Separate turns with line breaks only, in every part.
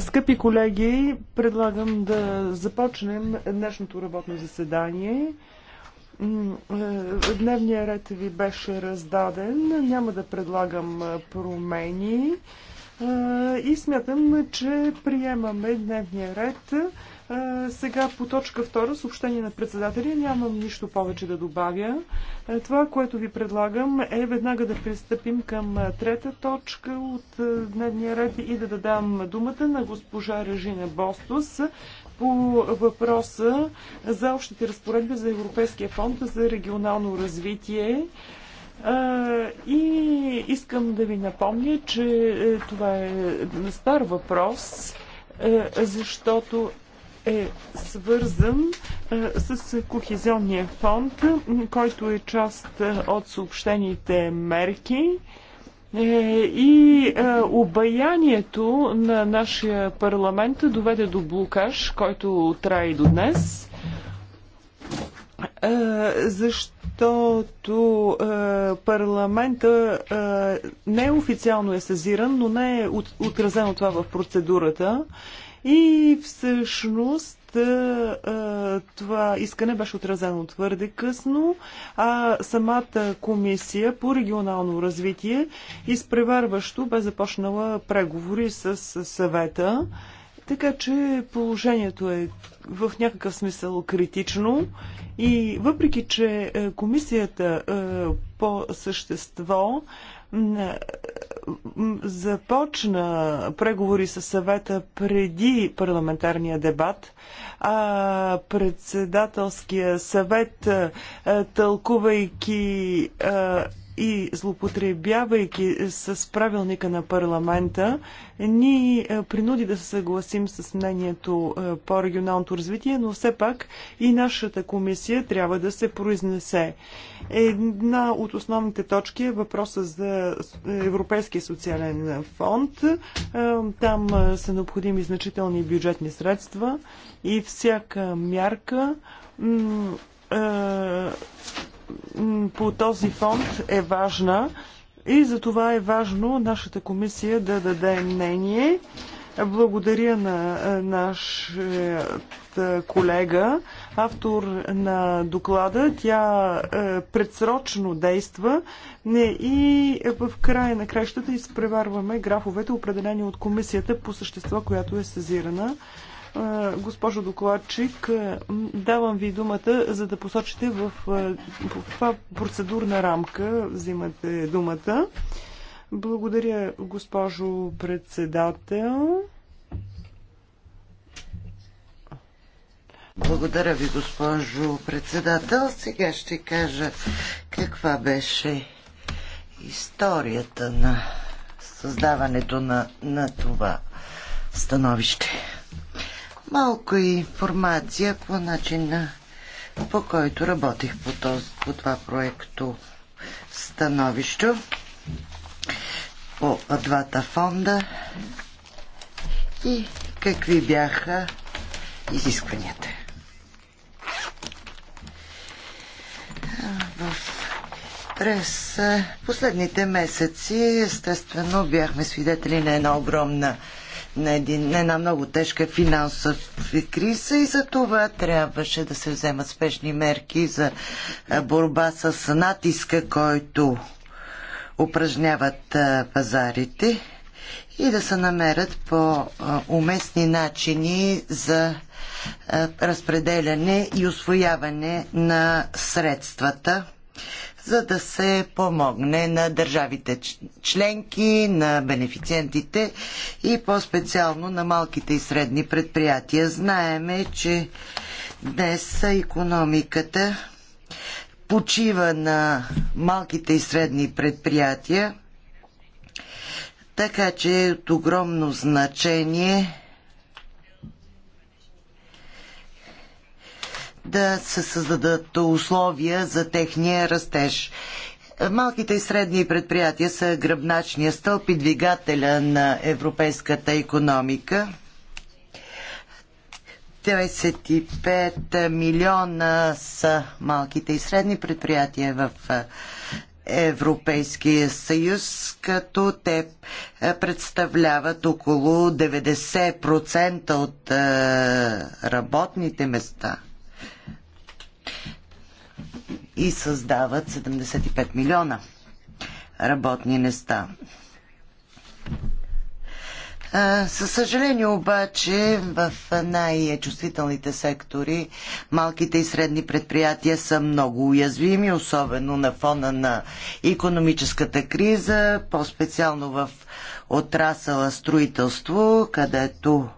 Скъпи колеги, предлагам да започнем днешното работно заседание. Е, дневния ред ви беше раздаден. Няма да предлагам е, промени. Е, и смятам, че приемаме дневния ред. Сега по точка 2, съобщение на председателя, нямам нищо повече да добавя. Това, което ви предлагам е веднага да пристъпим към трета точка от дневния ред и да дадам думата на госпожа Режина Бостос по въпроса за общите разпоредби за Европейския фонд за регионално развитие. И искам да ви напомня, че е, това е, е стар въпрос е, защото е свързан с Кохезионния фонд, който е част от съобщените мерки. Е, и обаянието на нашия парламент доведе до блокаж, който трае и до днес защото парламента неофициално е сезиран, но не е отразено това в процедурата. И всъщност това искане беше отразено твърде късно, а самата комисия по регионално развитие изпреварващо бе започнала преговори с съвета. Така че положението е в някакъв смисъл критично и въпреки, че е, комисията е, по същество започна преговори с съвета преди парламентарния дебат, а председателския съвет, тълкувайки и злоупотребявайки с правилника на парламента, ни е, принуди да се съгласим с мнението е, по регионалното развитие, но все пак и нашата комисия трябва да се произнесе. Една от основните точки е въпроса за Европейския социален фонд. Е, там са необходими значителни бюджетни средства и всяка мярка по този фонд е важна и за това е важно нашата комисия да даде мнение. Благодаря на е, наш е, колега, автор на доклада. Тя е, предсрочно действа и в края на кращата изпреварваме графовете, определени от комисията по същество, която е сезирана. Госпожо докладчик, давам ви думата, за да посочите в каква процедурна рамка взимате думата. Благодаря, госпожо председател. Благодаря ви, госпожо
председател. Сега ще кажа каква беше историята на създаването на, на това становище малко информация по начина по който работих по, този, по това проекто становище по двата фонда и какви бяха изискванията. В през последните месеци, естествено, бяхме свидетели на една огромна на, един, на една много тежка финансова криза и за това трябваше да се вземат спешни мерки за борба с натиска, който упражняват пазарите и да се намерят по уместни начини за разпределяне и освояване на средствата за да се помогне на държавите членки, на бенефициентите и по-специално на малките и средни предприятия. Знаеме, че днес економиката почива на малките и средни предприятия, така че е от огромно значение да се създадат условия за техния растеж. Малките и средни предприятия са гръбначния стълб и двигателя на европейската економика. 25 милиона са малките и средни предприятия в Европейския съюз, като те представляват около 90% от работните места – и създават 75 милиона работни места. Със съжаление обаче в най-чувствителните сектори малките и средни предприятия са много уязвими, особено на фона на економическата криза, по-специално в отрасъла строителство, където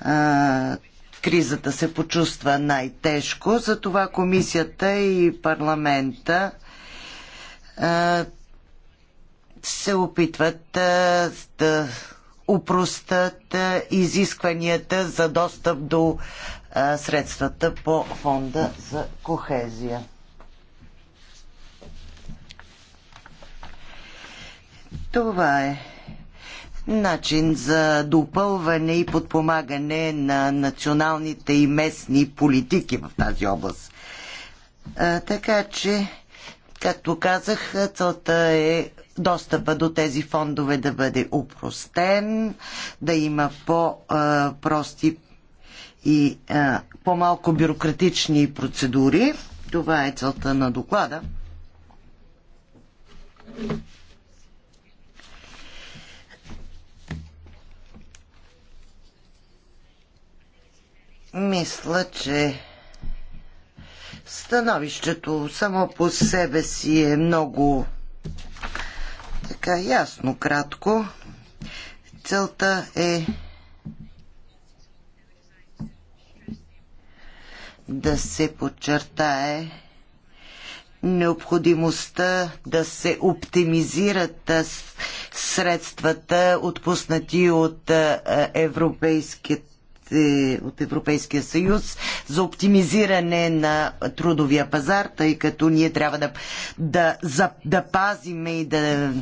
а, кризата се почувства най-тежко. Затова комисията и парламента се опитват да упростат изискванията за достъп до средствата по фонда за кохезия. Това е начин за допълване и подпомагане на националните и местни политики в тази област. А, така че, както казах, целта е достъпа до тези фондове да бъде упростен, да има по-прости и по-малко бюрократични процедури. Това е целта на доклада. Мисля, че становището само по себе си е много така ясно, кратко. Целта е да се подчертае необходимостта да се оптимизират средствата, отпуснати от европейските. Е, от Европейския съюз за оптимизиране на трудовия пазар, тъй като ние трябва да, да, за, да пазиме и да,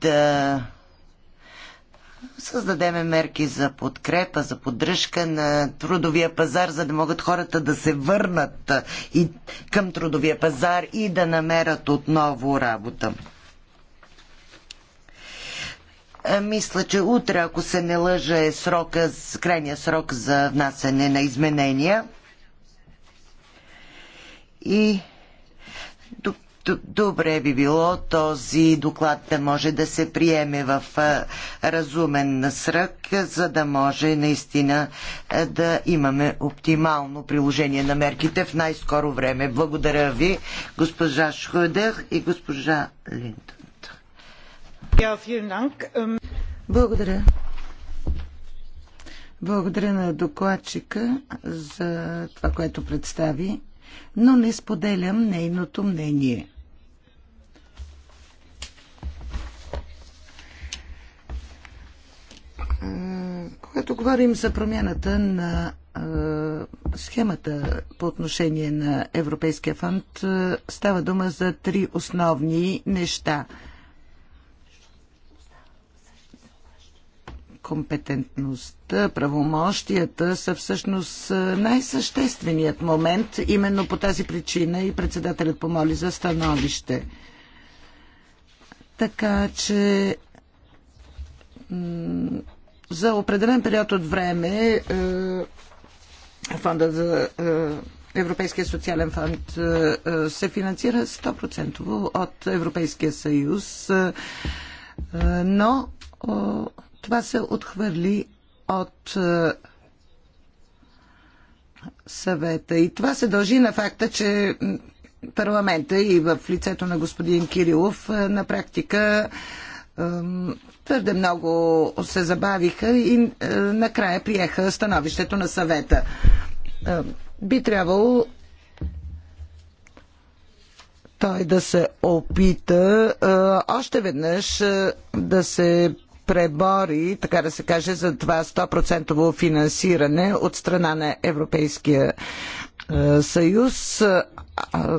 да създадеме мерки за подкрепа, за поддръжка на трудовия пазар, за да могат хората да се върнат и към трудовия пазар и да намерят отново работа. Е, мисля, че утре, ако се не лъжа, е срока, крайния срок за внасене на изменения. И добре би било този доклад да може да се приеме в е, разумен срък, за да може наистина е, да имаме оптимално приложение на мерките в най-скоро време. Благодаря ви, госпожа Шхудер и госпожа Линдо. Ähm, Благодаря. на докладчика за това, което представи, но не споделям нейното мнение. Когато говорим за промяната на схемата по отношение на Европейския фонд, става дума за три основни неща – компетентността, правомощията са всъщност е, най-същественият момент. Именно по тази причина и председателят помоли за становище. Така че за определен период от време е, фонда за е, Европейския социален фонд се финансира 100% от Европейския съюз, но това се отхвърли от е, съвета. И това се дължи на факта, че парламента и в лицето на господин Кирилов е, на практика е, твърде много се забавиха и накрая приеха становището на съвета. Би трябвало той да се опита още веднъж да се пребори, така да се каже, за това 100% финансиране от страна на Европейския е, съюз. Е, е,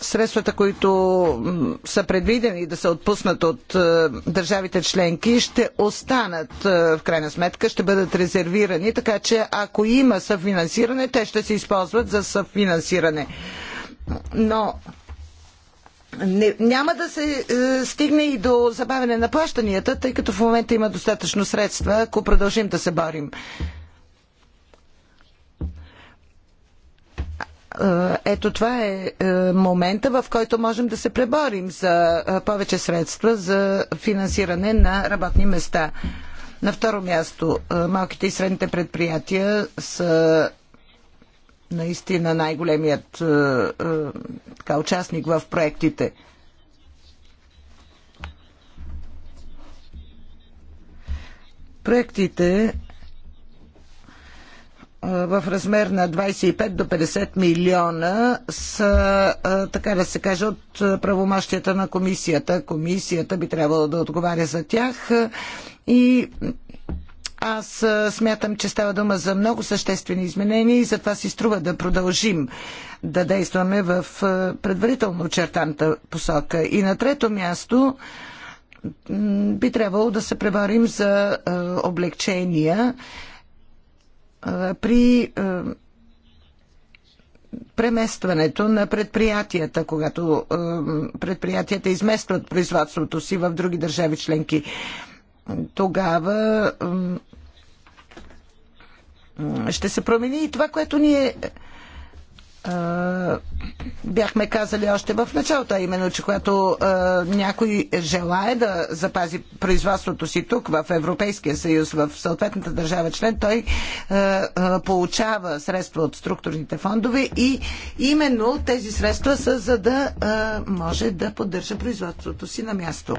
средствата, които са предвидени да се отпуснат от държавите членки, ще останат в крайна сметка, ще бъдат резервирани, така че ако има съфинансиране, те ще се използват за съфинансиране но не, няма да се е, стигне и до забавяне на плащанията, тъй като в момента има достатъчно средства, ако продължим да се борим. Е, ето това е, е момента, в който можем да се преборим за е, повече средства за финансиране на работни места. На второ място, малките и средните предприятия са наистина най-големият е, е, така, участник в проектите. Проектите е, в размер на 25 до 50 милиона са, така да се каже, от правомощията на комисията. Комисията би трябвало да отговаря за тях и аз смятам, че става дума за много съществени изменения и затова си струва да продължим да действаме в предварително очертаната посока. И на трето място би трябвало да се преварим за облегчения при преместването на предприятията, когато предприятията изместват производството си в други държави членки тогава ще се промени и това, което ние бяхме казали още в началото, а именно, че когато някой желае да запази производството си тук, в Европейския съюз, в съответната държава член, той получава средства от структурните фондове и именно тези средства са за да
може да поддържа производството си на място.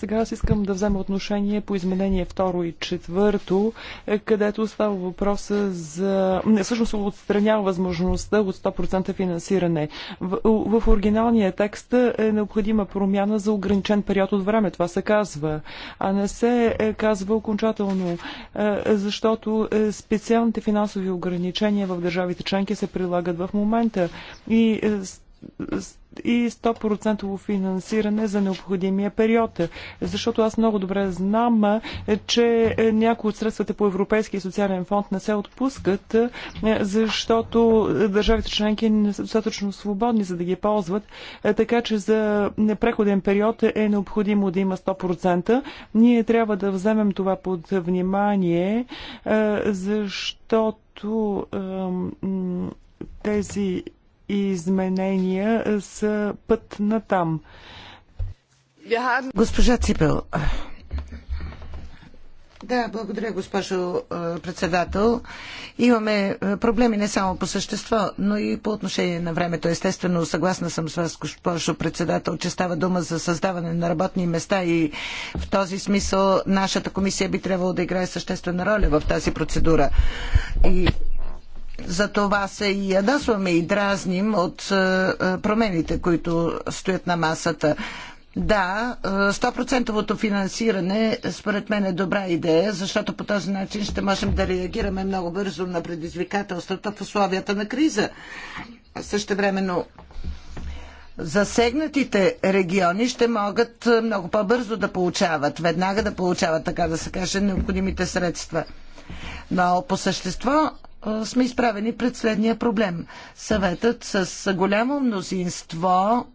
Сега аз искам да взема отношение по изменение второ и четвърто, е, където става въпроса за... Не, всъщност отстранява възможността от 100% финансиране. В, в оригиналния текст е необходима промяна за ограничен период от време. Това се казва. А не се е, казва окончателно, е, защото специалните финансови ограничения в държавите членки се прилагат в момента. И и 100% финансиране за необходимия период. Защото аз много добре знам, е, че е, някои от средствата по Европейския социален фонд не се отпускат, е, защото държавите членки не са достатъчно свободни, за да ги ползват. Така че за непреходен период е необходимо да има 100%. Ние трябва да вземем това под внимание, защото тези изменения е, са път на там. Госпожа Ципел.
Да, благодаря, госпожо е, председател. Имаме е, проблеми не само по същество, но и по отношение на времето. Естествено, съгласна съм с вас, госпожо председател, че става дума за създаване на работни места и в този смисъл нашата комисия би трябвало да играе съществена роля в тази процедура. И за това се и ядосваме и дразним от е, е, промените, които стоят на масата. Да, 100 е, финансиране според мен е добра идея, защото по този начин ще можем да реагираме много бързо на предизвикателствата в условията на криза. Същевременно засегнатите региони ще могат много по-бързо да получават, веднага да получават, така да се каже, необходимите средства. Но по същество сме изправени пред следния проблем. Съветът с голямо мнозинство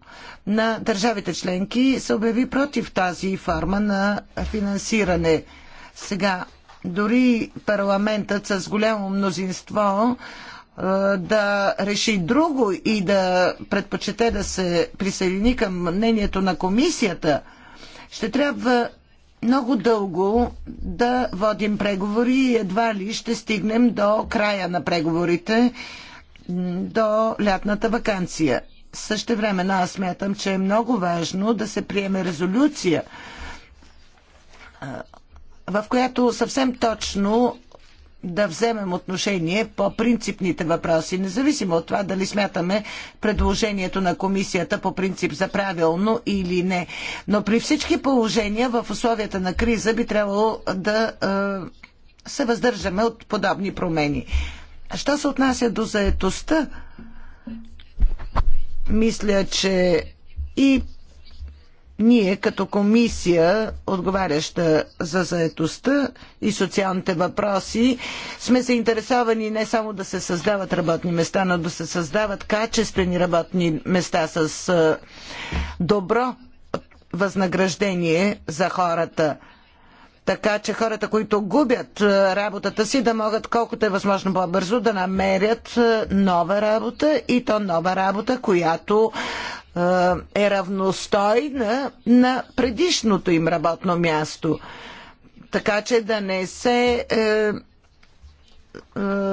на държавите членки се обяви против тази форма на финансиране. Сега, дори парламентът с голямо мнозинство да реши друго и да предпочете да се присъедини към мнението на комисията, ще трябва много дълго да водим преговори и едва ли ще стигнем до края на преговорите, до лятната вакансия. Също време аз смятам, че е много важно да се приеме резолюция, в която съвсем точно да вземем отношение по принципните въпроси, независимо от това дали смятаме предложението на комисията по принцип за правилно или не. Но при всички положения в условията на криза би трябвало да е, се въздържаме от подобни промени. Що се отнася до заетостта, мисля, че и ние като комисия, отговаряща за заетостта и социалните въпроси, сме заинтересовани не само да се създават работни места, но да се създават качествени работни места с е, добро възнаграждение за хората. Така че хората, които губят е, работата си, да могат колкото е възможно по-бързо да намерят е, нова работа и то нова работа, която е равностойна на предишното им работно място. Така че да не се е, е,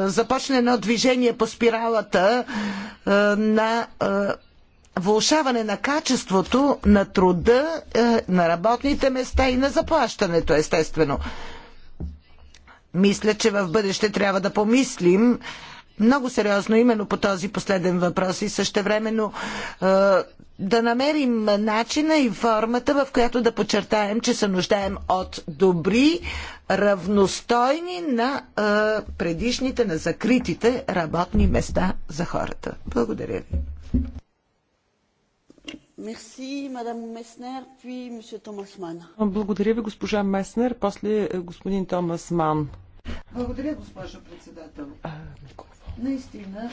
започне едно движение по спиралата е, на е, влушаване на качеството на труда, е, на работните места и на заплащането, естествено. Мисля, че в бъдеще трябва да помислим е, много сериозно именно по този последен въпрос и същевременно е, да намерим начина и формата, в която да подчертаем, че се нуждаем от добри, равностойни на е, предишните, на закритите работни места за хората. Благодаря ви.
Благодаря ви, госпожа Меснер, после е, господин Томас Ман.
Благодаря, госпожо председател. Наистина.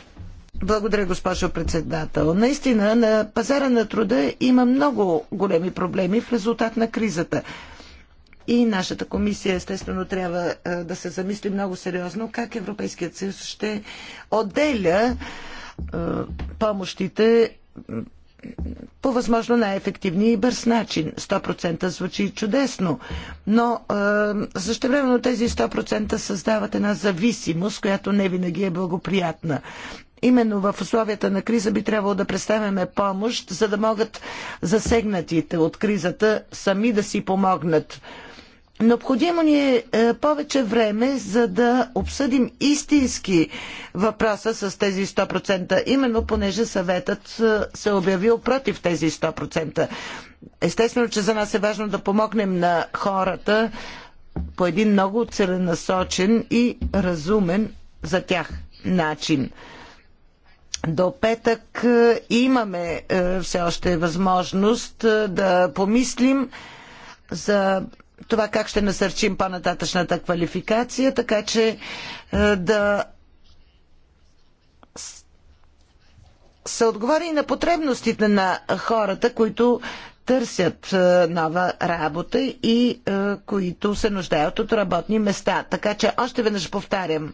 Благодаря, госпожо председател.
Наистина, на пазара на труда има много големи проблеми в резултат на кризата. И нашата комисия, естествено, трябва е, да се замисли много сериозно как Европейският съюз ще отделя е, помощите по възможно най-ефективния и бърз начин. 100% звучи чудесно, но е, същевременно тези 100% създават една зависимост, която не винаги е благоприятна. Именно в условията на криза би трябвало да представяме помощ, за да могат засегнатите от кризата сами да си помогнат. Необходимо ни е, е повече време, за да обсъдим истински въпроса с тези 100%, именно понеже съветът е, се е обявил против тези 100%. Естествено, че за нас е важно да помогнем на хората по един много целенасочен и разумен за тях начин. До петък имаме все още възможност да помислим за това как ще насърчим по-нататъчната квалификация, така че е, да се отговори и на потребностите на хората, които търсят е, нова работа и е, които се нуждаят от работни места. Така че още веднъж повтарям,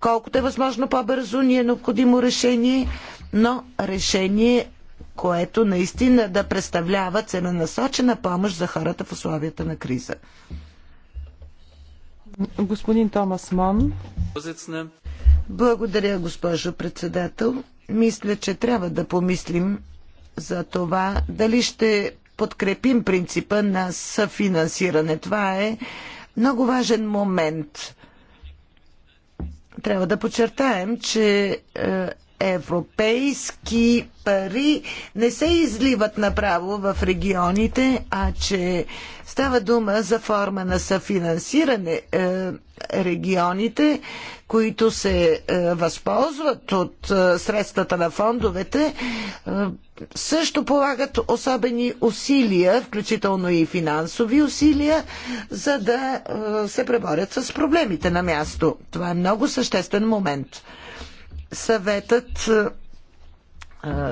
колкото е възможно по-бързо ни е необходимо решение, но решение което наистина да представлява целенасочена помощ за хората в условията на криза.
Господин Томас Мон.
Благодаря, госпожо председател. Мисля, че трябва да помислим за това дали ще подкрепим принципа на съфинансиране. Това е много важен момент. Трябва да подчертаем, че е, европейски пари не се изливат направо в регионите, а че става дума за форма на съфинансиране. Е, регионите, които се е, възползват от е, средствата на фондовете, също полагат особени усилия, включително и финансови усилия, за да се преборят с проблемите на място. Това е много съществен момент съветът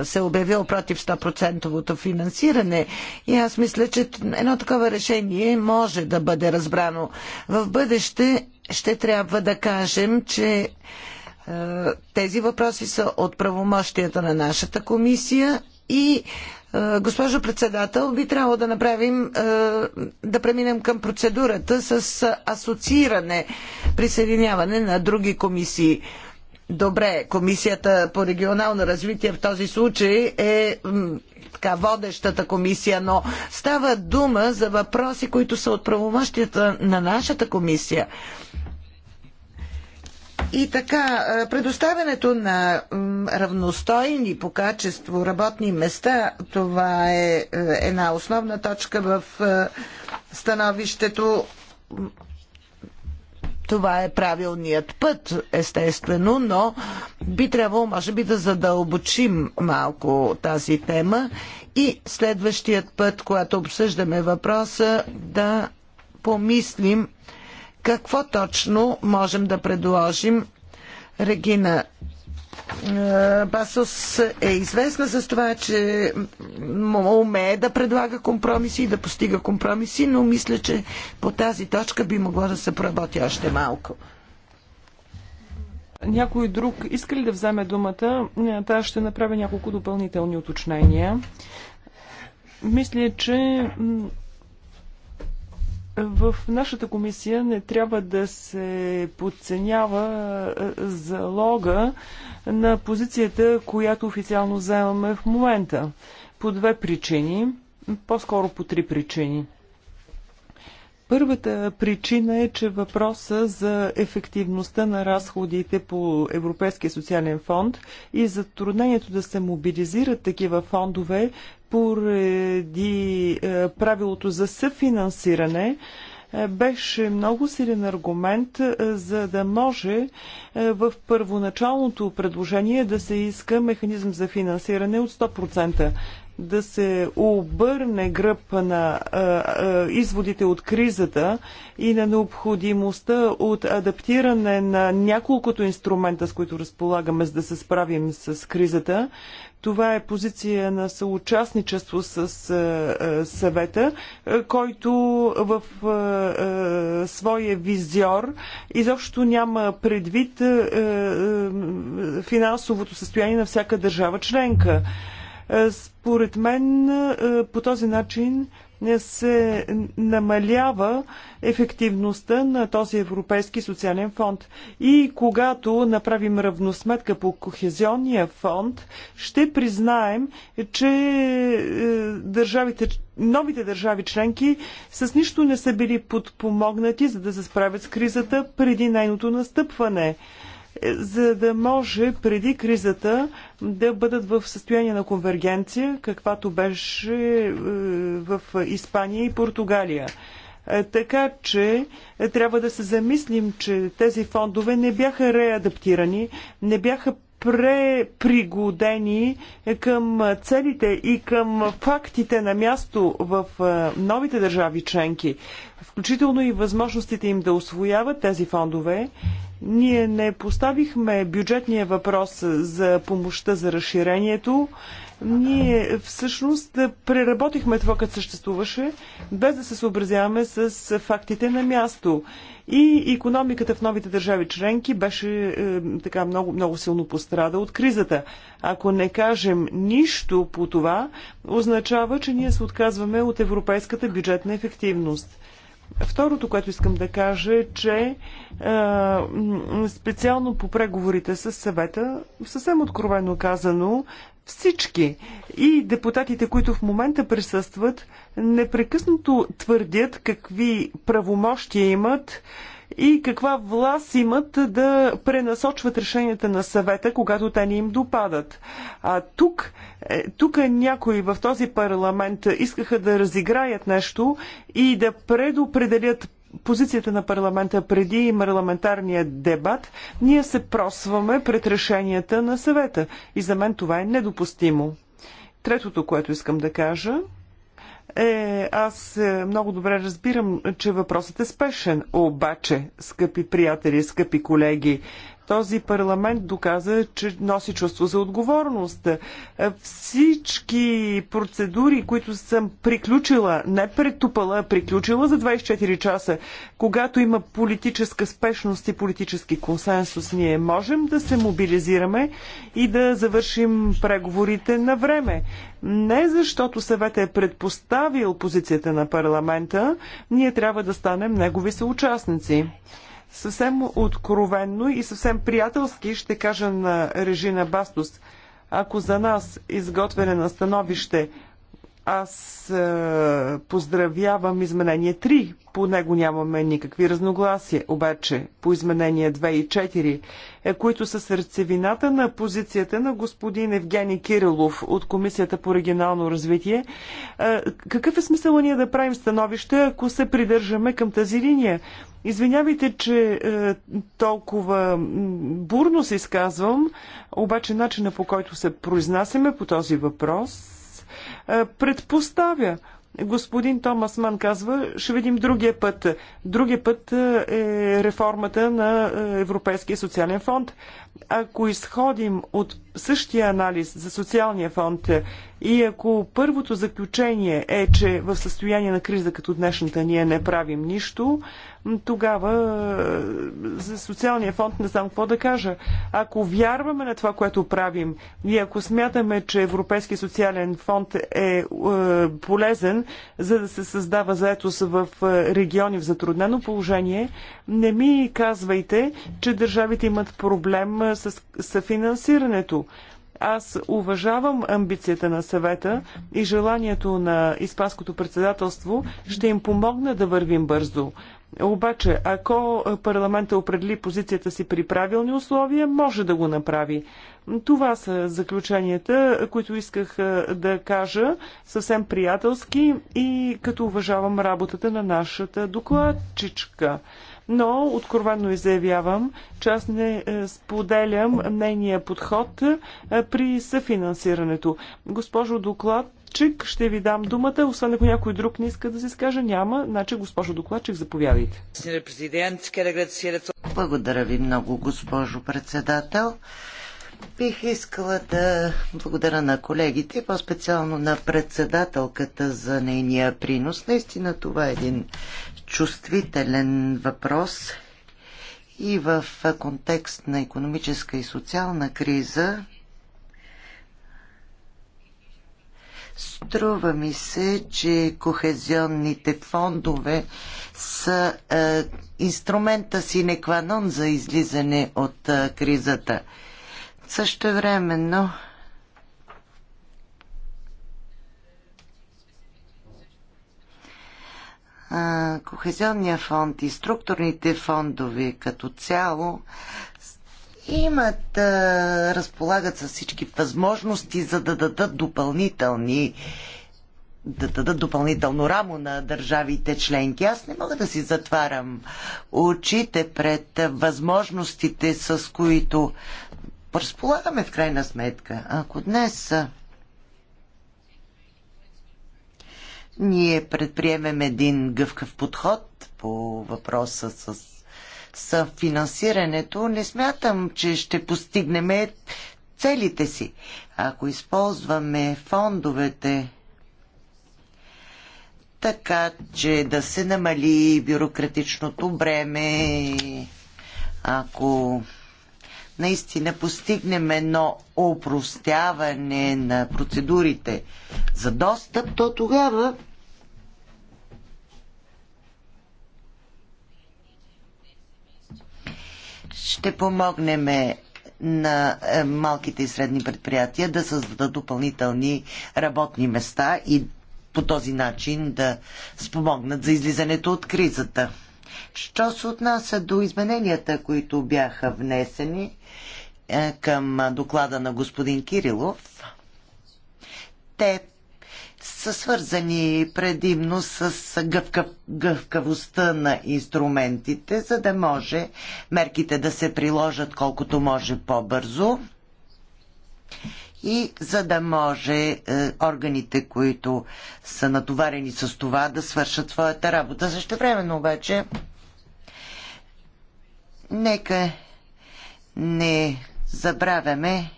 се е обявил против 100 финансиране и аз мисля, че едно такова решение може да бъде разбрано. В бъдеще ще трябва да кажем, че тези въпроси са от правомощията на нашата комисия и госпожо председател, би трябвало да направим да преминем към процедурата с асоцииране, присъединяване на други комисии. Добре, комисията по регионално развитие в този случай е така водещата комисия, но става дума за въпроси, които са от правомощията на нашата комисия. И така, предоставянето на равностойни по качество работни места, това е, е една основна точка в становището това е правилният път, естествено, но би трябвало, може би, да задълбочим малко тази тема и следващият път, когато обсъждаме въпроса, да помислим какво точно можем да предложим. Регина Басос е, е известна с това, че умее да предлага компромиси и да постига компромиси,
но мисля, че по тази точка би могло да се проработи още малко. Някой друг иска ли да вземе думата? Е, Та ще направя няколко допълнителни уточнения. Мисля, че в нашата комисия не трябва да се подценява залога на позицията, която официално заемаме в момента. По две причини, по-скоро по три причини. Първата причина е, че въпроса за ефективността на разходите по Европейския социален фонд и затруднението да се мобилизират такива фондове поради е, правилото за съфинансиране е, беше много силен аргумент, е, за да може в първоначалното предложение да се иска механизъм за финансиране от 100%, да се обърне гръб на изводите от кризата и на необходимостта от адаптиране на няколкото инструмента, с които разполагаме, за да се справим с кризата, това е позиция на съучастничество с е, е, съвета, е, който в своя визиор изобщо няма предвид финансовото състояние на всяка държава членка. Според мен по този начин се намалява ефективността на този Европейски социален фонд. И когато направим равносметка по Кохезионния фонд, ще признаем, че е, държавите, новите държави членки с нищо не са били подпомогнати, за да се справят с кризата преди нейното настъпване за да може преди кризата да бъдат в състояние на конвергенция, каквато беше е, в Испания и Португалия. Е, така че е, трябва да се замислим, че тези фондове не бяха реадаптирани, не бяха препригодени към целите и към фактите на място в е, новите държави членки, включително и възможностите им да освояват тези фондове, ние не поставихме бюджетния въпрос за помощта за разширението. Ние всъщност преработихме това, като съществуваше, без да се съобразяваме с фактите на място. И економиката в новите държави членки беше е, така много, много силно пострада от кризата. Ако не кажем нищо по това, означава, че ние се отказваме от европейската бюджетна ефективност. Второто, което искам да кажа е, че е, специално по преговорите с съвета, съвсем откровено казано, всички и депутатите, които в момента присъстват, непрекъснато твърдят какви правомощия имат и каква власт имат да пренасочват решенията на съвета, когато те не им допадат. А тук, е, тук някои в този парламент искаха да разиграят нещо и да предопределят позицията на парламента преди парламентарния дебат, ние се просваме пред решенията на съвета. И за мен това е недопустимо. Третото, което искам да кажа, е, аз е, много добре разбирам, че въпросът е спешен. Обаче, скъпи приятели, скъпи колеги, този парламент доказа, че носи чувство за отговорност. Е, Всички процедури, които съм приключила, не претупала, а приключила за 24 часа, когато има политическа спешност и политически консенсус, ние можем да се мобилизираме и да завършим преговорите на време. Не защото съветът е предпоставил позицията на парламента, ние трябва да станем негови съучастници. Съвсем откровенно и съвсем приятелски ще кажа на Режина Бастус, ако за нас изготвяне на становище аз е, поздравявам изменение 3. По него нямаме никакви разногласия. Обаче по изменение 2 и 4, е, които са сърцевината на позицията на господин Евгений Кирилов от Комисията по регионално развитие, е, какъв е смисъл ние да правим становище, ако се придържаме към тази линия? Извинявайте, че е, толкова бурно се изказвам, обаче начина по който се произнасяме по този въпрос е, предпоставя. Господин Томас Ман казва, ще видим другия път. Другия път е, е реформата на е, Европейския социален фонд ако изходим от същия анализ за социалния фонд е, и ако първото заключение е, че е в състояние на криза като днешната ние не правим нищо, тогава е, за социалния фонд не знам какво да кажа. Ако вярваме на това, което правим и ако смятаме, че Европейския социален фонд е, полезен, за да се създава заетост в региони в затруднено положение, не ми казвайте, че държавите имат проблем проблема с съфинансирането. Аз уважавам амбицията на съвета и желанието на Испанското председателство ще им помогна да вървим бързо. Обаче, ако парламента определи позицията си при правилни условия, може да го направи. Това са заключенията, които исках да кажа съвсем приятелски и като уважавам работата на нашата докладчичка но откровенно изявявам, че аз не е, споделям нейния подход е, при съфинансирането. Госпожо докладчик, ще ви дам думата, освен ако някой друг не иска да се скаже, няма. Значи, госпожо докладчик, заповядайте. Благодаря ви много,
госпожо председател. Бих искала да благодаря на колегите по-специално на председателката за нейния принос. Наистина това е един чувствителен въпрос и в контекст на економическа и социална криза Струва ми се, че кохезионните фондове са е, инструмента си некванон за излизане от е, кризата. Също времено, но Кохезионния фонд и структурните фондове като цяло имат, а, разполагат с всички възможности, за да дадат допълнителни да дадат допълнително рамо на държавите членки. Аз не мога да си затварям очите пред възможностите, с които разполагаме в крайна сметка. Ако днес Ние предприемем един гъвкав подход по въпроса с съфинансирането. Не смятам, че ще постигнем целите си. Ако използваме фондовете, така че да се намали бюрократичното бреме, ако наистина постигнем едно опростяване на процедурите за достъп, то тогава Ще помогнем на е, малките и средни предприятия да създадат допълнителни работни места и по този начин да спомогнат за излизането от кризата. Що се отнася до измененията, които бяха внесени е, към доклада на господин Кирилов, те са свързани предимно с гъвкав, гъвкавостта на инструментите, за да може мерките да се приложат колкото може по-бързо и за да може е, органите, които са натоварени с това, да свършат своята работа. Също времено обаче, нека не забравяме,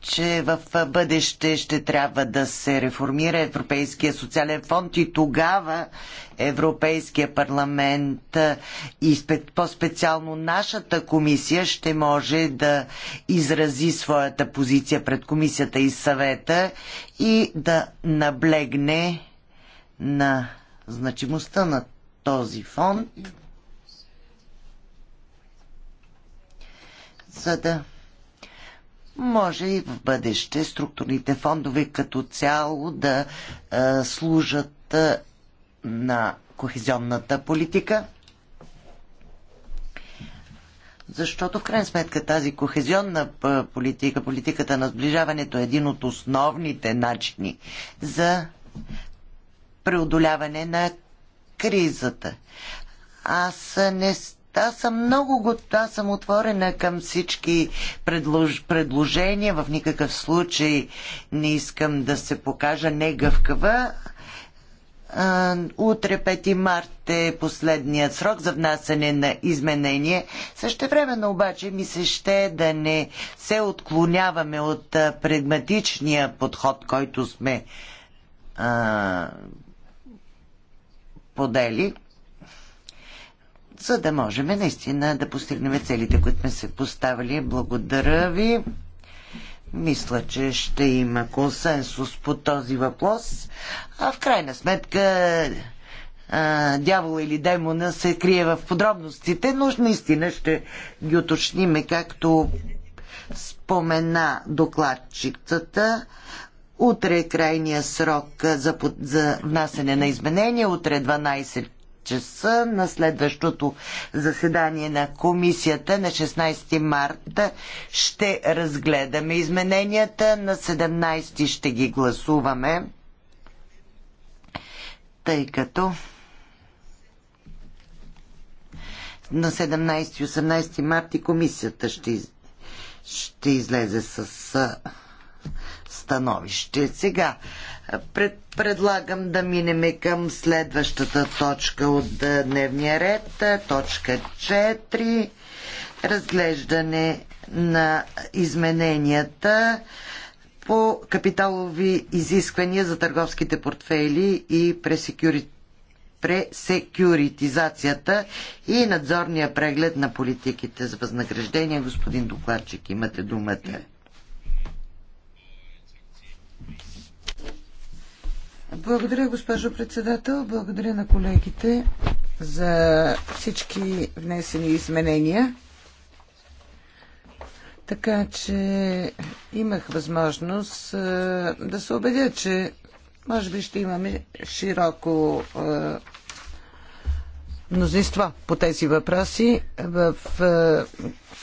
че в бъдеще ще трябва да се реформира Европейския социален фонд и тогава Европейския парламент и по-специално нашата комисия ще може да изрази своята позиция пред комисията и съвета и да наблегне на значимостта на този фонд, за да може и в бъдеще структурните фондове като цяло да а, служат а, на кохезионната политика. Защото в крайна сметка тази кохезионна политика, политиката на сближаването е един от основните начини за преодоляване на кризата. Аз не, аз съм много готов, аз съм отворена към всички предлож... предложения. В никакъв случай не искам да се покажа негъвкава. Утре 5 март е последният срок за внасяне на изменение. Същевременно обаче ми се ще да не се отклоняваме от прагматичния подход, който сме а, подели за да можем наистина да постигнем целите, които сме се поставили. Благодаря ви. Мисля, че ще има консенсус по този въпрос. А в крайна сметка дявола или демона се крие в подробностите, но наистина ще ги уточниме, както спомена докладчицата. Утре е крайния срок за, за внасене на изменения. Утре 12 е часа на следващото заседание на комисията на 16 марта ще разгледаме измененията, на 17 ще ги гласуваме, тъй като на 17 и 18 марта комисията ще, ще излезе с становище. Сега пред, предлагам да минеме към следващата точка от дневния ред, точка 4, разглеждане на измененията по капиталови изисквания за търговските портфели и пресекюритизацията и надзорния преглед на политиките за възнаграждение. Господин докладчик, имате думата. Благодаря, госпожо председател. Благодаря на колегите за всички внесени изменения. Така че имах възможност да се убедя, че може би ще имаме широко мнозинство по тези въпроси. В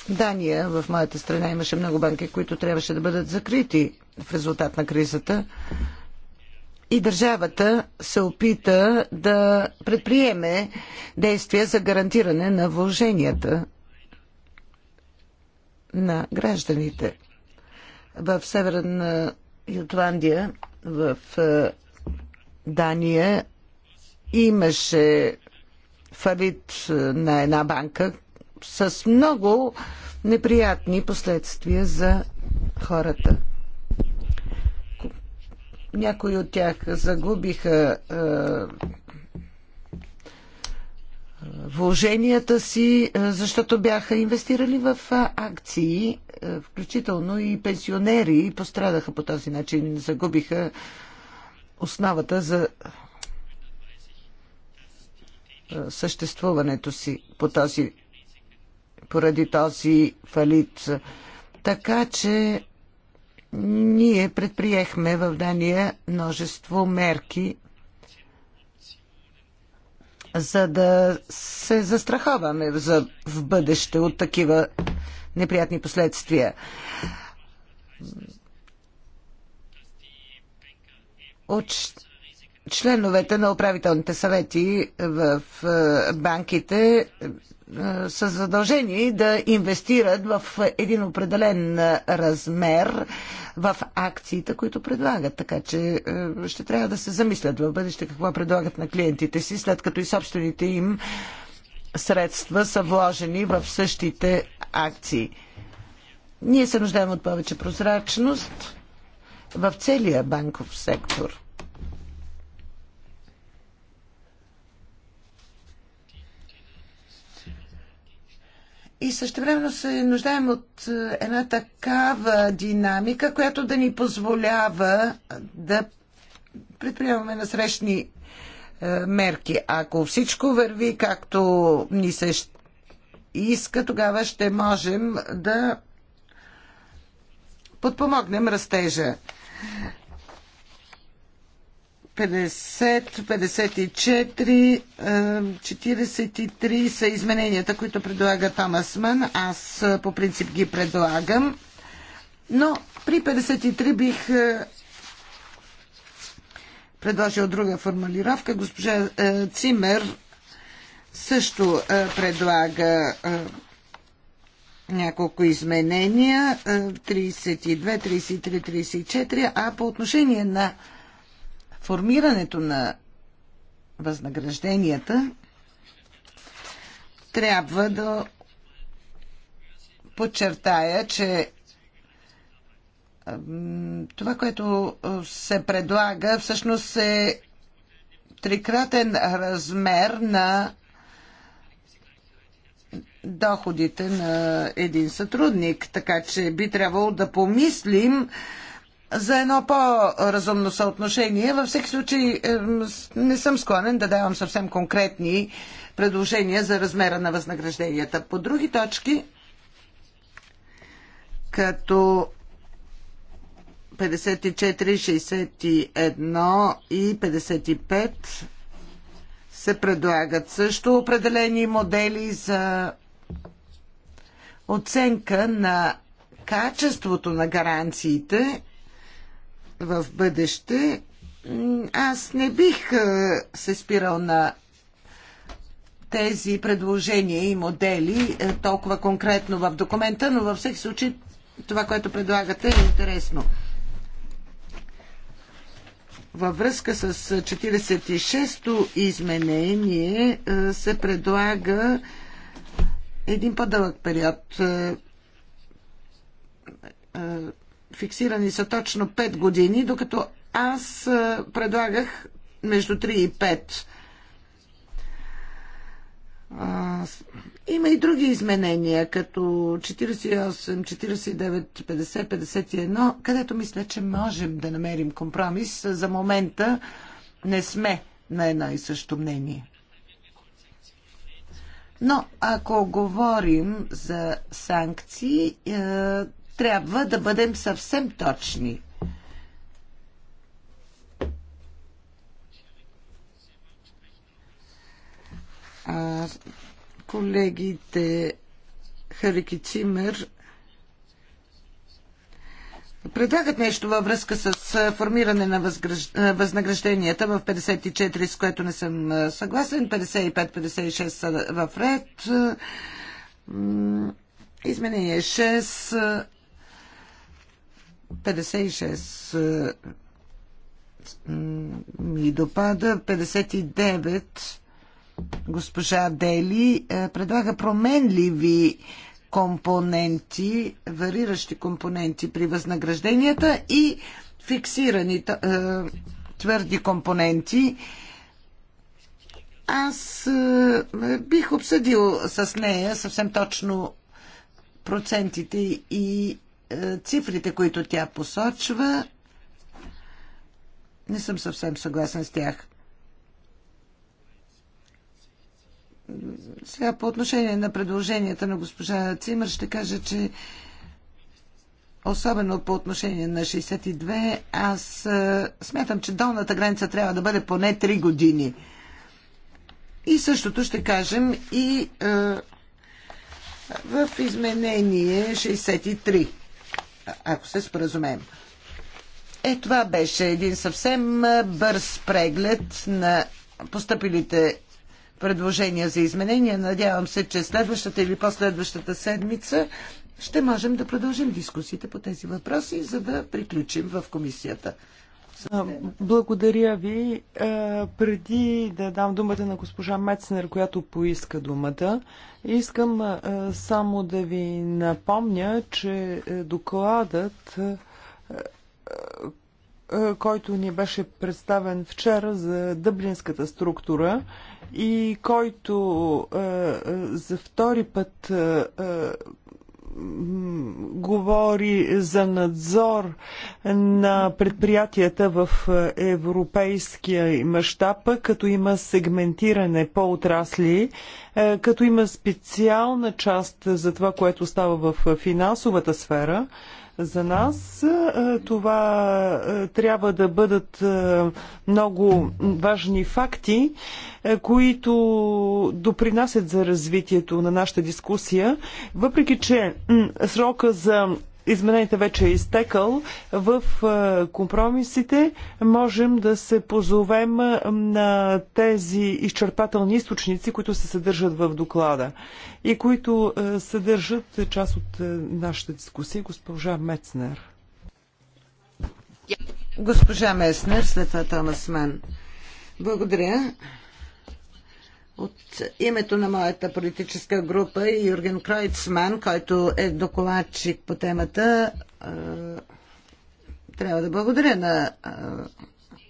Дания, в моята страна, имаше много банки, които трябваше да бъдат закрити в резултат на кризата и държавата се опита да предприеме действия за гарантиране на вложенията на гражданите. В Северна Ютландия, в е, Дания имаше фалит е, на една банка с много неприятни последствия за хората. Някои от тях загубиха е, вложенията си, защото бяха инвестирали в акции, включително и пенсионери пострадаха по този начин, загубиха основата за съществуването си по този, поради този фалит. Така че ние предприехме в Дания множество мерки, за да се застраховаме за в бъдеще от такива неприятни последствия. От членовете на управителните съвети в е, банките е, са задължени да инвестират в един определен е, размер в акциите, които предлагат. Така че е, ще трябва да се замислят в бъдеще какво предлагат на клиентите си, след като и собствените им средства са вложени в същите акции. Ние се нуждаем от повече прозрачност в целия банков сектор. И същевременно се нуждаем от е, една такава динамика, която да ни позволява да предприемаме насрещни е, мерки. Ако всичко върви както ни се иска, тогава ще можем да подпомогнем растежа. 50, 54, 43 са измененията, които предлага Томас Мън. Аз е, по принцип ги предлагам. Но при 53 бих е, предложил друга формулировка. Госпожа е, Цимер също предлага няколко изменения 32, 33, 34, а по отношение на формирането на възнагражденията трябва да подчертая, че това, което се предлага, всъщност е трикратен размер на доходите на един сътрудник. Така че би трябвало да помислим за едно по-разумно съотношение. Във всеки случай не съм склонен да давам съвсем конкретни предложения за размера на възнагражденията. По други точки, като 54, 61 и 55 се предлагат също определени модели за оценка на качеството на гаранциите – в бъдеще, аз не бих се спирал на тези предложения и модели толкова конкретно в документа, но във всеки случай това, което предлагате е интересно. Във връзка с 46-то изменение се предлага един по-дълъг период фиксирани са точно 5 години, докато аз е, предлагах между 3 и 5. има и други изменения, като 48, 49, 50, 51, където мисля, че можем да намерим компромис. За момента не сме на едно и също мнение. Но ако говорим за санкции, е, трябва да бъдем съвсем точни. А, колегите Харики Цимер предлагат нещо във връзка с формиране на възгръж... възнагражденията в 54, с което не съм съгласен. 55-56 са в ред. Изменение 6 56 ми допада. 59 госпожа Дели е, предлага променливи компоненти, вариращи компоненти при възнагражденията и фиксирани е, твърди компоненти. Аз е, бих обсъдил с нея съвсем точно процентите и е, цифрите, които тя посочва, не съм съвсем съгласен с тях. Сега по отношение на предложенията на госпожа Цимър ще кажа, че особено по отношение на 62, аз е, смятам, че долната граница трябва да бъде поне 3 години. И същото ще кажем и е, в изменение 63 ако се споразумеем. Е, това беше един съвсем бърз преглед на поступилите предложения за изменения. Надявам се, че следващата или последващата
седмица ще можем да продължим дискусиите по тези въпроси, за да приключим в комисията. Благодаря ви. Преди да дам думата на госпожа Мецнер, която поиска думата, искам само да ви напомня, че е, докладът, който ни беше представен вчера за дъблинската структура и който е, е, за втори път говори за надзор на предприятията в е, европейския мащаб, като има сегментиране по отрасли, е, като има специална част за това, което става в е, финансовата сфера. За нас е, е, това е, трябва да бъдат много важни факти, които допринасят за развитието на нашата дискусия, въпреки че срока за измененията вече е изтекал, в компромисите можем да се позовем на тези изчерпателни източници, които се съдържат в доклада и които съдържат част от нашата дискусия госпожа Мецнер.
Госпожа Меснер, след това Томас Ман. Благодаря. От името на моята политическа група Юрген Кройцман, който е докладчик по темата, трябва да благодаря на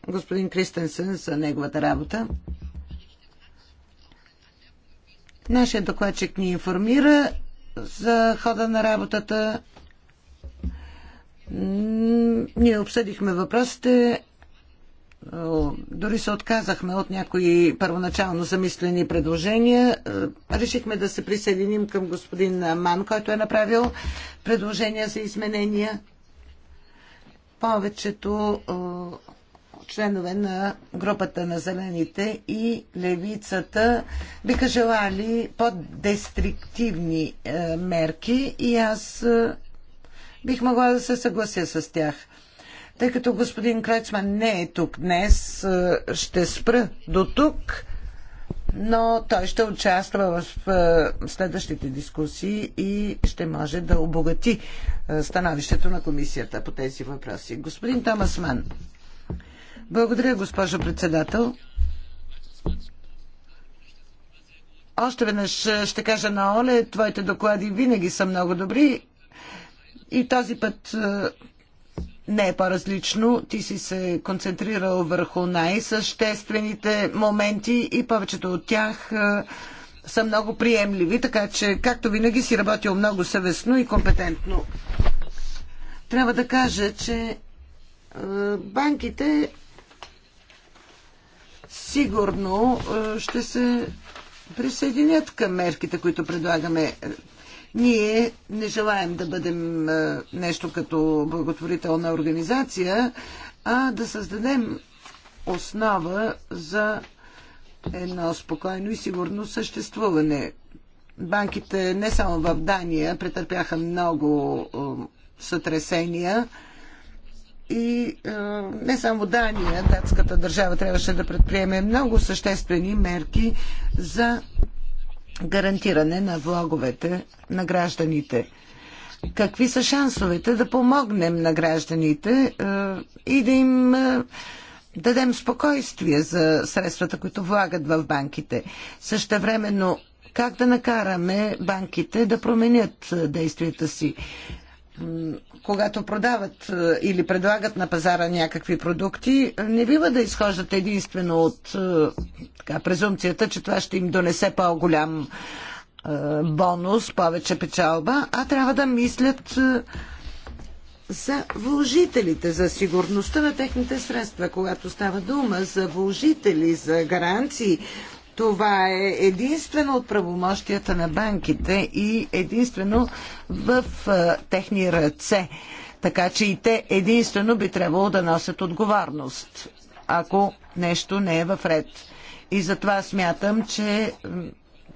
господин Кристенсен за неговата работа. Нашия докладчик ни информира за хода на работата. Ние обсъдихме въпросите дори се отказахме от някои първоначално замислени предложения. Е, решихме да се присъединим към господин Ман, който е направил предложения за изменения. Повечето членове на групата на зелените и левицата биха желали по-дестриктивни е, мерки и аз е, бих могла да се съглася с тях – тъй като господин Кройцман не е тук днес, ще спра до тук, но той ще участва в следващите дискусии и ще може да обогати становището на комисията по тези въпроси. Господин Томас Ман. Благодаря, госпожо председател. Още веднъж ще кажа на Оле, твоите доклади винаги са много добри и този път не е по-различно. Ти си се концентрирал върху най-съществените моменти и повечето от тях са много приемливи, така че, както винаги, си работил много съвестно и компетентно. Трябва да кажа, че банките сигурно ще се присъединят към мерките, които предлагаме. Ние не желаем да бъдем нещо като благотворителна организация, а да създадем основа за едно спокойно и сигурно съществуване. Банките не само в Дания претърпяха много сътресения и не само Дания, датската държава трябваше да предприеме много съществени мерки за гарантиране на влоговете на гражданите. Какви са шансовете да помогнем на гражданите е, и да им е, дадем спокойствие за средствата, които влагат в банките? Същевременно, как да накараме банките да променят е, действията си? когато продават е, или предлагат на пазара някакви продукти, не бива да изхождат единствено от е, така, презумцията, че това ще им донесе по-голям е, бонус, повече печалба, а трябва да мислят за вложителите, за сигурността на техните средства. Когато става дума за вложители, за гаранции, това е единствено от правомощията на банките и единствено в техни ръце. Така че и те единствено би трябвало да носят отговорност, ако нещо не е в ред. И затова смятам, че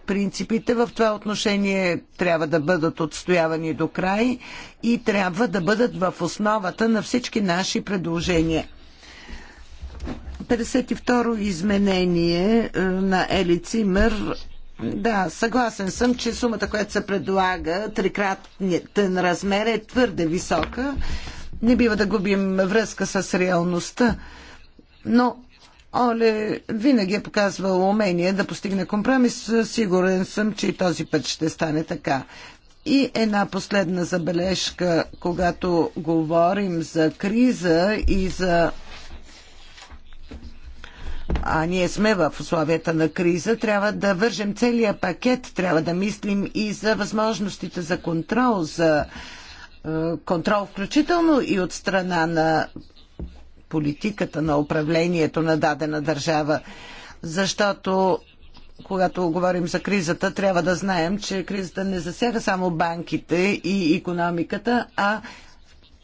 принципите в това отношение трябва да бъдат отстоявани до край и трябва да бъдат в основата на всички наши предложения. 52-ро изменение е, на Ели Цимър, Да, съгласен съм, че сумата, която се предлага, трикратен размер е твърде висока. Не бива да губим връзка с реалността. Но Оле винаги е показвал умение да постигне компромис. Сигурен съм, че и този път ще стане така. И една последна забележка, когато говорим за криза и за а ние сме в условията на криза, трябва да вържем целият пакет, трябва да мислим и за възможностите за контрол, за е, контрол включително и от страна на политиката, на управлението на дадена държава. Защото когато говорим за кризата, трябва да знаем, че кризата не засяга само банките и економиката, а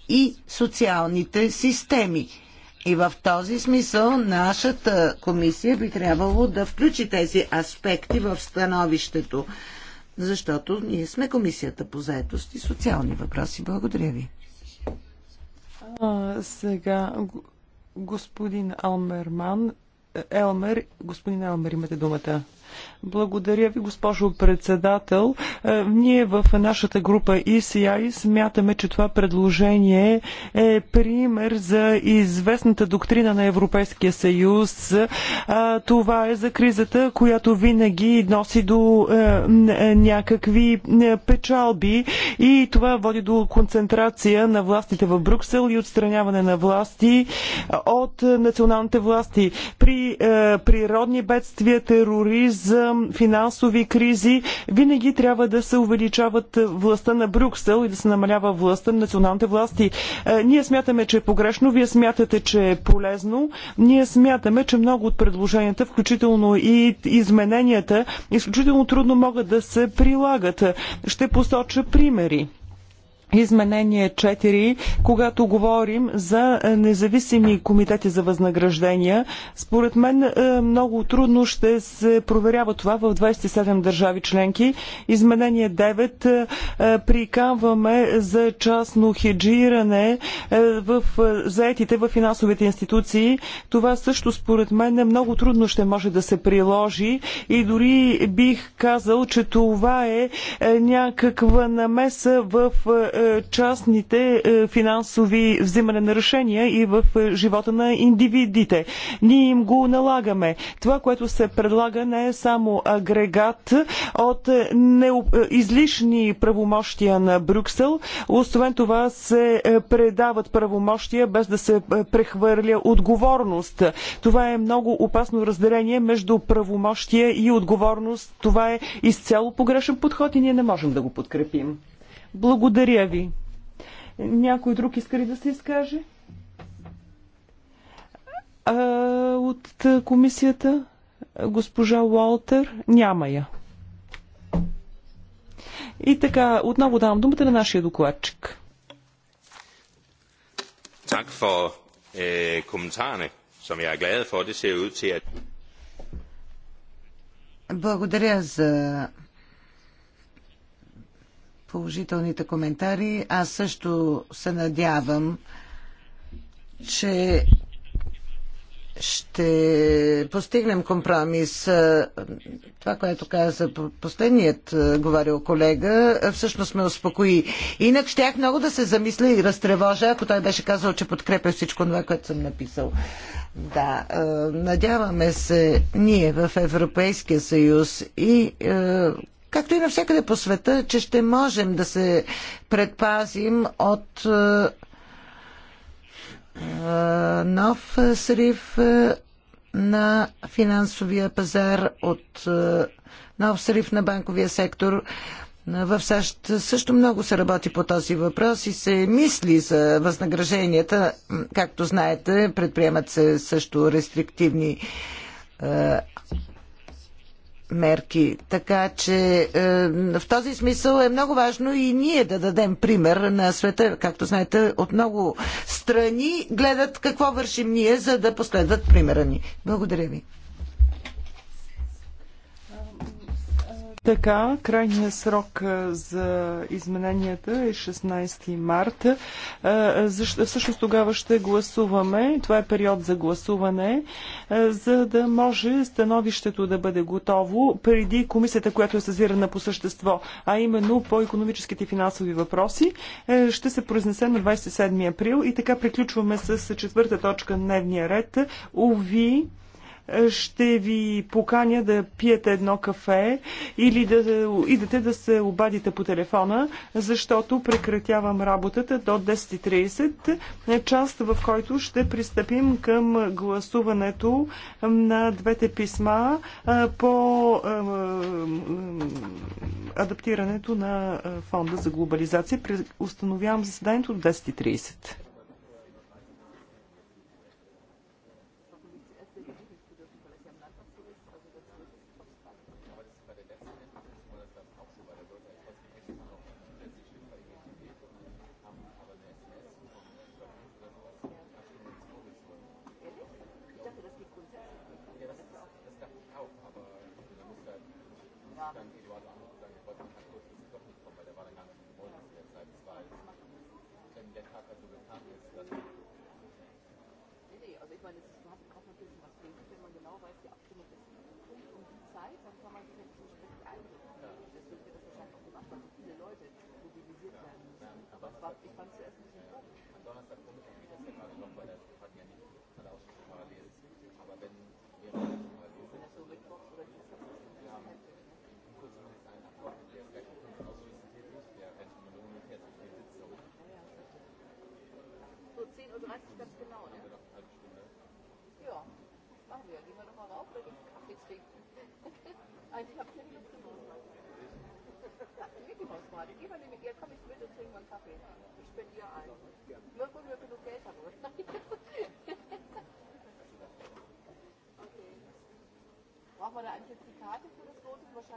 и социалните системи. И в този смисъл нашата комисия би трябвало да включи тези аспекти в становището, защото ние сме комисията по заетост и социални въпроси. Благодаря ви.
А, сега господин Алмерман, е, Елмер, господин Елмер, имате думата. Благодаря ви, госпожо председател. Е, ние в нашата група ECI смятаме, че това предложение е пример за известната доктрина на Европейския съюз. Е, това е за кризата, която винаги носи до е, някакви печалби и това води до концентрация на властите в Брюксел и отстраняване на власти от националните власти. При природни бедствия, тероризъм, за финансови кризи, винаги трябва да се увеличават властта на Брюксел и да се намалява властта на националните власти. Е, ние смятаме, че е погрешно, вие смятате, че е полезно. Ние смятаме, че много от предложенията, включително и измененията, изключително трудно могат да се прилагат. Ще посоча примери изменение 4, когато говорим за е, независими комитети за възнаграждения. Според мен е, много трудно ще се проверява това в 27 държави членки. Изменение 9 е, приканваме за частно хеджиране в заетите в финансовите институции. Това също според мен много трудно ще може да се приложи и дори бих казал, че това е някаква намеса в е, частните е, финансови взимане на решения и в е, живота на индивидите. Ние им го налагаме. Това, което се предлага не е само агрегат от излишни правомощия на Брюксел. Освен това се предават правомощия без да се прехвърля отговорност. Това е много опасно разделение между правомощия и отговорност. Това е изцяло погрешен подход и ние не можем да го подкрепим. Благодаря ви. Някой друг иска ли да се изкаже? А, от комисията госпожа Уолтер няма я. И така, отново давам думата на нашия докладчик.
Так for øh, som jeg er glad for. Det ser ud til at... Благодаря за положителните коментари. Аз също се надявам, че ще постигнем компромис. Това, което каза последният е, говорил колега, е, всъщност ме успокои. Инак щях много да се замисля и разтревожа, ако той беше казал, че подкрепя всичко това, което съм написал. Да, е, надяваме се ние в Европейския съюз и както и навсякъде по света, че ще можем да се предпазим от е, е, нов срив е, на финансовия пазар, от нов срив на банковия сектор. В САЩ също много се работи по този въпрос и се мисли за възнагражденията. Както знаете, предприемат се също рестриктивни мерки. Така че е, в този смисъл е много важно и ние да дадем пример на света. Както знаете, от много страни гледат какво вършим ние, за да последват примера ни. Благодаря ви.
Така, крайният срок за измененията е 16 марта. Всъщност тогава ще гласуваме, това е период за гласуване, за да може становището да бъде готово преди комисията, която е съзирана по същество, а именно по економическите и финансови въпроси, ще се произнесе на 27 април. И така приключваме с четвърта точка на дневния ред. УВИ ще ви поканя да пиете едно кафе или да идете да се обадите по телефона, защото прекратявам работата до 10.30, част в който ще пристъпим към гласуването на двете писма по адаптирането на фонда за глобализация. Установявам заседанието до 10.30.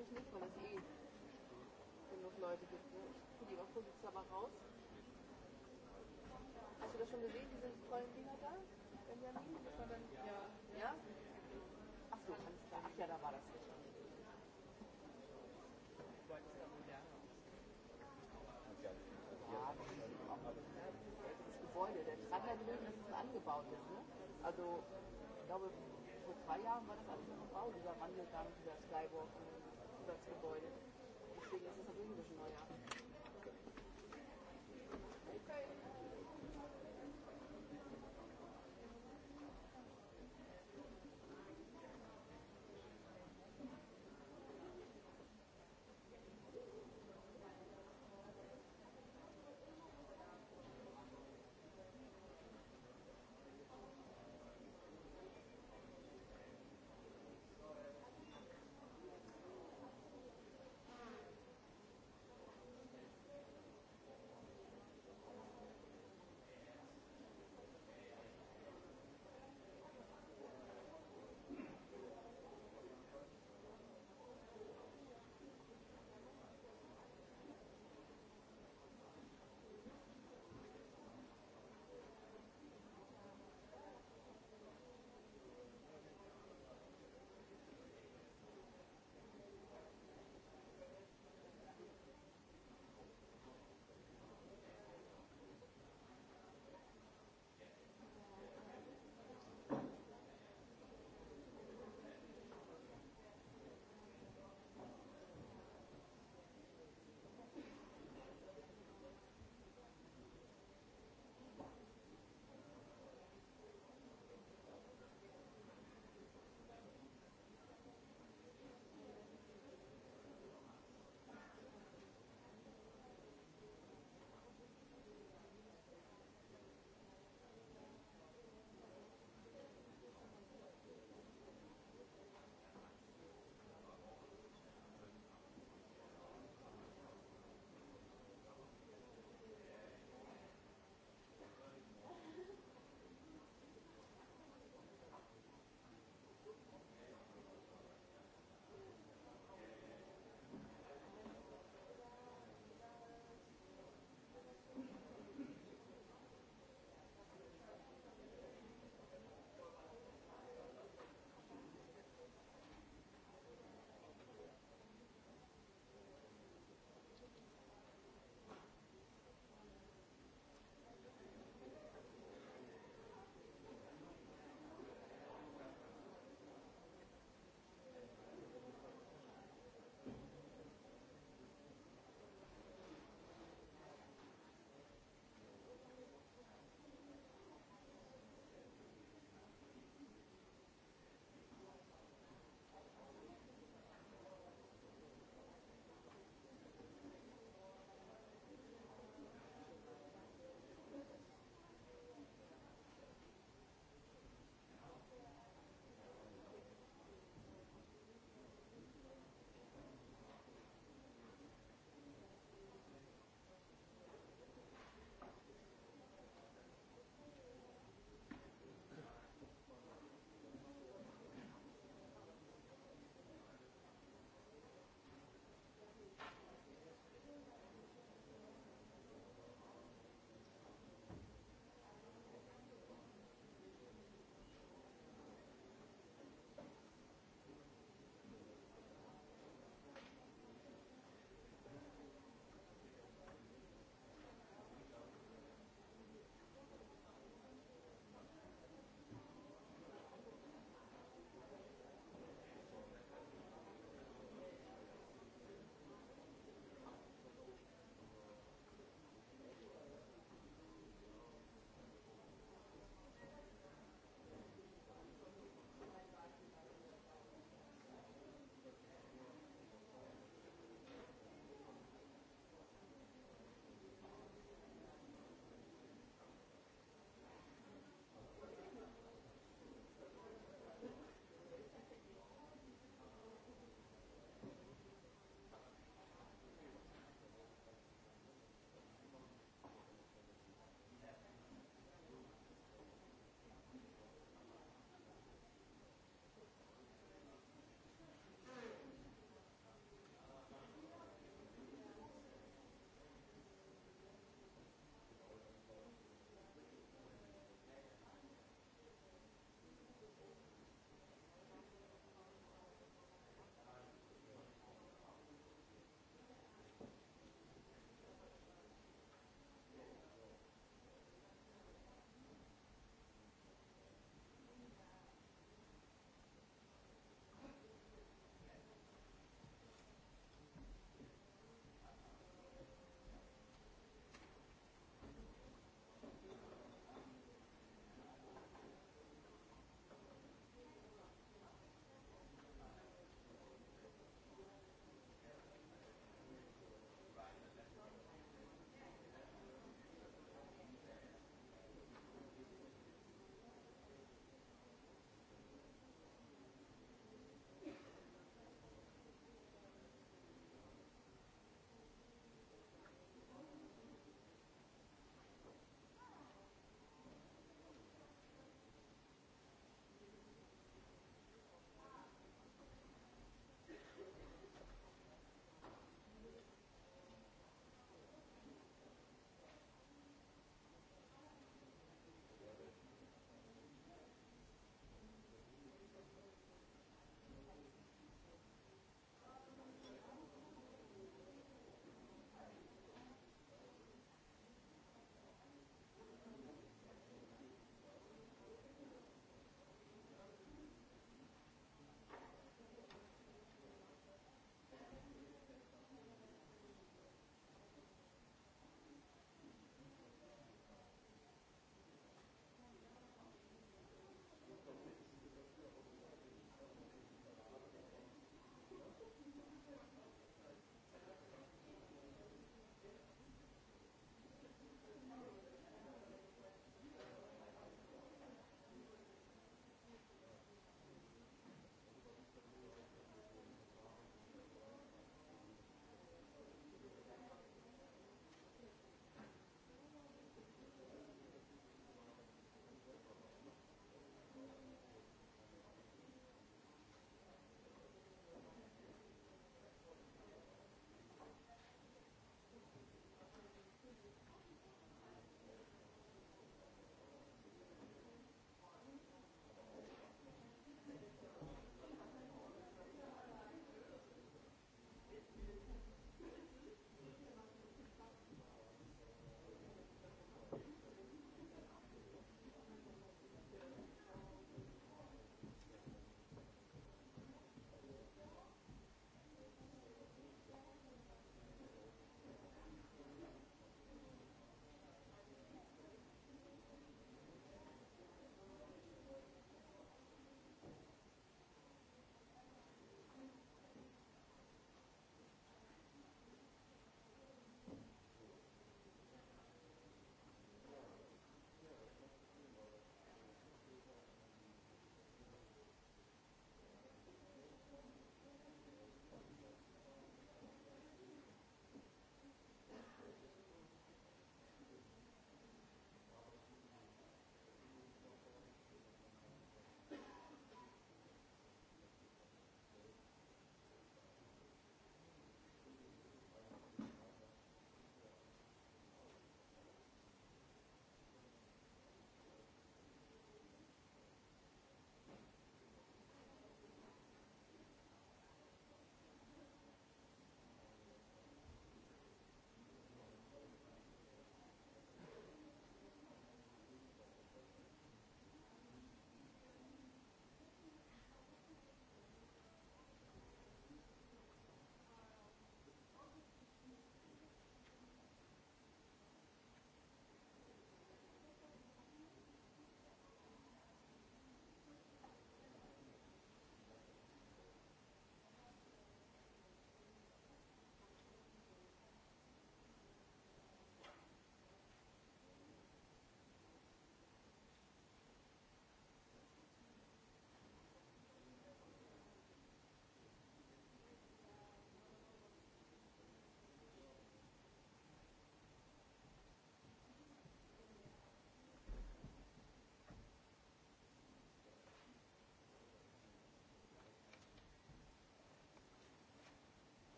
eigentlich nicht, weil es eh genug Leute gibt. Ne? Ich gucke die mal vorsichtig aber raus. Hast du das schon gesehen, diese tollen Dinger da? Benjamin? Das war dann, ja. ja? Ach so, alles klar. Ach ja, da war das ja schon. Das Gebäude, der Trantler das ist angebaut ist. Ne? Also, ich glaube, vor zwei Jahren war das alles noch Bau, dieser Wandelgang, dieser Skywalk und Staatsgebäude. Deswegen ist es natürlich ein bisschen neuer. Okay.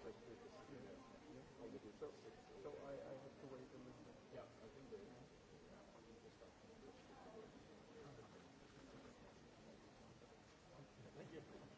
So, I, I have to wait a little bit. Yeah, I think they. Thank you.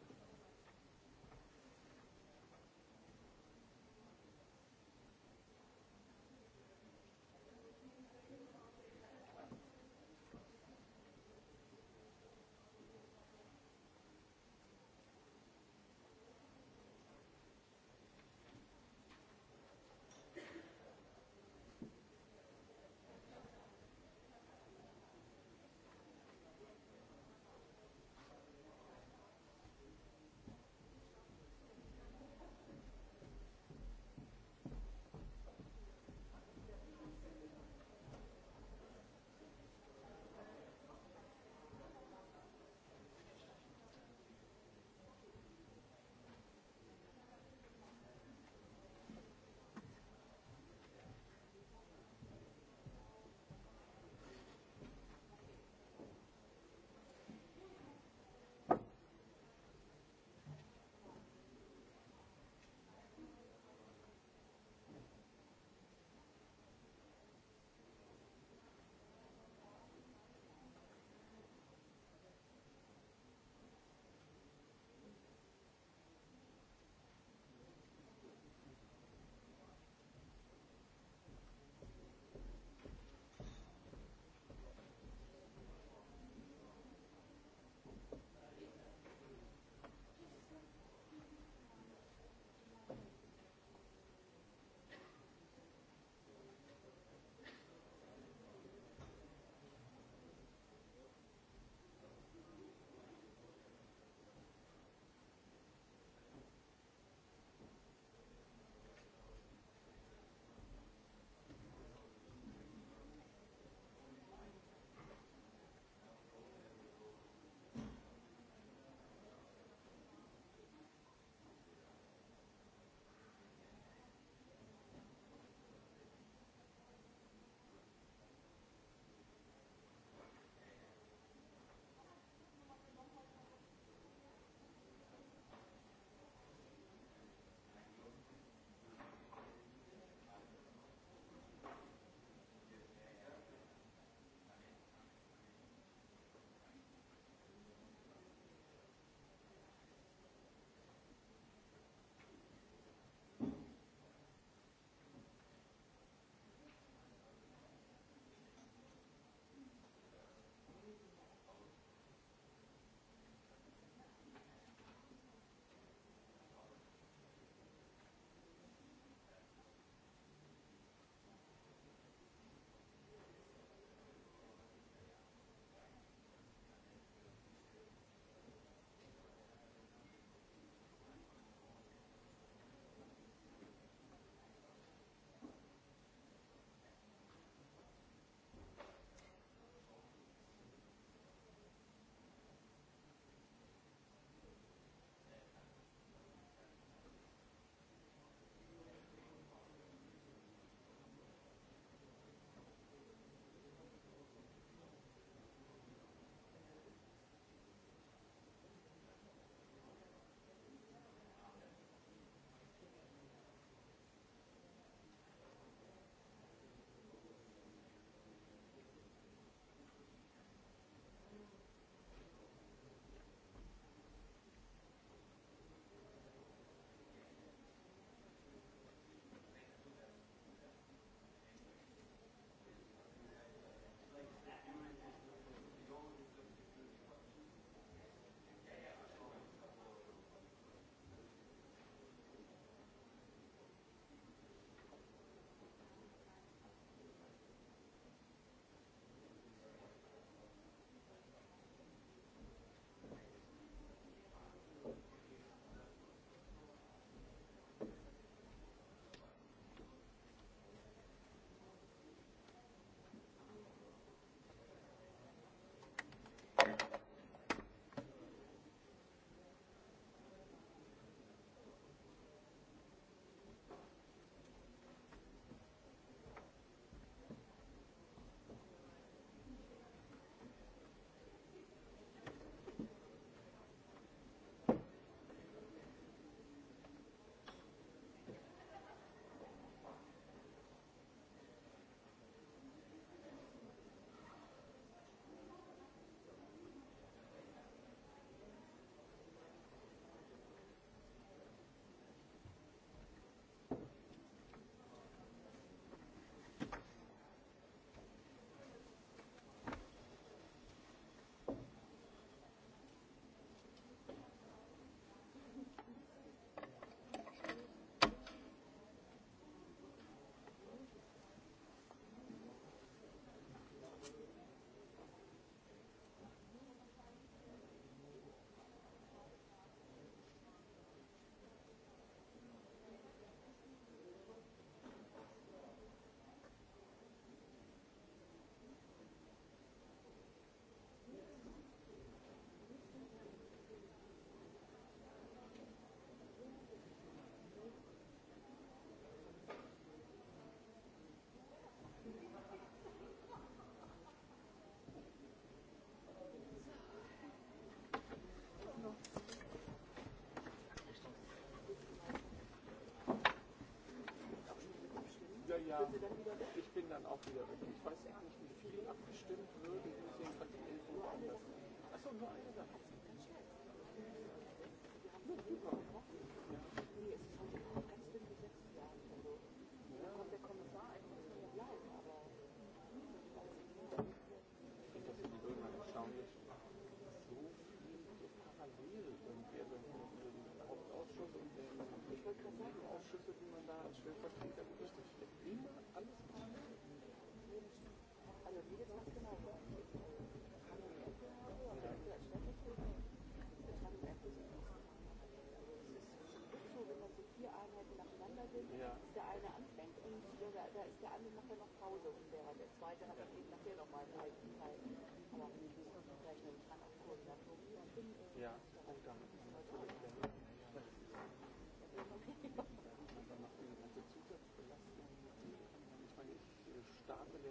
Jahren. Ich bin dann auch wieder weg. Ich weiß gar nicht, wie viel abgestimmt wird. Ich muss jedenfalls um 11 Uhr anders. Achso, nur eine Sache. Kontrollausschüsse, die man da als Stellvertreter berichtet, immer alles Also genau. vier Einheiten nacheinander ja. der eine anfängt und der, da ist der andere macht dann noch Pause und der, der zweite hat dann eben nachher noch mal הצעת הנגיד,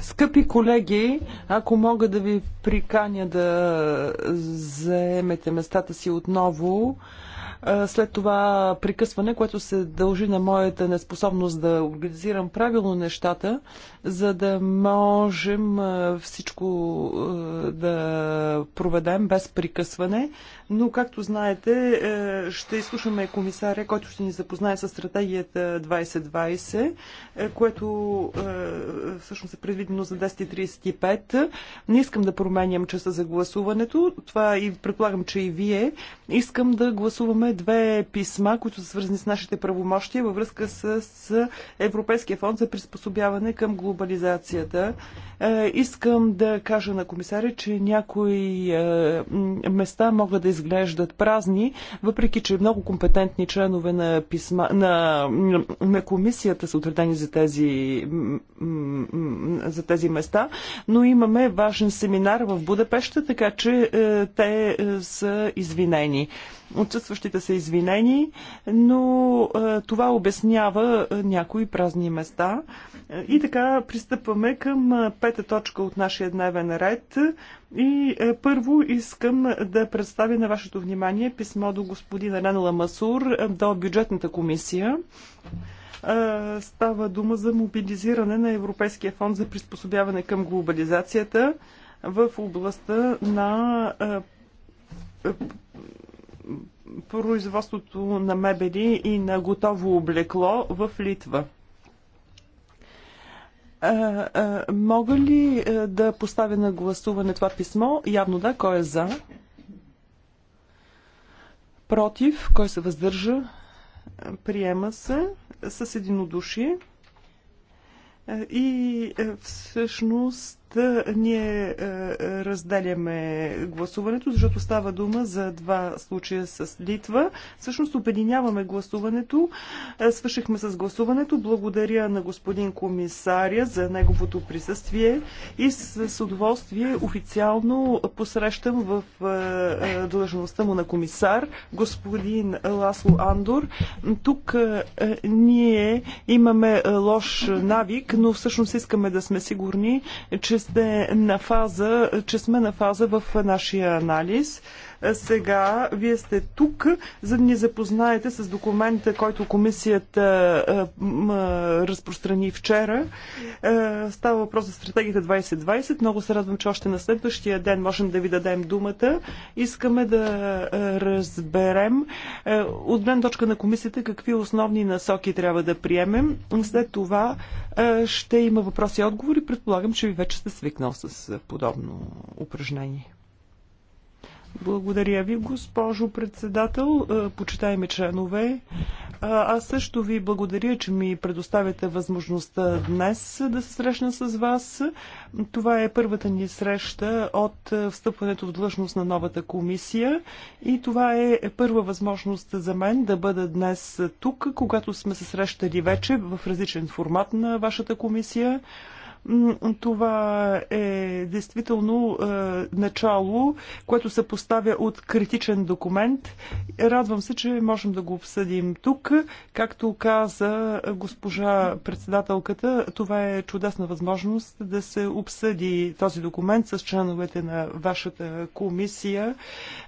Скъпи колеги, ако мога да ви приканя да заемете местата си отново, след това прекъсване, което се дължи на моята неспособност да организирам правилно нещата, за да можем всичко да проведем без прекъсване. Но, както знаете, ще изслушаме комисаря, който ще ни запознае с стратегията 2020, което всъщност е предвидено за 10.35. Не искам да променям часа за гласуването. Това и предполагам, че и вие. Искам да гласуваме Имаме две писма, които са свързани с нашите правомощия във връзка с Европейския фонд за приспособяване към глобализацията. Е, искам да кажа на комисаря, че някои е, места могат да изглеждат празни, въпреки че много компетентни членове на, писма, на, на комисията са отредени за тези, за тези места, но имаме важен семинар в Будапеща, така че е, те са извинени. Отсъстващите са извинени, но е, това обяснява е, някои празни места. Е, и така пристъпваме към пета точка от нашия дневен ред. И първо искам да представя на вашето внимание писмо до господина Рен Ламасур до бюджетната комисия става дума за мобилизиране на Европейския фонд за приспособяване към глобализацията в областта на производството на мебели и на готово облекло в Литва. А, а, мога ли да поставя на гласуване това писмо? Явно да. Кой е за? Против? Кой се въздържа? Приема се с единодушие. И всъщност да ние е, е, разделяме гласуването, защото става дума за два случая с Литва. Всъщност обединяваме гласуването. Е, свършихме с гласуването. Благодаря на господин комисаря за неговото присъствие и с удоволствие официално посрещам в длъжността му на комисар господин Ласло Андор. Тук ние имаме лош навик, но всъщност искаме да сме сигурни, че сте на фаза, че сме на фаза в нашия анализ. Сега вие сте тук, за да ни запознаете с документа, който комисията разпространи вчера. Става въпрос за стратегията 2020. Много се радвам, че още на следващия ден можем да ви дадем думата. Искаме да разберем от гледна точка на комисията какви основни насоки трябва да приемем. След това ще има въпроси и отговори. Предполагам, че ви вече сте свикнал с подобно упражнение. Благодаря ви, госпожо председател, е, почитаеми членове. Е, аз също ви благодаря, че ми предоставяте възможността днес да се срещна с вас. Това е първата ни среща от е, встъпването в длъжност на новата комисия и това е първа възможност за мен да бъда днес тук, когато сме се срещали вече в различен формат на вашата комисия. Това е действително е, начало, което се поставя от критичен документ. Радвам се, че можем да го обсъдим тук. Както каза госпожа председателката, това е чудесна възможност да се обсъди този документ с членовете на вашата комисия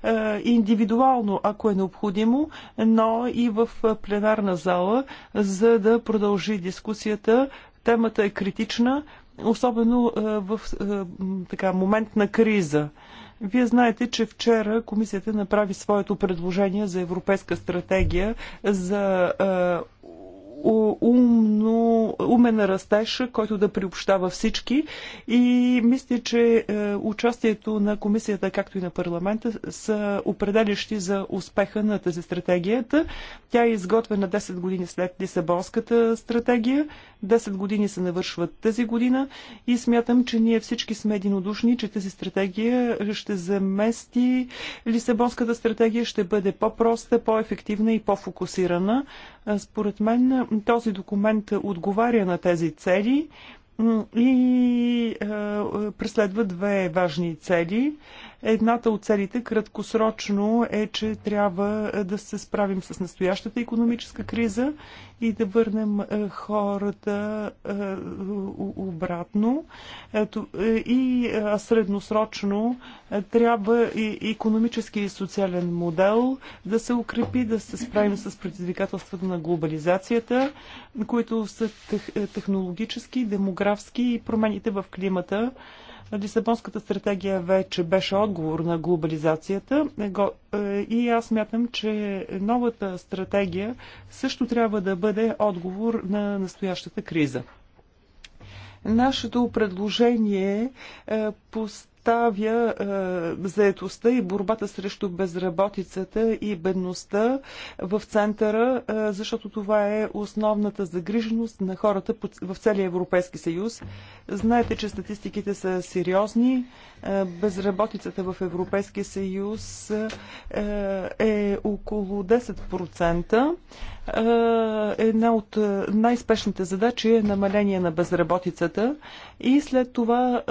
е, индивидуално, ако е необходимо, но и в пленарна зала, за да продължи дискусията. Темата е критична особено е, в е, така, момент на криза. Вие знаете, че вчера комисията направи своето предложение за европейска стратегия за е, умно, умен растеж, който да приобщава всички. И мисля, че е, участието на комисията, както и на парламента, са определящи за успеха на тази стратегията. Тя е изготвена 10 години след Лисабонската стратегия. 10 години се навършват тази година и смятам, че ние всички сме единодушни, че тази стратегия ще замести Лисабонската стратегия, ще бъде по-проста, по-ефективна и по-фокусирана. Е, според мен този документ отговаря на тези цели и е, е, преследва две важни цели. Едната от целите краткосрочно е, че трябва е, да се справим с настоящата економическа криза и да върнем е, хората е, обратно. Ето, е, и е, средносрочно е, трябва и економически и социален модел да се укрепи, да се справим с предизвикателствата на глобализацията, които са тех, технологически, демографски демографски и промените в климата. Лисабонската стратегия вече беше отговор на глобализацията е, е, и аз мятам, че новата стратегия също трябва да бъде отговор на настоящата криза. Нашето предложение е, пост поставя е, заетостта и борбата срещу безработицата и бедността в центъра, е, защото това е основната загриженост на хората в целия Европейски съюз. Знаете, че статистиките са сериозни. Е, безработицата в Европейския съюз е, е около 10%. Е, една от е, най-спешните задачи е намаление на безработицата и след това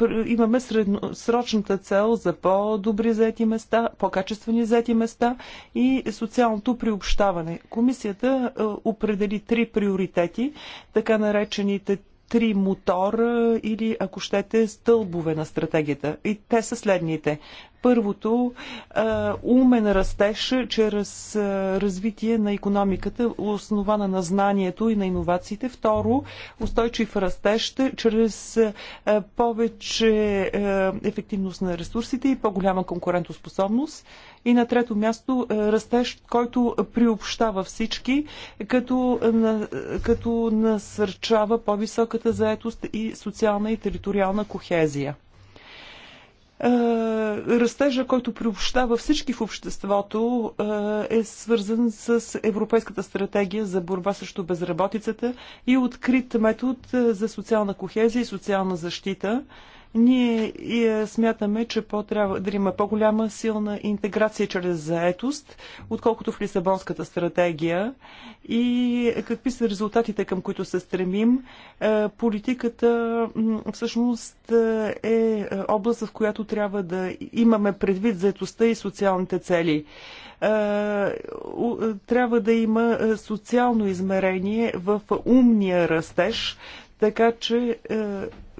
е, имаме средно средносрочната цел за по-добри заети места, по-качествени заети места и социалното приобщаване. Комисията е, определи три приоритети, така наречените три мотора или, ако щете, стълбове на стратегията. И те са следните. Първото умен растеж чрез развитие на економиката, основана на знанието и на иновациите. Второ, устойчив растеж чрез повече ефективност на ресурсите и по-голяма конкурентоспособност. И на трето място е, растеж, който приобщава всички, като, като насърчава по-високата заетост и социална и териториална кохезия е, растежа, който приобщава всички в обществото, е, е свързан с Европейската стратегия за борба срещу безработицата и открит метод за социална кохезия и социална защита. Ние е, смятаме, че по трябва да има по-голяма силна интеграция чрез заетост, отколкото в Лисабонската стратегия. И какви са резултатите, към които се стремим? Е, политиката всъщност е, е област, в която трябва да имаме предвид заетостта и социалните цели трябва да има социално измерение в умния растеж, така че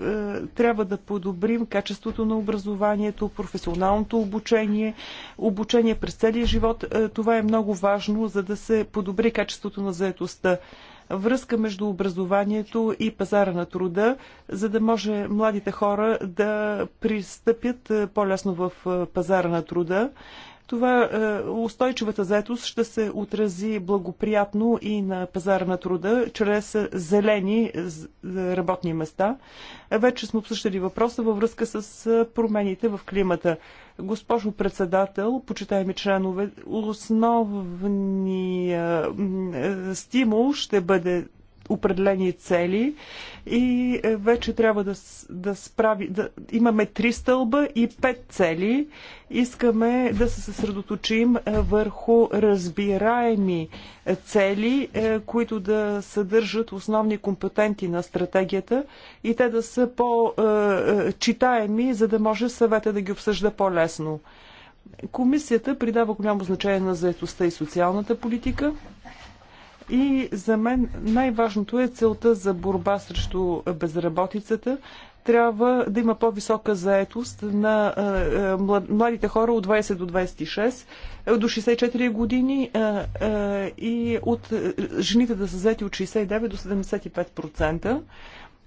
е, трябва да подобрим качеството на образованието, професионалното обучение, обучение през целия живот. Е, това е много важно, за да се подобри качеството на заетостта връзка между образованието и пазара на труда, за да може младите хора да пристъпят е, по-лесно в пазара на труда това е, устойчивата заетост ще се отрази благоприятно и на пазара на труда чрез зелени е, е, работни места. Вече сме обсъщали въпроса във връзка с промените в климата. Госпожо председател, почитаеми членове, основния стимул ще бъде определени цели и е, вече трябва да, да справи. Да, имаме три стълба и пет цели. Искаме да се съсредоточим е, върху разбираеми е, цели, които да съдържат основни компетенти на стратегията и те да са по-читаеми, за да може съвета да ги обсъжда по-лесно. Комисията придава голямо значение на заедостта и социалната политика. И за мен най-важното е целта за борба срещу безработицата. Трябва да има по-висока заетост на е, е, младите хора от 20 до 26, е, до 64 години и от жените да са заети от 69 до 75%.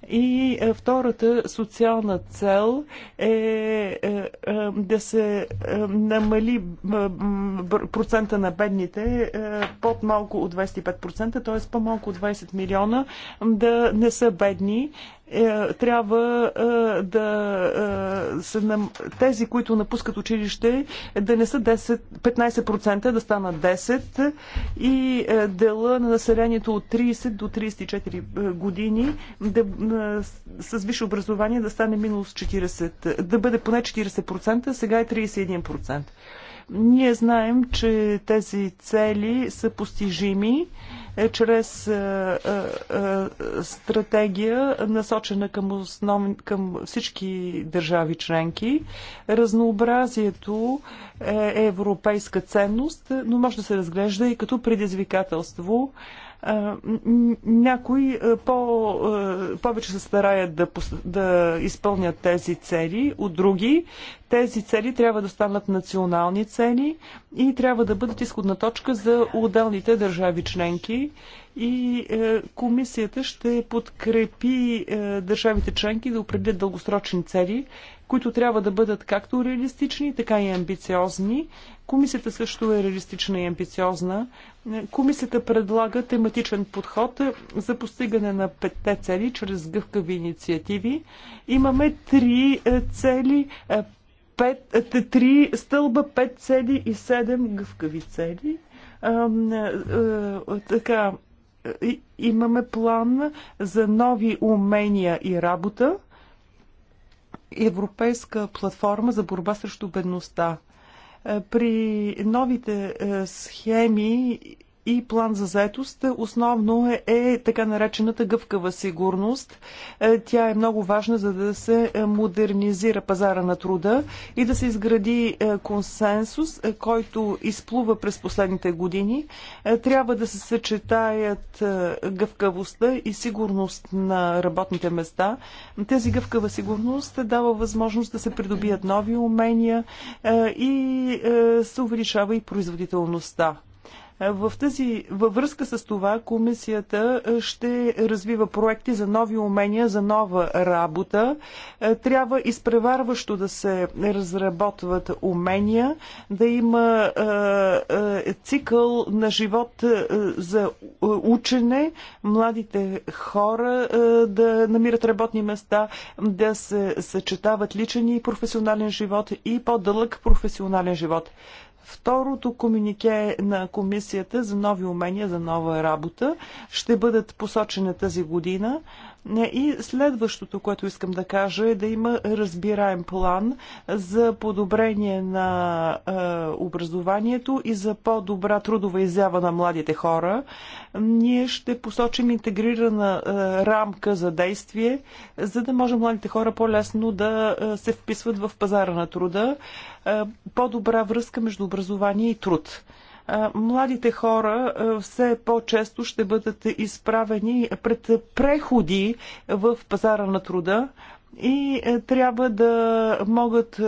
И е, втората социална цел е, е, е да се намали процента на бедните под малко от 25%, т.е. по-малко от 20 милиона да не са бедни е, трябва е, да е, се нам... тези, които напускат училище, да не са 10, 15%, да станат 10 и дела на населението от 30 до 34 години да, с висше образование да стане минус 40, да бъде поне 40%, сега е 31%. Ние знаем, че тези цели са постижими е чрез е, е, е, стратегия, насочена към, основ... към всички държави членки. Разнообразието е европейска ценност, но може да се разглежда и като предизвикателство някои по, повече се стараят да, да изпълнят тези цели, от други тези цели трябва да станат национални цели и трябва да бъдат изходна точка за отделните държави членки. И е, комисията ще подкрепи е, държавите членки да определят дългосрочни цели, които трябва да бъдат както реалистични, така и амбициозни. Комисията също е реалистична и амбициозна. Комисията предлага тематичен подход за постигане на петте цели чрез гъвкави инициативи. Имаме три е, цели, е, пет, е, три стълба, пет цели и седем гъвкави цели. така, имаме план за нови умения и работа европейска платформа за борба срещу бедността. Е, при новите е, схеми и план за заетост основно е, е така наречената гъвкава сигурност. Е, тя е много важна, за да се е, модернизира пазара на труда и да се изгради е, консенсус, който изплува през последните години. Трябва да се съчетаят гъвкавостта и сигурност на работните места. Тази гъвкава сигурност дава възможност да се придобият нови умения и се увеличава и производителността. В тази, във връзка с това комисията ще развива проекти за нови умения, за нова работа. Трябва изпреварващо да се разработват умения, да има цикъл на живот за учене, младите хора да намират работни места, да се съчетават личен и професионален живот и по-дълъг професионален живот. Второто комюнике на Комисията за нови умения за нова работа ще бъдат посочени тази година. Е, и следващото, което искам да кажа е да има разбираем план за подобрение на е, образованието и за по-добра трудова изява на младите хора. Ние ще посочим интегрирана е, рамка за действие, за да може младите хора по-лесно да се вписват в пазара на труда. По-добра връзка между образование и труд младите хора все по-често ще бъдат изправени пред преходи в пазара на труда и е, трябва да могат е, е,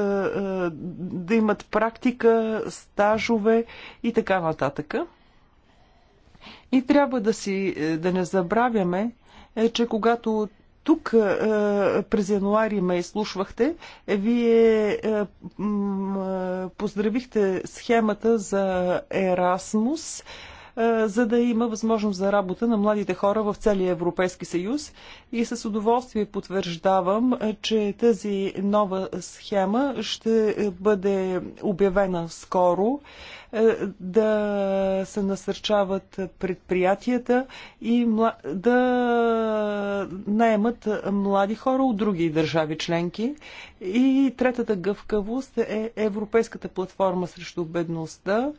да имат практика, стажове и така нататък. И трябва да си да не забравяме, че когато тук е, през януари ме изслушвахте. Вие е, е, поздравихте схемата за Ерасмус за да има възможност за работа на младите хора в целия Европейски съюз. И с удоволствие потвърждавам, че тази нова схема ще бъде обявена скоро. Е, да се насърчават предприятията и да наемат млади хора от други държави членки. И третата гъвкавост е Европейската платформа срещу бедността,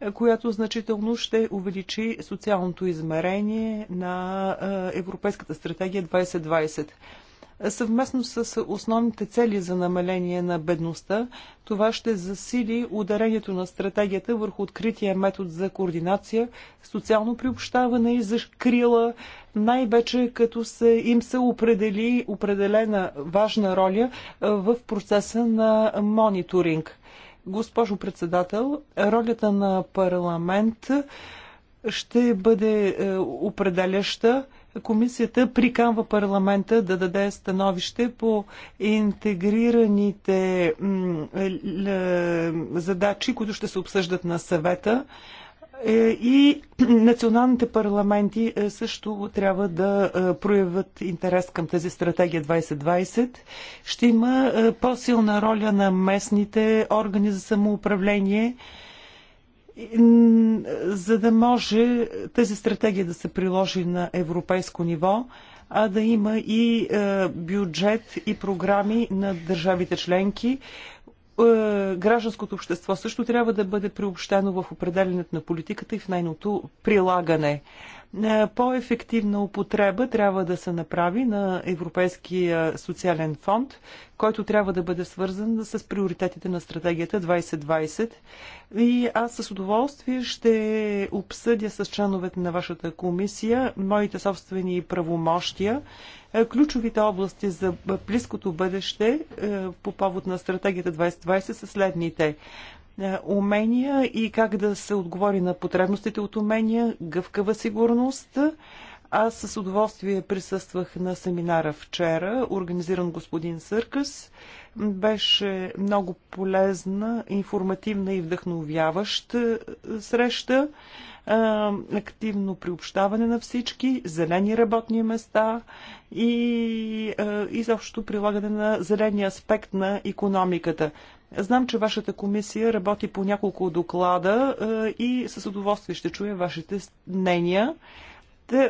е, която значително ще увеличи социалното измерение на е, Европейската стратегия 2020 съвместно с основните цели за намаление на бедността. Това ще засили ударението на стратегията върху открития метод за координация, социално приобщаване и закрила, най-вече като се, им се определи определена важна роля в процеса на мониторинг. Госпожо председател, ролята на парламент ще бъде е, определяща Комисията приканва парламента да даде становище по интегрираните е, задачи, които ще се обсъждат на съвета. Е, и националните парламенти е, също трябва да проявят интерес към тази стратегия 2020. Ще има по-силна роля на местните органи за самоуправление за да може тази стратегия да се приложи на европейско ниво, а да има и е, бюджет и програми на държавите членки. Е, гражданското общество също трябва да бъде приобщено в определенето на политиката и в нейното прилагане. По-ефективна употреба трябва да се направи на Европейския социален фонд, който трябва да бъде свързан с приоритетите на стратегията 2020. И аз с удоволствие ще обсъдя с членовете на вашата комисия моите собствени правомощия, е, ключовите области за близкото бъдеще е, по повод на стратегията 2020 са следните е, умения и как да се отговори на потребностите от умения, гъвкава сигурност. Аз с удоволствие присъствах на семинара вчера, организиран господин Съркъс. Беше много полезна, информативна и вдъхновяваща е, среща. Е, активно приобщаване на всички, зелени работни места и изобщо прилагане на зеления аспект на економиката. Знам, че вашата комисия работи по няколко доклада е, и с удоволствие ще чуя вашите мнения.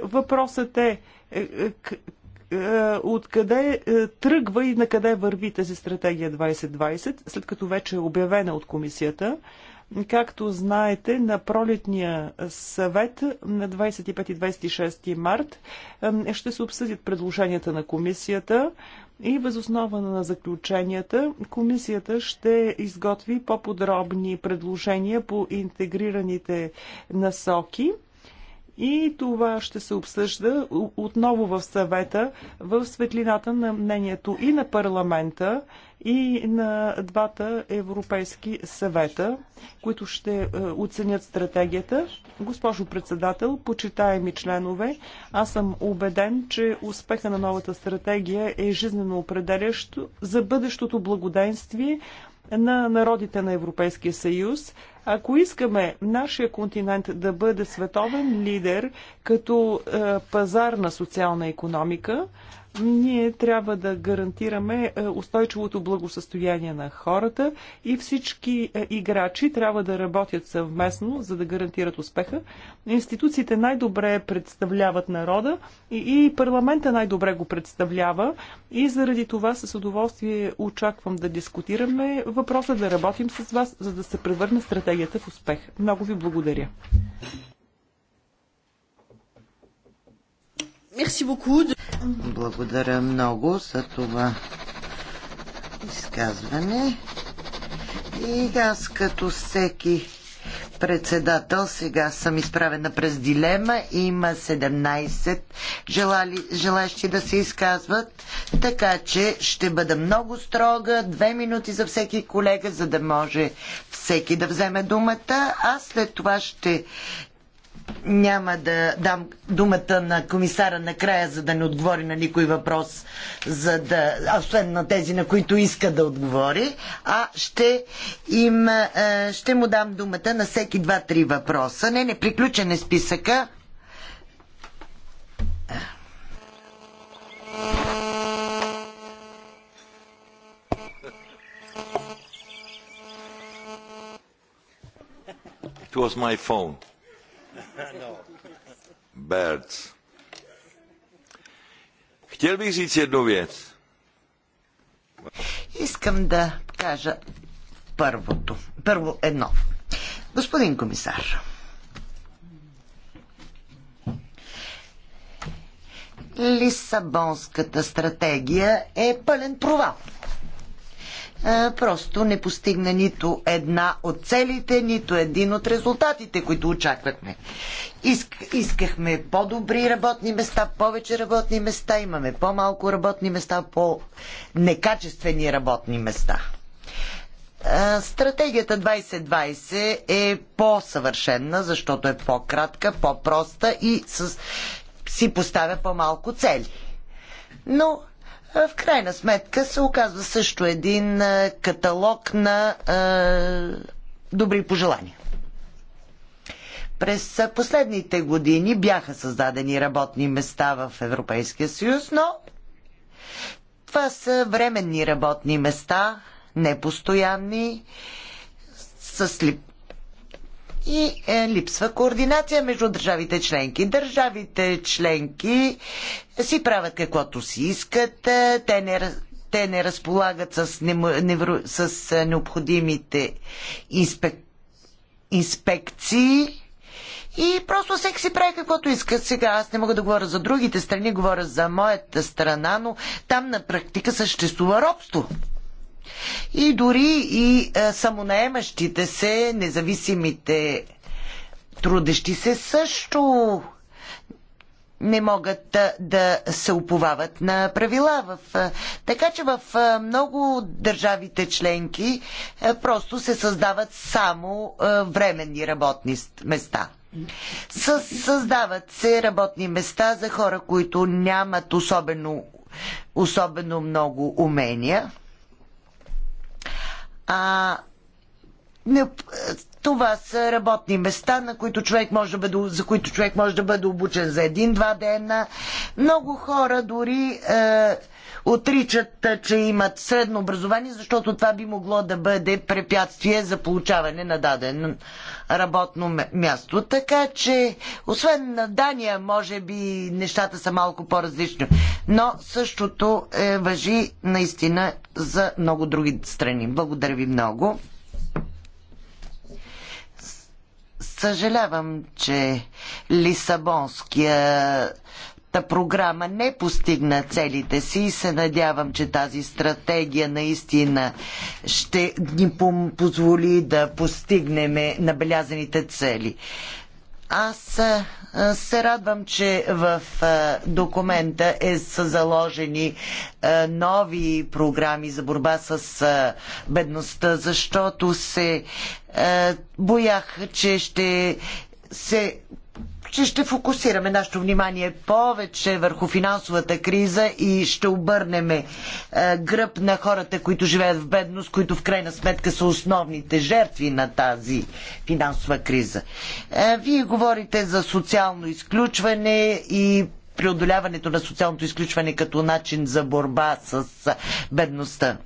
Въпросът е, е, е откъде тръгва и на къде върви тази стратегия 2020, след като вече е обявена от комисията. Както знаете, на пролетния съвет на 25 и 26 март ще се обсъдят предложенията на комисията и възоснова на заключенията комисията ще изготви по-подробни предложения по интегрираните насоки – и това ще се обсъжда отново в съвета в светлината на мнението и на парламента, и на двата европейски съвета, които ще е, оценят стратегията. Госпожо председател, почитаеми членове, аз съм убеден, че успеха на новата стратегия е жизненно определящ за бъдещото благоденствие на народите на Европейския съюз. Ако искаме нашия континент да бъде световен лидер като е, пазар на социална економика, ние трябва да гарантираме е, устойчивото благосъстояние на хората и всички е, играчи трябва да работят съвместно, за да гарантират успеха. Институциите най-добре представляват народа и, парламента най-добре го представлява и заради това с удоволствие очаквам да дискутираме въпроса, да работим с вас, за да се превърне стратегията в успех. Много ви благодаря.
Благодаря много за това изказване. И аз като всеки председател сега съм изправена през дилема. Има 17 желали, желащи да се изказват, така че ще бъда много строга. Две минути за всеки колега, за да може всеки да вземе думата. Аз след това ще няма да дам думата на комисара накрая, за да не отговори на никой въпрос, за да, освен на тези, на които иска да отговори, а ще, им, е, ще му дам думата на всеки два-три въпроса. Не, не, приключен е списъка.
It was my phone. Birds. Chtěl bych říct jednu věc.
Искам да кажа първото. Първо едно. Господин комисар, Лисабонската стратегия е пълен провал. Е, просто не постигна нито една от целите, нито един от резултатите, които очаквахме. искахме по-добри работни места, повече работни места, имаме по-малко работни места, по-некачествени работни места. Е, стратегията 2020 е по-съвършенна, защото е по-кратка, по-проста и с... си поставя по-малко цели. Но в крайна сметка се оказва също един каталог на добри пожелания. През последните години бяха създадени работни места в Европейския съюз, но това са временни работни места, непостоянни, с и е, липсва координация между държавите членки. Държавите членки си правят каквото си искат, е, те не, те не разполагат с, невро, с е, необходимите инспек, инспекции. И просто всеки си прави каквото иска. Сега аз не мога да говоря за другите страни, говоря за моята страна, но там на практика съществува робство. И дори и е, самонаемащите се, независимите трудещи се също не могат да, е, да се уповават на правила. В, е, така че в много държавите членки просто се създават само временни работни места. Създават се работни места за хора, които нямат особено, особено много умения а, не, това са работни места, на които човек може да бъде, за които човек може да бъде обучен за един-два дена. Много хора дори е, отричат, е, че имат средно образование, защото това би могло да бъде препятствие за получаване на даден работно място. Така че, освен на Дания, може би нещата са малко по-различни, но същото е, въжи наистина за много други страни. Благодаря ви много. Съжалявам, че Лисабонската програма не постигна целите си и се надявам, че тази стратегия наистина ще ни позволи да постигнем набелязаните цели. Аз е, се радвам, че в е, документа е, са заложени е, нови програми за борба с бедността, защото се боях, че ще се че ще фокусираме нашето внимание повече върху финансовата криза и ще обърнем е, гръб на хората, които живеят в бедност, които в крайна сметка са основните жертви на тази финансова криза. Е, вие говорите за социално изключване и преодоляването на социалното изключване като начин за борба с бедността.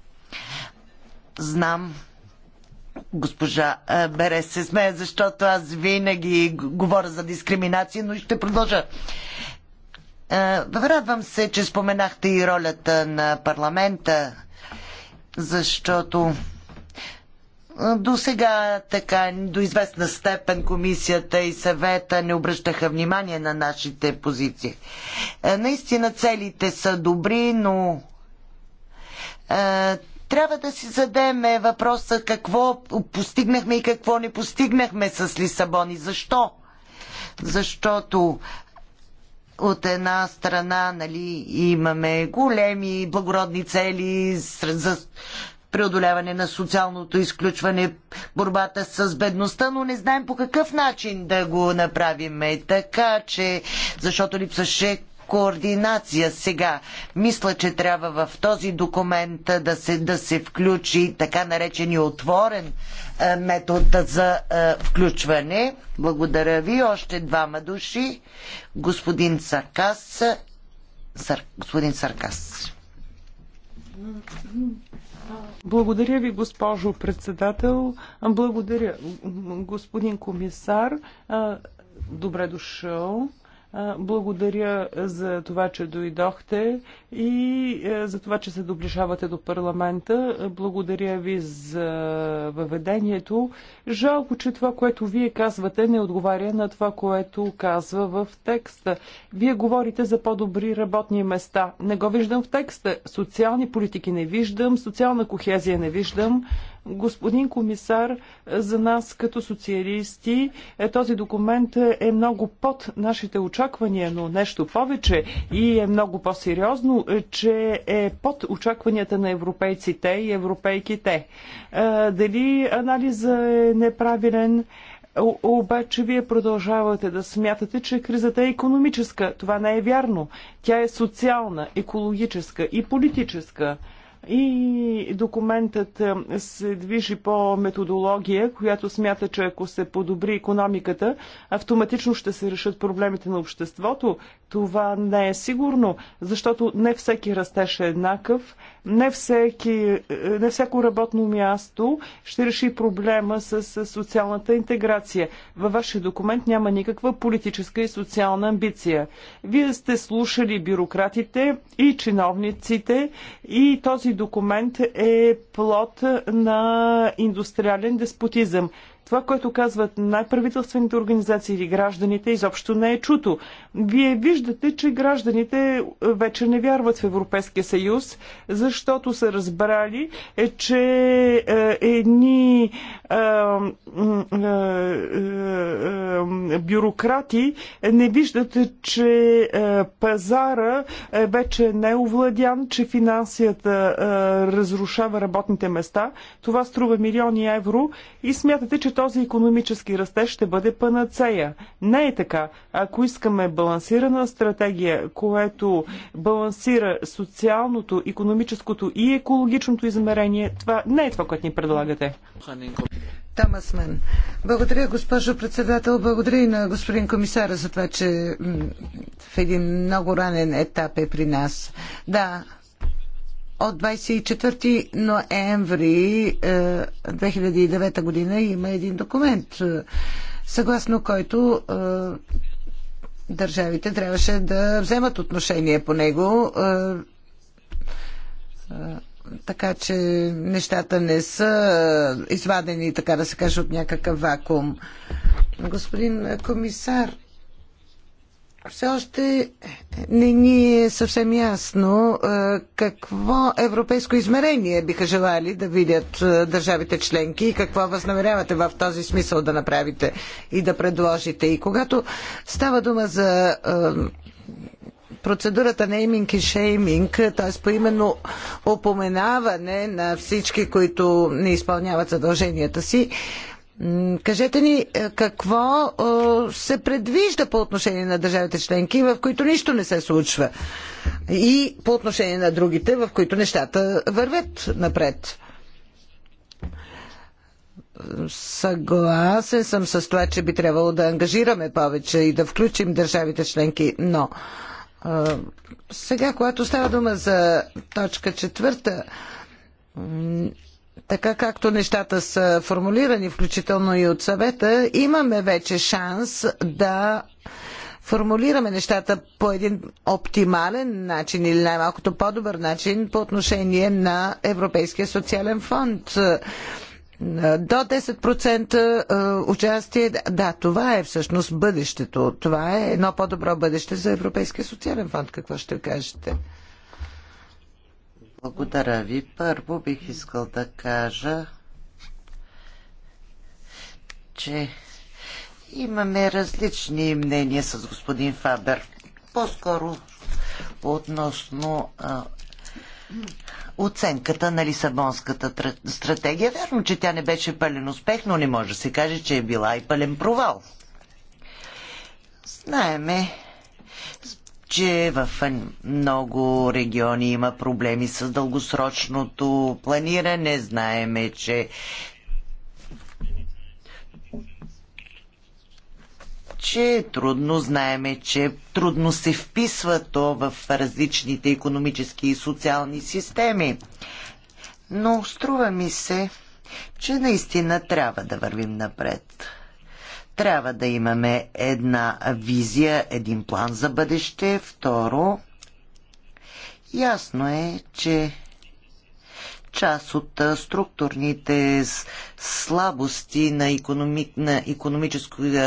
Знам, госпожа Берес се смее, защото аз винаги говоря за дискриминация, но ще продължа. Радвам се, че споменахте и ролята на парламента, защото до сега така, до известна степен комисията и съвета не обръщаха внимание на нашите позиции. Наистина целите са добри, но трябва да си задеме въпроса какво постигнахме и какво не постигнахме с Лисабон и защо. Защото от една страна нали, имаме големи благородни цели за преодоляване на социалното изключване, борбата с бедността, но не знаем по какъв начин да го направим. Така че, защото липсваше координация сега. Мисля, че трябва в този документ да се, да се включи така наречени отворен е, метод за е, включване. Благодаря ви. Още двама души. Господин Саркас. Сар, господин Саркас.
Благодаря ви, госпожо председател. Благодаря, господин комисар. Е, добре дошъл. Благодаря за това, че дойдохте и за това, че се доближавате до парламента. Благодаря ви за въведението. Жалко, че това, което вие казвате, не отговаря на това, което казва в текста. Вие говорите за по-добри работни места. Не го виждам в текста. Социални политики не виждам, социална кохезия не виждам. Господин комисар, за нас като социалисти е, този документ е много под нашите очаквания, но нещо повече и е много по-сериозно, е, че е под очакванията на европейците и европейките. Е, дали анализа е неправилен? Обаче вие продължавате да смятате, че кризата е економическа. Това не е вярно. Тя е социална, екологическа и политическа и документът е, се движи по методология, която смята, че ако се подобри економиката, автоматично ще се решат проблемите на обществото. Това не е сигурно, защото не всеки растеше еднакъв, не, всеки, не всяко работно място ще реши проблема с социалната интеграция. Във вашия документ няма никаква политическа и социална амбиция. Вие сте слушали бюрократите и чиновниците и този документ е плод на индустриален деспотизъм. Това, което казват най-правителствените организации или гражданите, изобщо не е чуто. Вие виждате, че гражданите вече не вярват в Европейския съюз, защото са разбрали, е, че е, едни е, е, е, бюрократи не виждат, че е, пазара е, вече не е овладян, че финансията е, разрушава работните места. Това струва милиони евро и смятате, че този економически растеж ще бъде панацея. Не е така. Ако искаме балансирана стратегия, което балансира социалното, економическото и екологичното измерение, това не е това, което ни предлагате. Тамасмен. Благодаря,
госпожо председател. Благодаря и на господин комисара за това, че в един много ранен етап е при нас. Да, от 24 ноември 2009 е, година има един документ, е, съгласно който е, държавите трябваше да вземат отношение по него така че нещата не са е, извадени, така да се каже, от някакъв вакуум. Господин комисар, все още не ни е съвсем ясно е, какво европейско измерение биха желали да видят е, държавите членки и какво възнамерявате в този смисъл да направите и да предложите. И когато става дума за процедурата нейминг и шейминг, т.е. поименно опоменаване на всички, които не изпълняват задълженията си, Кажете ни е, какво е, се предвижда по отношение на държавите членки, в които нищо не се случва и по отношение на другите, в които нещата вървят напред. Съгласен съм с това, че би трябвало да ангажираме повече и да включим държавите членки, но сега, когато става дума за точка четвърта, така както нещата са формулирани, включително и от съвета, имаме вече шанс да формулираме нещата по един оптимален начин или най-малкото по-добър начин по отношение на Европейския социален фонд. Е, до 10% е, участие, да, това е всъщност бъдещето. Това е едно по-добро бъдеще за Европейския социален фонд. Какво ще кажете? Благодаря ви. Първо бих искал да кажа, че имаме различни мнения с господин Фабер. По-скоро относно а, оценката на Лисабонската стратегия. Вярно, че тя не беше пълен успех, но не може да се каже, че е била и пълен провал. Знаеме, че в много региони има проблеми с дългосрочното планиране. Знаеме, че че трудно, знаеме, че трудно се вписва то в различните економически и социални системи. Но струва ми се, че наистина трябва да вървим напред. Трябва да имаме една визия, един план за бъдеще. Второ, ясно е, че част от структурните слабости на, економи... на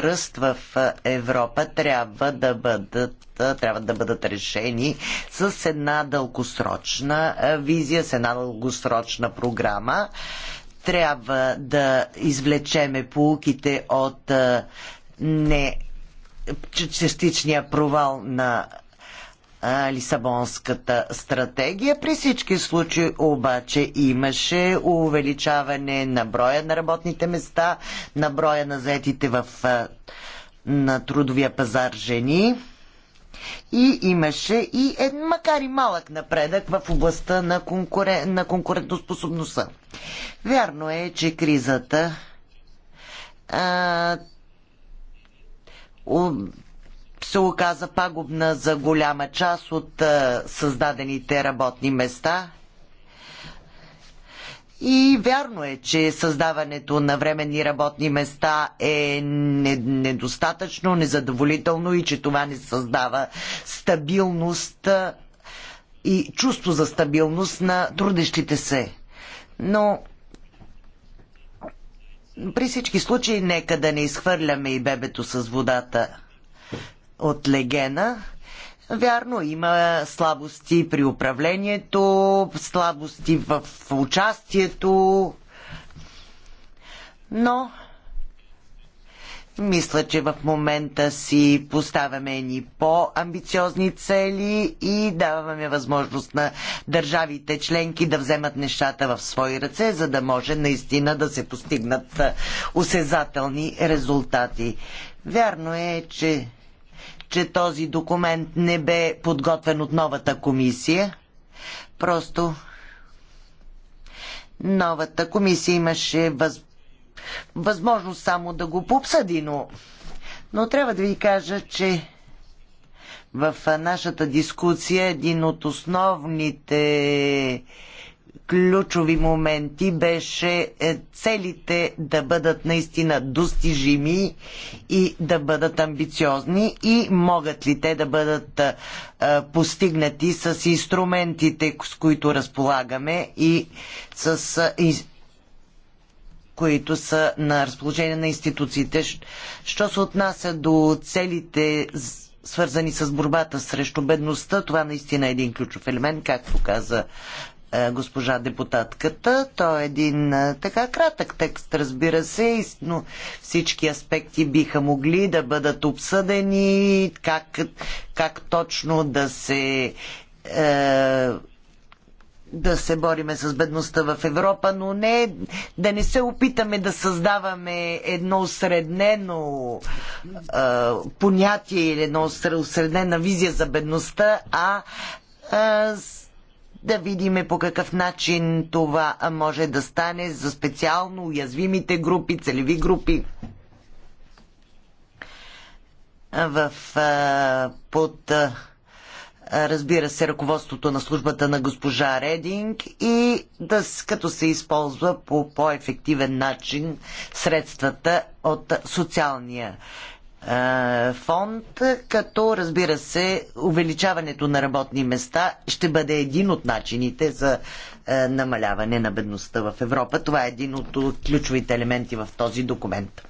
ръст в Европа трябва да бъдат трябва да бъдат решени с една дългосрочна визия, с една дългосрочна програма. Трябва да извлечеме полуките от не частичния провал на Лисабонската стратегия. При всички случаи обаче имаше увеличаване на броя на работните места, на броя на заетите в, на трудовия пазар жени. И имаше и е, макар и малък напредък в областта на, конкурен... на конкурентоспособността. Вярно е, че кризата а, се оказа пагубна за голяма част от е, създадените работни места. И вярно е, че създаването на временни работни места е недостатъчно, незадоволително и че това не създава стабилност е, и чувство за стабилност на трудещите се. Но при всички случаи нека да не изхвърляме и бебето с водата от Легена. Вярно, има слабости при управлението, слабости в участието, но мисля, че в момента си поставяме ни по-амбициозни цели и даваме възможност на държавите членки да вземат нещата в свои ръце, за да може наистина да се постигнат осезателни резултати. Вярно е, че че този документ не бе подготвен от новата комисия. Просто новата комисия имаше въз... възможност само да го пообсъди, но... но трябва да ви кажа, че в нашата дискусия един от основните ключови моменти беше е, целите да бъдат наистина достижими и да бъдат амбициозни и могат ли те да бъдат е, е, постигнати с инструментите, с които разполагаме и с които са на разположение на институциите. Що се отнася до целите свързани с борбата срещу бедността, това наистина е един ключов елемент, както каза е, госпожа депутатката. Той е един е, така кратък текст, разбира се, но всички аспекти биха могли да бъдат обсъдени, как, как точно да се е, да се бориме с бедността в Европа, но не да не се опитаме да създаваме едно усреднено е, понятие или едно осреднена визия за бедността, а е, да видим по какъв начин това може да стане за специално уязвимите групи, целеви групи в, под разбира се, ръководството на службата на госпожа Рединг и да, като се използва по по-ефективен начин средствата от социалния фонд, като разбира се, увеличаването на работни места ще бъде един от начините за намаляване на бедността в Европа. Това е един от ключовите елементи в този документ.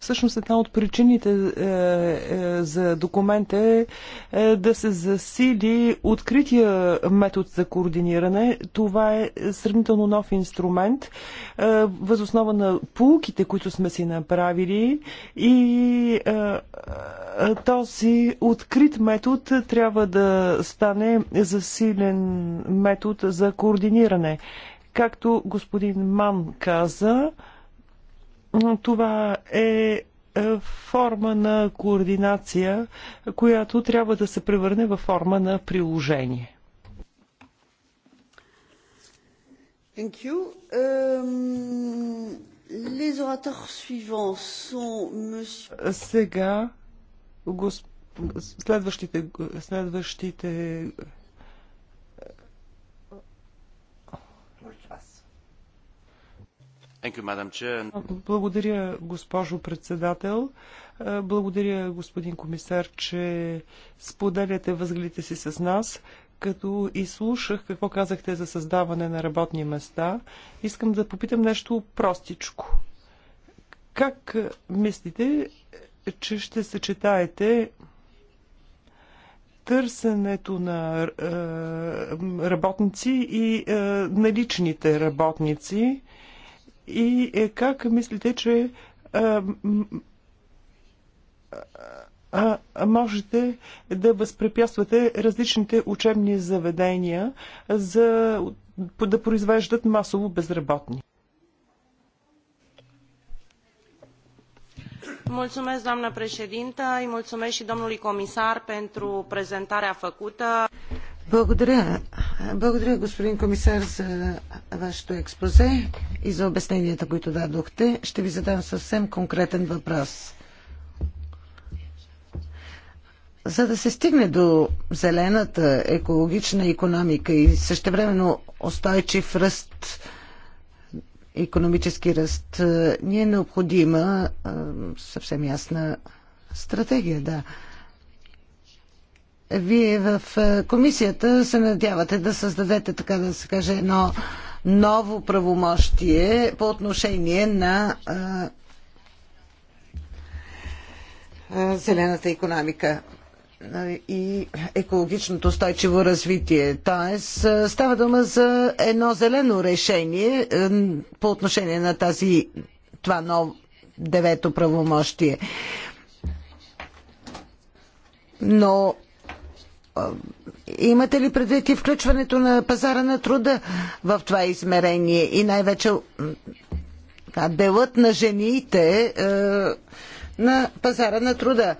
Всъщност една от причините е, е, за документа е, е да се засили открития метод за координиране. Това е сравнително нов инструмент, е, възоснова на полуките, които сме си направили и е, е, този открит метод трябва да стане засилен метод за координиране. Както господин Ман каза, но Това е, е форма на координация, която трябва да се превърне във форма на приложение.
Thank you. Um, les orateurs suivants sont monsieur...
Сега, госп... следващите, следващите Благодаря, госпожо председател. Благодаря, господин комисар, че споделяте възгледите си с нас. Като изслушах какво казахте за създаване на работни места, искам да попитам нещо простичко. Как мислите, че ще съчетаете търсенето на работници и наличните работници? и е, как мислите, че а, а, можете да възпрепятствате различните учебни заведения за да произвеждат масово безработни.
Mulțumesc, doamnă președintă, îi mulțumesc și domnului comisar pentru prezentarea făcută. Благодаря. Благодаря, господин комисар, за вашето експозе и за обясненията, които дадохте. Ще ви задам съвсем конкретен въпрос. За да се стигне до зелената екологична економика и същевременно устойчив ръст, економически ръст, ни е необходима съвсем ясна стратегия, да. Вие в е, комисията се надявате да създадете, така да се каже, едно ново правомощие по отношение на е, е, зелената економика и екологичното устойчиво развитие. Тоест, става дума за едно зелено решение по отношение на тази, това ново девето правомощие. Но имате ли предвид и включването на пазара на труда в това измерение и най-вече делът на жените е, на пазара на труда?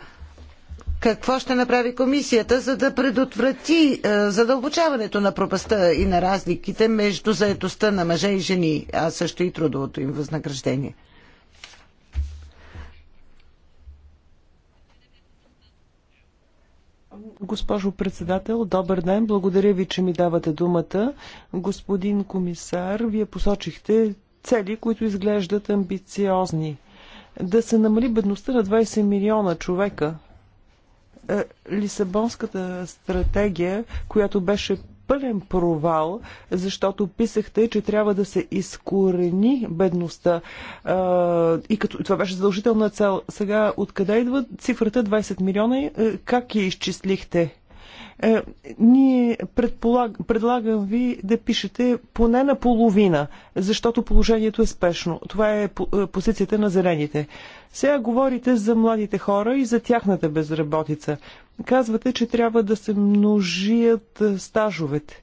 Какво ще направи комисията, за да предотврати е, задълбочаването на пропаста и на разликите между заетостта на мъже и жени, а също и трудовото им
възнаграждение? Госпожо председател, добър ден. Благодаря ви, че ми давате думата. Господин комисар, вие посочихте цели, които изглеждат амбициозни. Да се намали бедността на 20 милиона човека. Е, Лисабонската стратегия, която беше пълен провал, защото писахте, че трябва да се изкорени бедността. И като това беше задължителна цел. Сега откъде идва цифрата 20 милиона? Е, как я изчислихте? Е, ние предполаг, предлагам ви да пишете поне на половина, защото положението е спешно. Това е, е позицията на зелените. Сега говорите за младите хора и за тяхната безработица. Казвате, че трябва да се множият е, стажовете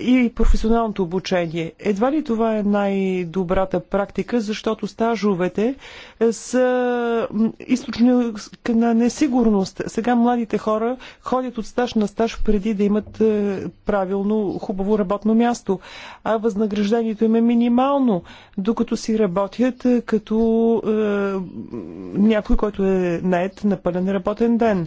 и професионалното обучение. Едва ли това е най-добрата практика, защото стажовете е, са източник на несигурност. Сега младите хора ходят от стаж на стаж преди да имат е, правилно, хубаво работно място, а възнаграждението им е минимално, докато си работят като е, някой, който е нает на пълен работен ден.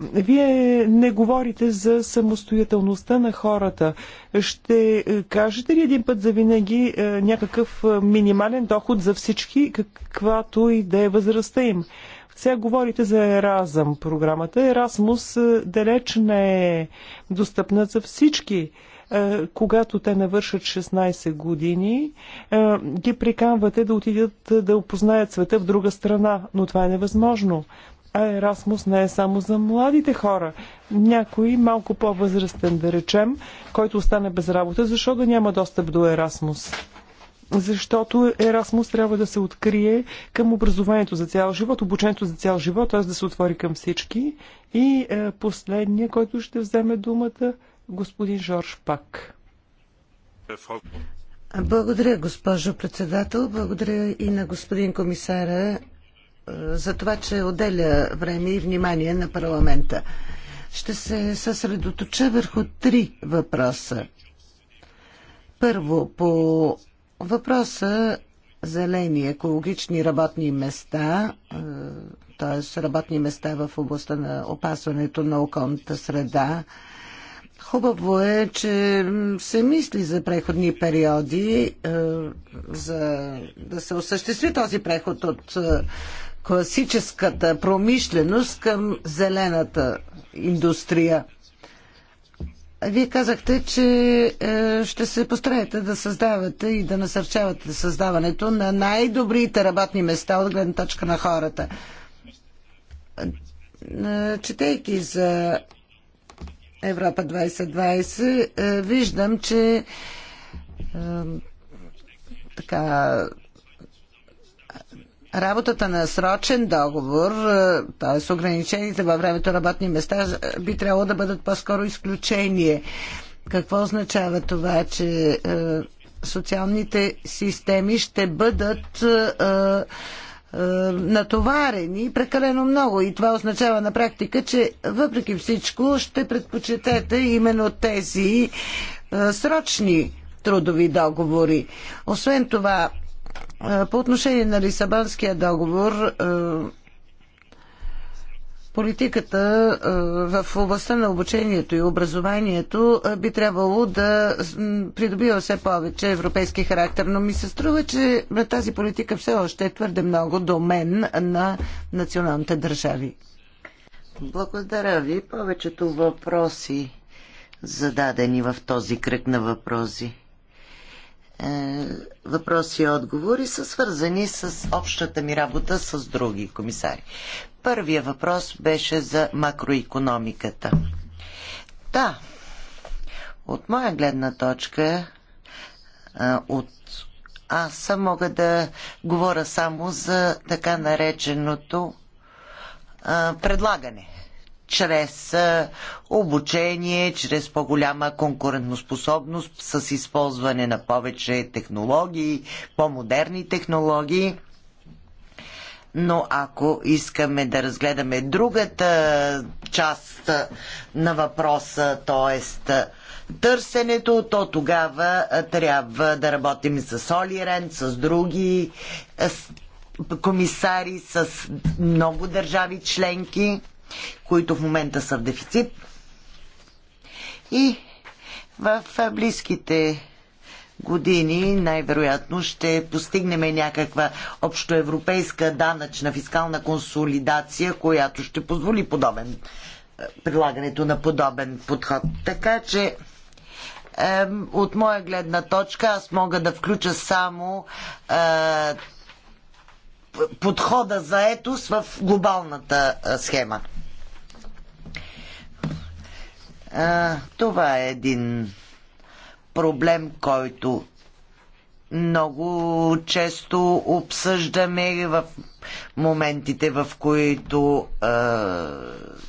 Вие не говорите за самостоятелността на хората. Ще е, кажете ли един път за винаги е, някакъв е, минимален доход за всички, каквато и да е възрастта им? Сега говорите за Еразъм програмата. Еразмус далеч не е достъпна за всички. Когато те навършат 16 години, ги приканвате да отидат да опознаят света в друга страна, но това е невъзможно. А Ерасмус не е само за младите хора. Някой малко по-възрастен, да речем, който остане без работа, защо да няма достъп до Ерасмус? Защото Ерасмус трябва да се открие към образованието за цял живот, обучението за цял живот, т.е. да се отвори към всички. И е, последния, който ще вземе думата, господин Жорж Пак. Благодаря, госпожо председател. Благодаря
и на господин комисара за това, че отделя време и внимание на парламента. Ще се съсредоточа върху три въпроса. Първо, по въпроса зелени екологични работни места, е, т.е. работни места в областта на опасването на околната среда. Хубаво е, че се мисли за преходни периоди, е, за да се осъществи този преход от е, класическата промишленост към зелената индустрия. Вие казахте, че е, ще се постараете да създавате и да насърчавате създаването на най-добрите работни места от гледна точка на хората. Е, четейки за Европа 2020, е, виждам, че така работата на срочен договор, е, т.е. ограничените във времето работни места, е, би трябвало да бъдат по-скоро изключение. Какво означава това, че е, социалните системи ще бъдат натоварени прекалено много. И това означава на практика, че въпреки всичко ще предпочетете именно тези срочни трудови договори. Освен това, е, по отношение на Лисабонския договор, е, политиката е, в областта на обучението и образованието би трябвало да придобива все повече европейски характер, но ми се струва, че тази политика все още е твърде много до мен на националните държави. Благодаря ви. Повечето въпроси зададени в този кръг на въпроси е, въпроси и отговори са свързани с общата ми работа с други комисари. Първия въпрос беше за макроекономиката. Да, от моя гледна точка, е, от аз мога да говоря само за така нареченото е, предлагане чрез обучение, чрез по-голяма конкурентоспособност с използване на повече технологии, по-модерни технологии. Но ако искаме да разгледаме другата част на въпроса, т.е. търсенето, то тогава трябва да работим с Оли Рен, с други комисари, с много държави членки които в момента са в дефицит. И в близките години най-вероятно ще постигнем някаква общоевропейска данъчна фискална консолидация, която ще позволи подобен е, прилагането на подобен подход. Така че е, от моя гледна точка аз мога да включа само е, подхода за етос в глобалната е, схема. А, това е един проблем, който много често обсъждаме в моментите, в които а,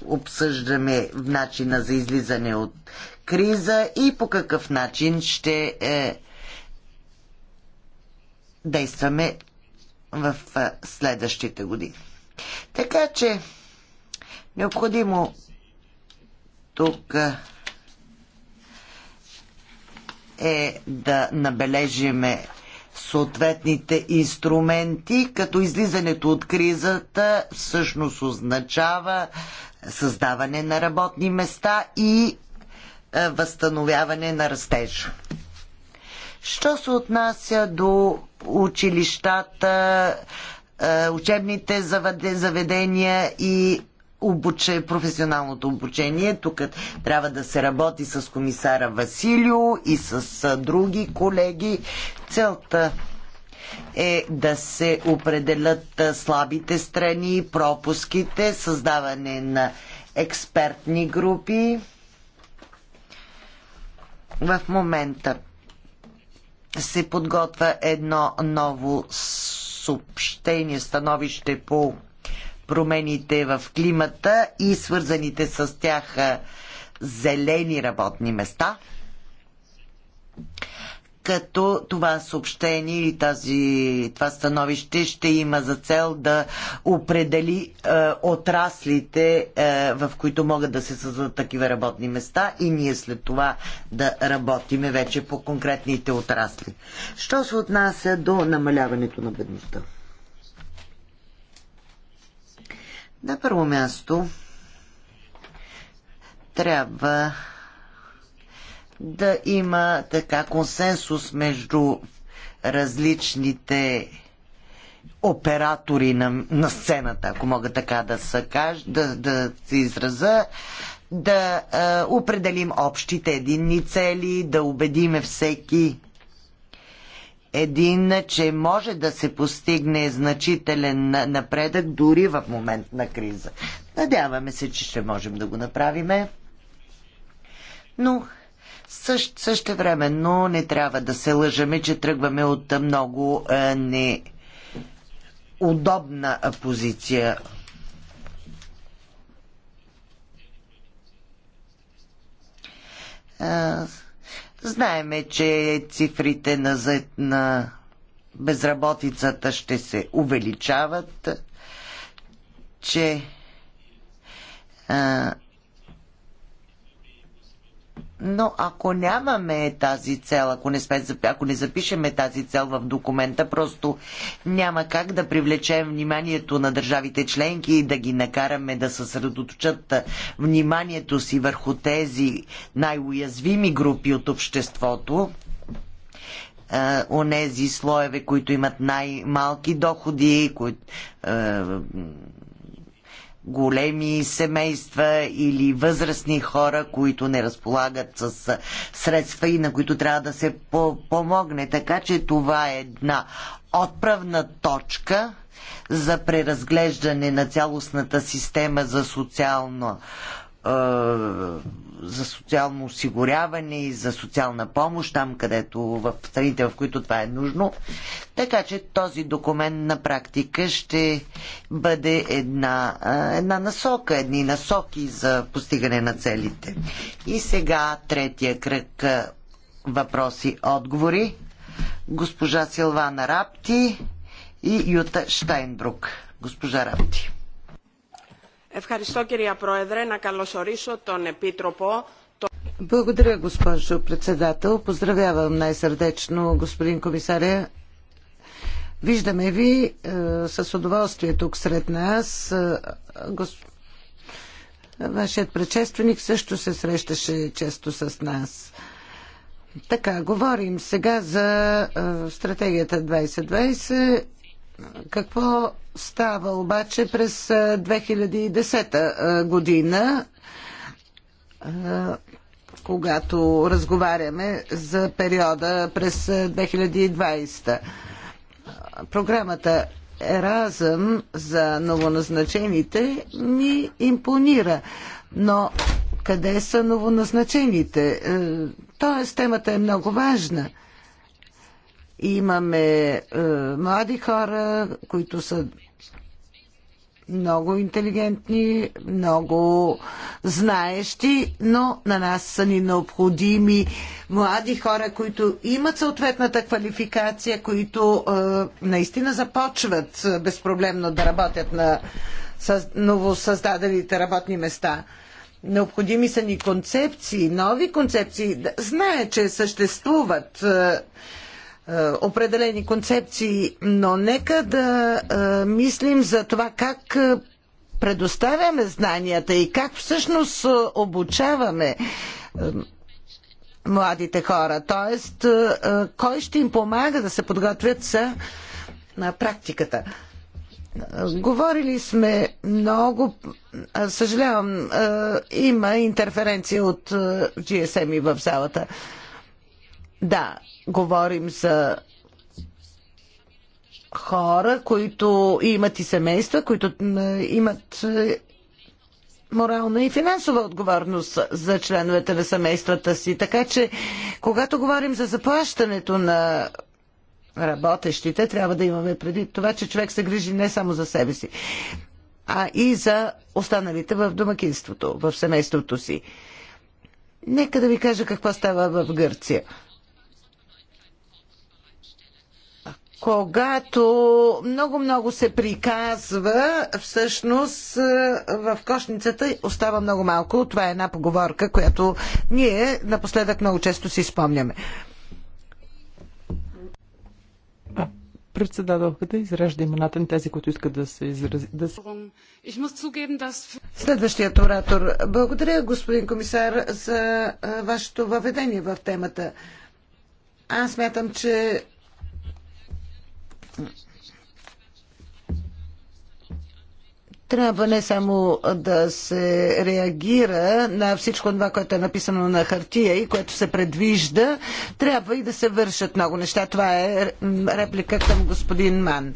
обсъждаме начина за излизане от криза и по какъв начин ще е, действаме в а, следващите години. Така че необходимо тук е да набележиме съответните инструменти, като излизането от кризата всъщност означава създаване на работни места и е, възстановяване на растежа. Що се отнася до училищата, е, учебните заведения и обуче, професионалното обучение. Тук трябва да се работи с комисара Василио и с други колеги. Целта е да се определят слабите страни, пропуските, създаване на експертни групи. В момента се подготвя едно ново съобщение, становище по промените в климата и свързаните с тях зелени работни места. Като това съобщение и тази, това становище ще има за цел да определи е, отраслите, е, в които могат да се създадат такива работни места и ние след това да работиме вече по конкретните отрасли. Що се отнася до намаляването на бедността? На първо място трябва да има така консенсус между различните оператори на, на сцената, ако мога така да се, каж, да, да се израза, да е, определим общите единни цели, да убедиме всеки един, че може да се постигне значителен напредък дори в момент на криза. Надяваме се, че ще можем да го направиме. Но също, също време, но не трябва да се лъжаме, че тръгваме от много е, неудобна позиция. Е, Знаеме, че цифрите на, на безработицата ще се увеличават, че а, но ако нямаме тази цел, ако не, сме, ако не запишеме тази цел в документа, просто няма как да привлечем вниманието на държавите членки и да ги накараме да съсредоточат вниманието си върху тези най-уязвими групи от обществото онези слоеве, които имат най-малки доходи, които. е, големи семейства или възрастни хора, които не разполагат с средства и на които трябва да се по помогне. Така че това е една отправна точка за преразглеждане на цялостната система за социално е, за социално осигуряване и за социална помощ, там където в страните, в които това е нужно. Така че този документ на практика ще бъде една, една насока, едни насоки за постигане на целите. И сега третия кръг въпроси-отговори. Госпожа Силвана Рапти и Юта Штайнбрук. Госпожа Рапти. Благодаря, госпожо председател. Поздравявам най-сърдечно господин комисаря. Виждаме ви е, с удоволствие тук сред нас. Е, вашият предшественик също се срещаше често с нас. Така, говорим сега за е, стратегията 2020. Какво става обаче през 2010 година, когато разговаряме за периода през 2020. Програмата Еразъм за новоназначените ми импонира, но къде са новоназначените? Е, тоест, темата е много важна – Имаме е, млади хора, които са много интелигентни, много знаещи, но на нас са ни необходими млади хора, които имат съответната квалификация, които е, наистина започват е, безпроблемно да работят на съз... новосъздадените работни места. Необходими са ни концепции, нови концепции. Знае, че съществуват. Е, е, определени концепции, но нека да е, мислим за това как е, предоставяме знанията и как всъщност обучаваме младите хора. Тоест, кой ще им помага да се подготвят за практиката. Говорили сме много. Съжалявам, има интерференция от GSM и в залата. Да, говорим за хора, които имат и семейства, които имат е, морална и финансова отговорност за членовете на семействата си. Така че, когато говорим за заплащането на работещите, трябва да имаме преди това, че човек се грижи не само за себе си, а и за останалите в домакинството, в семейството си. Нека да ви кажа какво става в Гърция. когато много-много се приказва, всъщност е, в кошницата остава много малко. Това е една поговорка, която ние напоследък много често си спомняме.
Председателката изрежда имената на тези, които искат да се изразят. Да... Следващият оратор.
Благодаря, господин комисар, за вашето въведение в темата. Аз мятам, че трябва не само да се реагира на всичко това, което е написано на хартия и което се предвижда, трябва и да се вършат много неща. Това е реплика към господин Ман.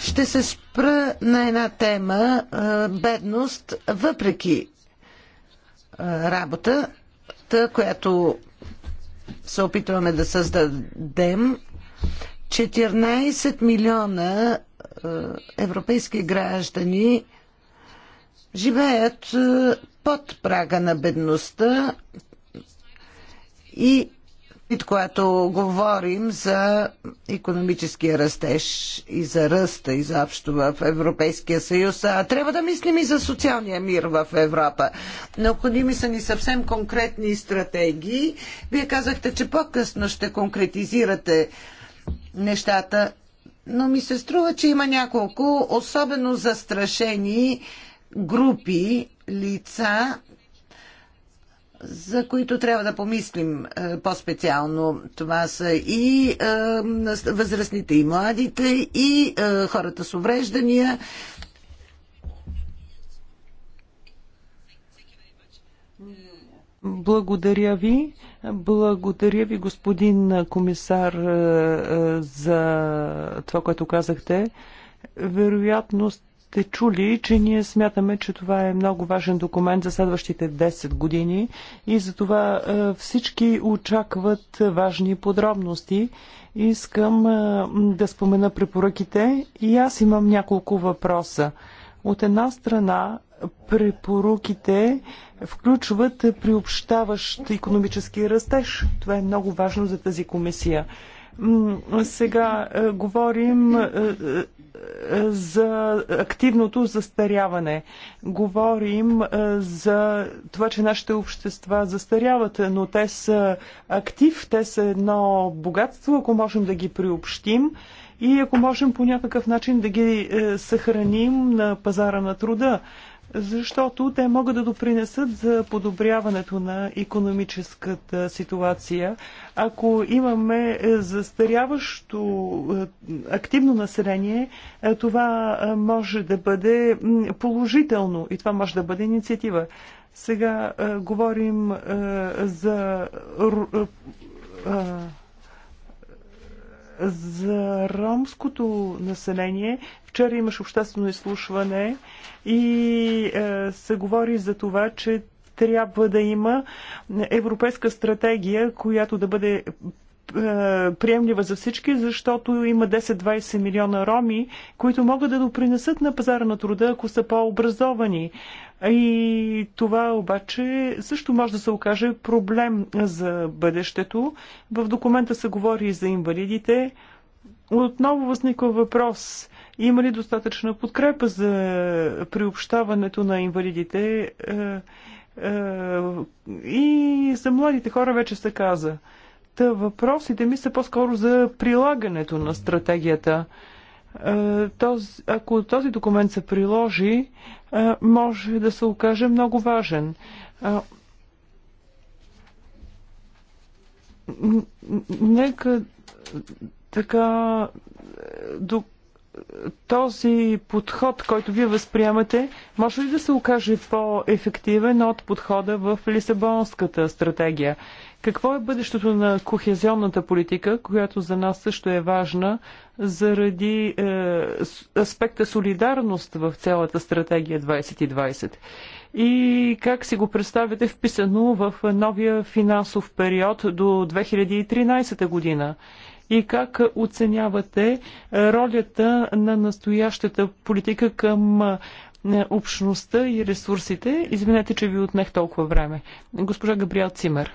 Ще се спра на една тема бедност, въпреки работа, която се опитваме да създадем 14 милиона е, европейски граждани живеят е, под прага на бедността и когато говорим за економическия растеж и за ръста изобщо в Европейския съюз, а трябва да мислим и за социалния мир в Европа. Необходими са ни съвсем конкретни стратегии. Вие казахте, че по-късно ще конкретизирате нещата, но ми се струва, че има няколко особено застрашени групи лица, за които трябва да помислим е, по-специално. Това са и е, възрастните, и младите, и е, хората с увреждания.
Благодаря ви. Благодаря ви, господин комисар, е, е, за това, което казахте. Вероятно сте чули, че ние смятаме, че това е много важен документ за следващите 10 години и за това е, всички очакват важни подробности. Искам да спомена препоръките и аз имам няколко въпроса. От една страна, препоръките включват приобщаващ економически растеж. Това е много важно за тази комисия. Сега е, говорим е, е, за активното застаряване. Говорим за това, че нашите общества застаряват, но те са актив, те са едно богатство, ако можем да ги приобщим и ако можем по някакъв начин да ги съхраним на пазара на труда защото те могат да допринесат за подобряването на економическата ситуация. Ако имаме е, застаряващо е, активно население, е, това може да бъде положително и това може да бъде инициатива. Сега говорим за за ромското население. Вчера имаш обществено изслушване и е, се говори за това, че трябва да има европейска стратегия, която да бъде е, приемлива за всички, защото има 10-20 милиона роми, които могат да допринесат на пазара на труда, ако са по-образовани. И това обаче също може да се окаже проблем за бъдещето. В документа се говори и за инвалидите. Отново възниква въпрос. Има ли достатъчна подкрепа за приобщаването на инвалидите? Е, е, и за младите хора вече се каза. Та въпросите ми са по-скоро за прилагането на стратегията. Е, този, ако този документ се приложи, е, може да се окаже много важен. Е, нека така до този подход, който вие възприемате, може ли да се окаже по-ефективен от подхода в Лисабонската стратегия? Какво е бъдещето на кохезионната политика, която за нас също е важна заради е, аспекта солидарност в цялата стратегия 2020? И как си го представяте вписано в новия финансов период до 2013 година? и как оценявате ролята на настоящата политика към е, общността и ресурсите. Извинете, че ви отнех толкова време. Госпожа Габриел Цимер.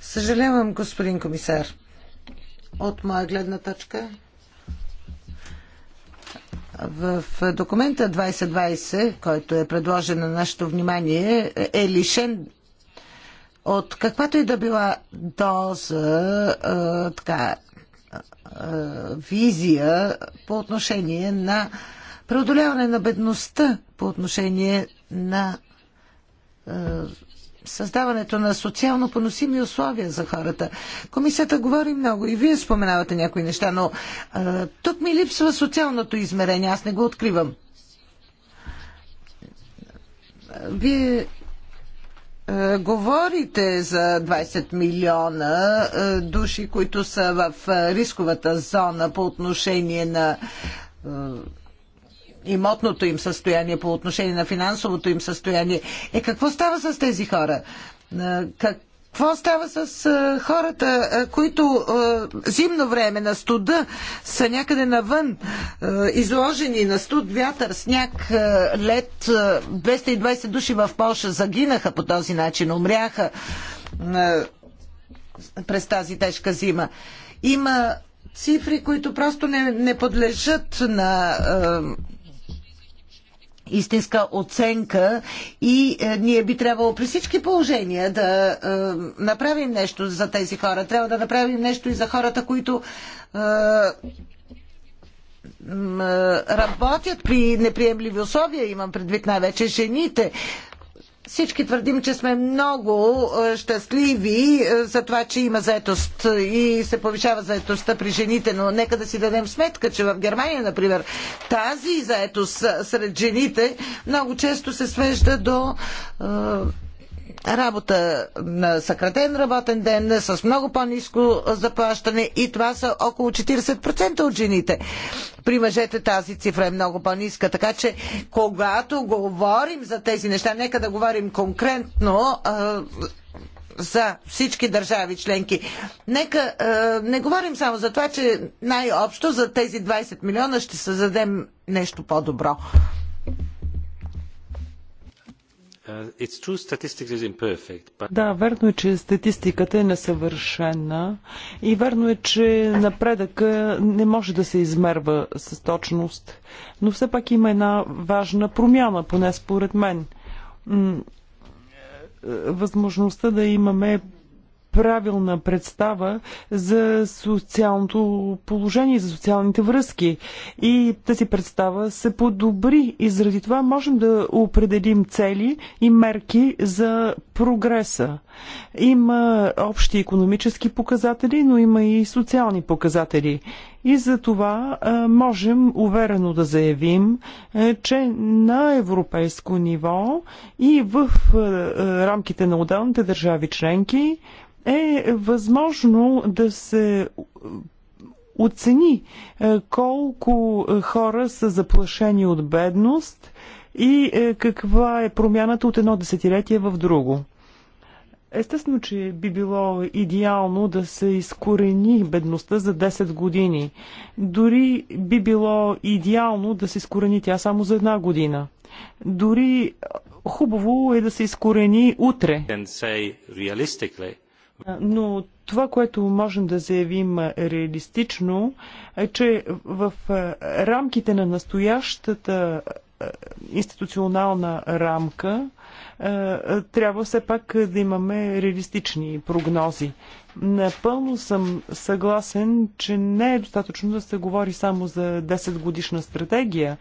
Съжалявам, господин комисар. От моя гледна точка, в документа 2020, който е предложен на нашето внимание, е лишен от каквато и да била доза а, така, а, визия по отношение на преодоляване на бедността, по отношение на а, създаването на социално поносими условия за хората. Комисията говори много и вие споменавате някои неща, но а, тук ми липсва социалното измерение. Аз не го откривам. Вие а, говорите за 20 милиона а, души, които са в рисковата зона по отношение на а, имотното им състояние, по отношение на финансовото им състояние. Е, какво става с тези хора? Е, как, какво става с е, хората, е, които зимно време на студа са някъде навън, изложени на студ, вятър, сняг, лед? 220 души в Польша загинаха по този начин, умряха през тази тежка зима. Има цифри, които просто не, не подлежат на истинска оценка и е, ние би трябвало при всички положения да е, направим нещо за тези хора. Трябва да направим нещо и за хората, които е, е работят при неприемливи условия, имам предвид най-вече жените. Всички твърдим, че сме много е, щастливи е, за това, че има заетост и се повишава заетостта при жените, но нека да си дадем сметка, че в Германия, например, тази заетост е, сред жените много често се свежда до работа на съкратен работен ден, с много по-низко заплащане и това са около 40% от жените. При мъжете тази цифра е много по-ниска, така че когато говорим за тези неща, нека да говорим конкретно за всички държави членки. Нека е, не говорим само за това, че най-общо за тези 20 милиона ще създадем нещо по-добро.
Uh, да, верно е, че статистиката е несъвършена и верно е, че напредък не може да се измерва с точност. Но все пак има една важна промяна, поне според мен. Е, възможността да имаме правилна представа за социалното положение, за социалните връзки. И тази представа се подобри и заради това можем да определим цели и мерки за прогреса. Има общи економически показатели, но има и социални показатели. И за това можем уверено да заявим, че на европейско ниво и в рамките на отделните държави членки е възможно да се оцени е, колко хора са заплашени от бедност и е, каква е промяната от едно десетилетие в друго. Естествено, че би било идеално да се изкорени бедността за 10 години. Дори би било идеално да се изкорени тя само за една година. Дори е, хубаво е да се изкорени утре. Но това, което можем да заявим реалистично, е, че в е, рамките на настоящата е, институционална рамка е, трябва все пак да имаме реалистични прогнози. Напълно съм съгласен, че не е достатъчно да се говори само за 10 годишна стратегия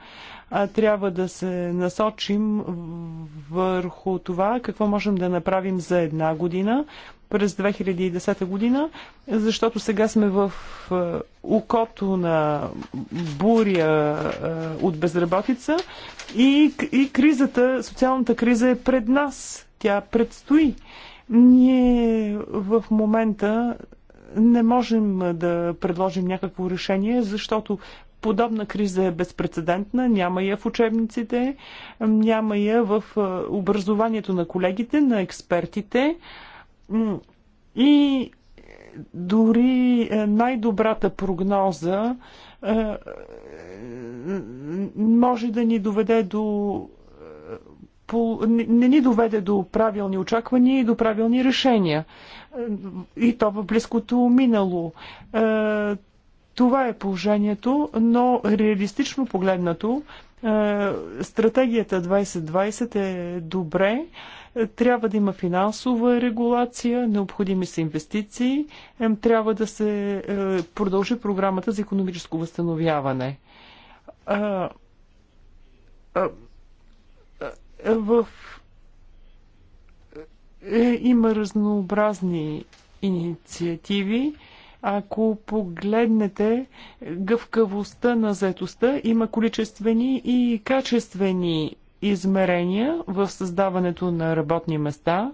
а трябва да се насочим върху това какво можем да направим за една година, през 2010 година, защото сега сме в окото на буря от безработица и, и кризата, социалната криза е пред нас. Тя предстои. Ние в момента не можем да предложим някакво решение, защото Подобна криза е безпредседентна, няма я в учебниците, няма я в образованието на колегите, на експертите. И дори е, най-добрата прогноза е, може да ни доведе до е, не ни доведе до правилни очаквания и до правилни решения. И то в близкото минало. Това е положението, но реалистично погледнато, е, стратегията 2020 е добре. Трябва да има финансова регулация, необходими са инвестиции, е, трябва да се е, продължи програмата за економическо възстановяване. В има разнообразни инициативи. Ако погледнете гъвкавостта на заетостта, има количествени и качествени измерения в създаването на работни места,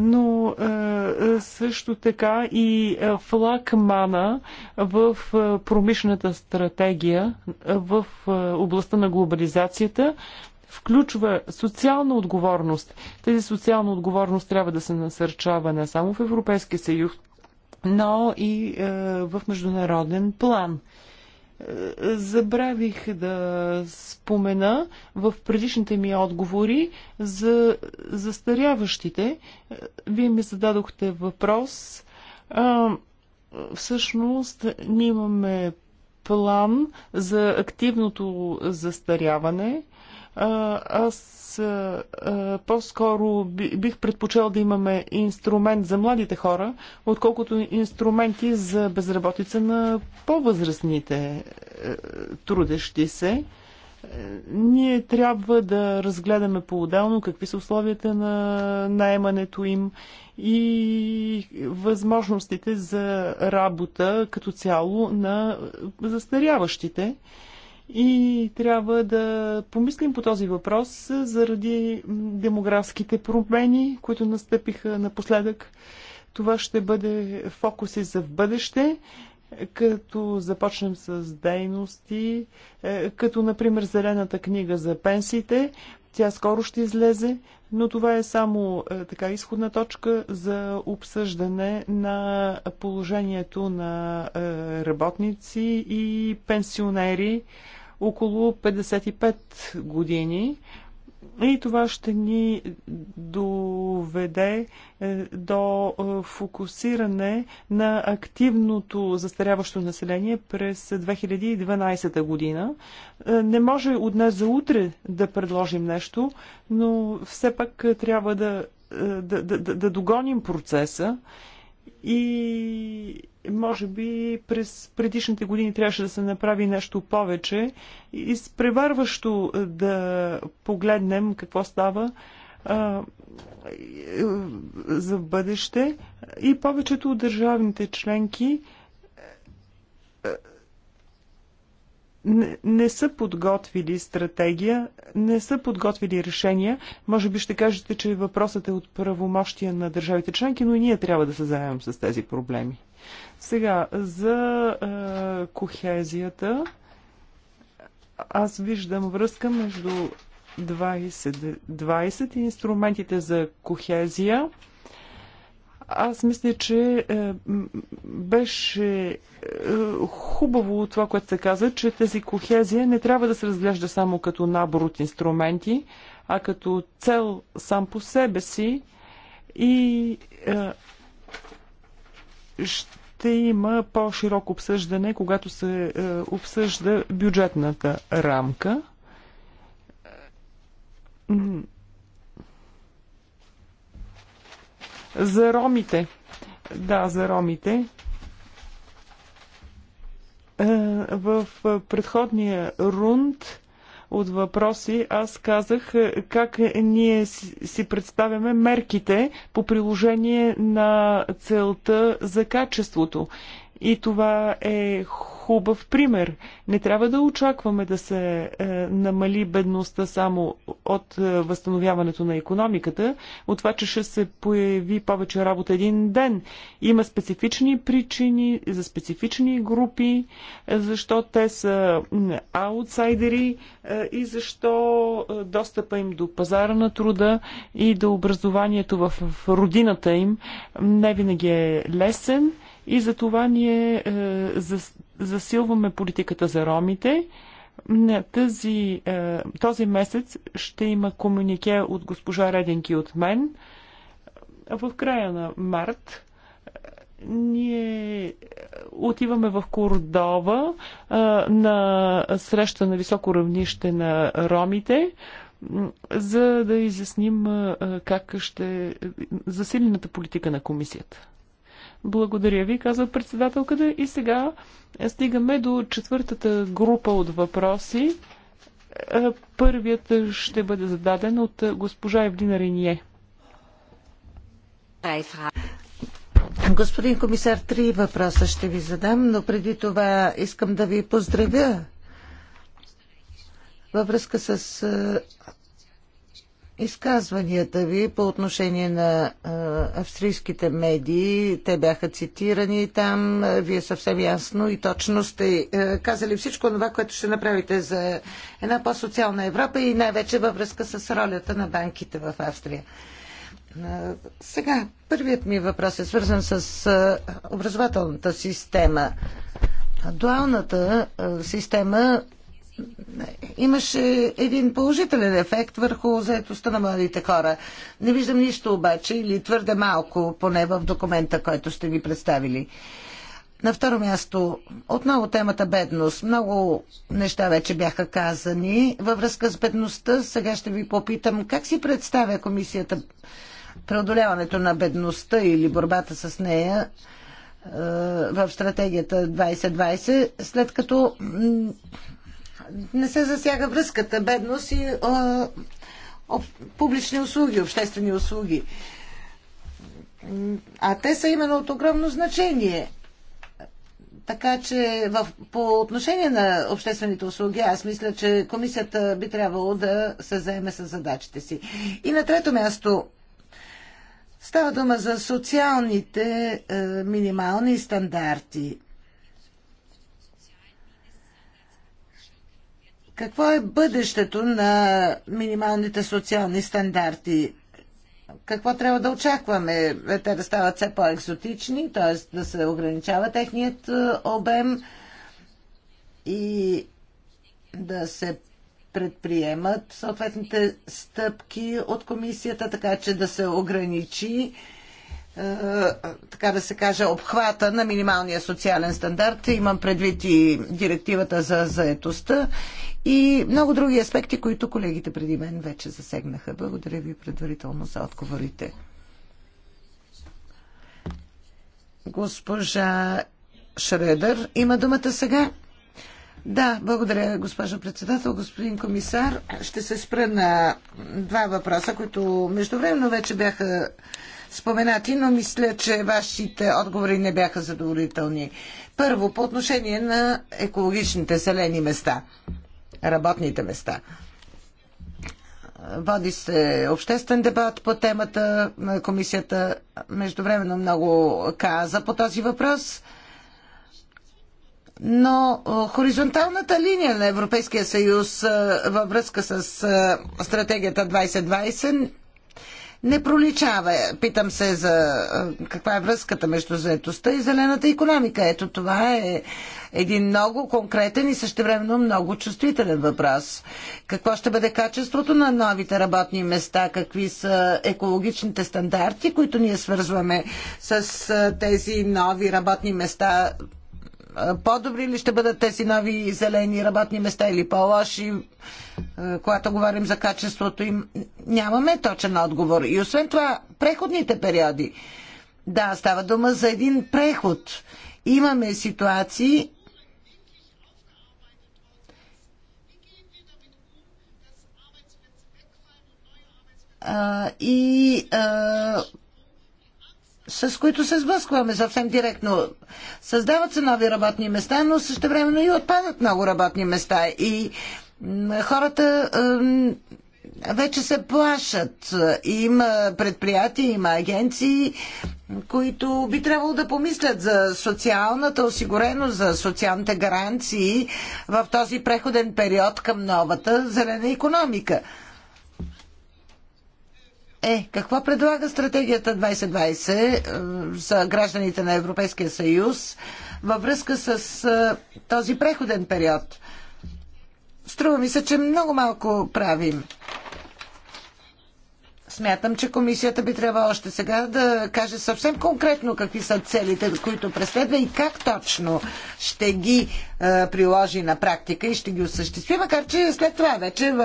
но е, също така и е, флагмана в е, промишлената стратегия в областта на глобализацията включва социална отговорност. Тази социална отговорност трябва да се насърчава не само в Европейския съюз, но и е, в международен план. Е, забравих да спомена в предишните ми отговори за застаряващите. Е, вие ми зададохте въпрос. Всъщност, ние имаме план за активното застаряване – аз по-скоро бих предпочел да имаме инструмент за младите хора, отколкото инструменти за безработица на по-възрастните е, трудещи се. Е, ние трябва да разгледаме по-отделно какви са условията на найемането им и възможностите за работа като цяло на застаряващите и трябва да помислим по този въпрос заради демографските промени, които настъпиха напоследък. Това ще бъде фокуси за в бъдеще, като започнем с дейности, е, като например Зелената книга за пенсиите, тя скоро ще излезе, но това е само е, така изходна точка за обсъждане на положението на е, работници и пенсионери около 55 години. И това ще ни доведе е, до е, фокусиране на активното застаряващо население през 2012 година. Е, не може от днес за утре да предложим нещо, но все пак трябва да, да, да, да догоним процеса и може би през предишните години трябваше да се направи нещо повече. Изпреварващо е, да погледнем какво става а, е, за бъдеще и повечето от държавните членки е, не, не са подготвили стратегия, не са подготвили решения. Може би ще кажете, че въпросът е от правомощия на държавите членки, но и ние трябва да се заемем с тези проблеми. Сега, за е, кохезията, аз виждам връзка между 20, 20 инструментите за кохезия. Аз мисля, че е, беше е, хубаво това, което се каза, че тази кохезия не трябва да се разглежда само като набор от инструменти, а като цел сам по себе си и е, ще има по-широко обсъждане, когато се е, обсъжда бюджетната рамка. За ромите. Да, за ромите. В предходния рунд от въпроси аз казах как ние си представяме мерките по приложение на целта за качеството. И това е хубав пример. Не трябва да очакваме да се е, намали бедността само от е, възстановяването на економиката, от това, че ще се появи повече работа един ден. Има специфични причини за специфични групи, е, защо те са аутсайдери е, и защо е, достъпа им до пазара на труда и до образованието в, в родината им не винаги е лесен. И за това ние е, за, засилваме политиката за ромите. Тази, е, този месец ще има комунике от госпожа Реденки от мен. В края на март е, ние отиваме в Кордова е, на среща на високо равнище на ромите, за да изясним как ще засилената политика на комисията. Благодаря ви, казва председателката. И сега е, стигаме до четвъртата група от въпроси. Е, първият ще бъде зададен от е, госпожа Евлина Рение.
Господин комисар, три въпроса ще ви задам, но преди това искам да ви поздравя във връзка с изказванията ви по отношение на австрийските медии. Те бяха цитирани там. Вие съвсем ясно и точно сте казали всичко това, което ще направите за една по-социална Европа и най-вече във връзка с ролята на банките в Австрия. Сега, първият ми въпрос е свързан с образователната система. Дуалната система имаше един положителен ефект върху заетостта на младите хора. Не виждам нищо обаче или твърде малко, поне в документа, който сте ни представили. На второ място, отново темата бедност. Много неща вече бяха казани във връзка с бедността. Сега ще ви попитам как си представя комисията преодоляването на бедността или борбата с нея е, в стратегията 2020, след като не се засяга връзката бедност и а, об, публични услуги, обществени услуги. А те са именно от огромно значение. Така че в, по отношение на обществените услуги, аз мисля, че комисията би трябвало да се заеме с задачите си. И на трето място става дума за социалните е, минимални стандарти. Какво е бъдещето на минималните социални стандарти? Какво трябва да очакваме? Те да стават все по-екзотични, т.е. да се ограничава техният е, обем и да се предприемат съответните стъпки от комисията, така че да се ограничи е, е, така да се каже, обхвата на минималния социален стандарт. Имам предвид и директивата за заетостта и много други аспекти, които колегите преди мен вече засегнаха. Благодаря ви предварително за отговорите. Госпожа Шредър има думата сега. Да, благодаря, госпожо председател, господин комисар. Ще се спра на два въпроса, които междувременно вече бяха споменати, но мисля, че вашите отговори не бяха задоволителни. Първо, по отношение на екологичните зелени места, работните места. Води се обществен дебат по темата. на Комисията междувременно много каза по този въпрос. Но хоризонталната линия на Европейския съюз във връзка с стратегията 2020 не проличава. Питам се за каква е връзката между заетостта и зелената економика. Ето това е един много конкретен и същевременно много чувствителен въпрос. Какво ще бъде качеството на новите работни места? Какви са екологичните стандарти, които ние свързваме с тези нови работни места? по-добри ли ще бъдат тези нови зелени работни места или по-лоши, когато говорим за качеството им, нямаме точен отговор. И освен това, преходните периоди. Да, става дума за един преход. Имаме ситуации, и с които се сблъскваме съвсем директно. Създават се нови работни места, но времено и отпадат много работни места. И хората вече се плашат. Има предприятия, има агенции, които би трябвало да помислят за социалната осигуреност, за социалните гаранции в този преходен период към новата зелена економика е какво предлага стратегията 2020 е, за гражданите на Европейския съюз във връзка с е, този преходен период. Струва ми се, че много малко правим. Смятам, че комисията би трябвало още сега да каже съвсем конкретно какви са целите, които преследва и как точно ще ги е, приложи на практика и ще ги осъществи, макар че след това вече в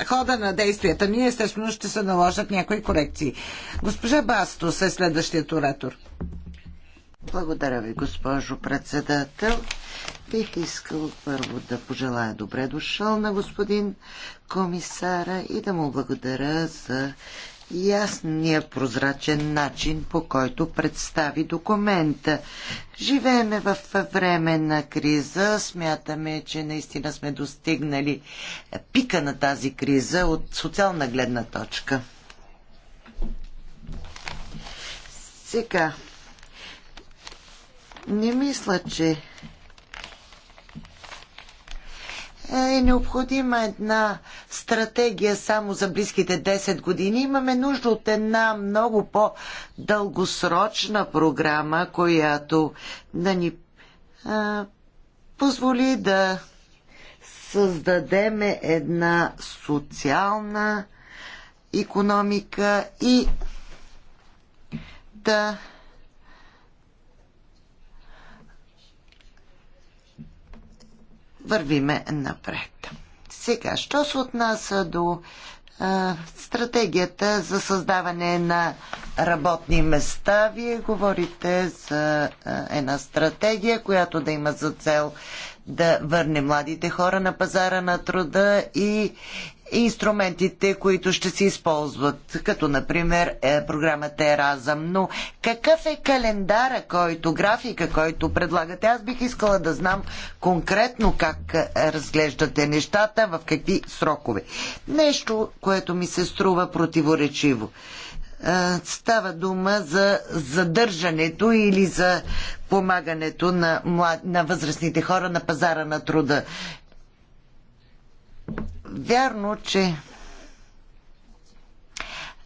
е, хода на действията ни естествено ще се наложат някои корекции. Госпожа Бастос е следващият оратор. Благодаря ви, госпожо председател. Бих искал първо да пожелая добре дошъл на господин комисара и да му благодаря за ясния прозрачен начин, по който представи документа. Живееме в време на криза. Смятаме, че наистина сме достигнали пика на тази криза от социална гледна точка. Сега, не мисля, че е необходима една стратегия само за близките 10 години. Имаме нужда от една много по-дългосрочна програма, която да ни а, позволи да създадем една социална економика и да вървиме напред. Сега, що се отнася до а, стратегията за създаване на работни места, вие говорите за а, една стратегия, която да има за цел да върне младите хора на пазара на труда и инструментите, които ще се използват, като например е, програмата Еразъм. Но какъв е календара, който, графика, който предлагате? Аз бих искала да знам конкретно как е, разглеждате нещата, в какви срокове. Нещо, което ми се струва противоречиво е, става дума за задържането или за помагането на, млад... на възрастните хора на пазара на труда вярно, че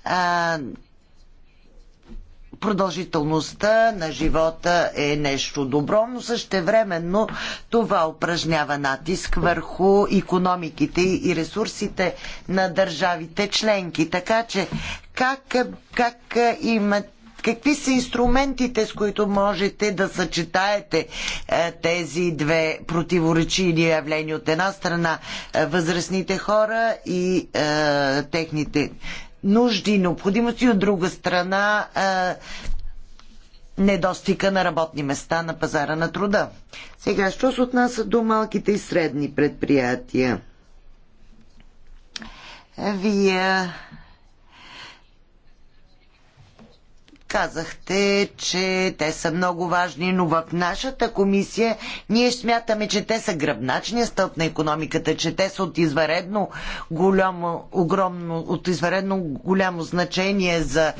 а, продължителността на живота е нещо добро, но същевременно това упражнява натиск върху икономиките и ресурсите на държавите членки. Така че как, как имат какви са инструментите, с които можете да съчетаете е, тези две противоречиви явления? От една страна е, възрастните хора и е, техните нужди и необходимости, от друга страна е, недостига на работни места на пазара на труда. Сега, що се отнася до малките и средни предприятия? Вие Казахте, че те са много важни, но в нашата комисия ние смятаме, че те са гръбначния стълб на економиката, че те са от изваредно голямо, огромно, от изваредно голямо значение за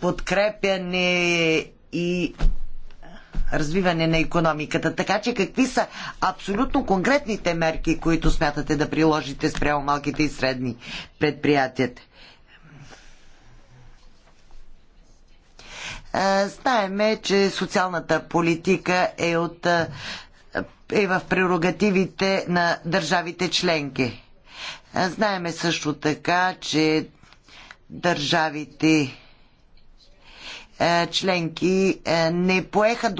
подкрепяне и развиване на економиката. Така че какви са абсолютно конкретните мерки, които смятате да приложите спрямо малките и средни предприятията? Знаеме, че социалната политика е, от, е в прерогативите на държавите членки. Знаеме също така, че държавите членки не поеха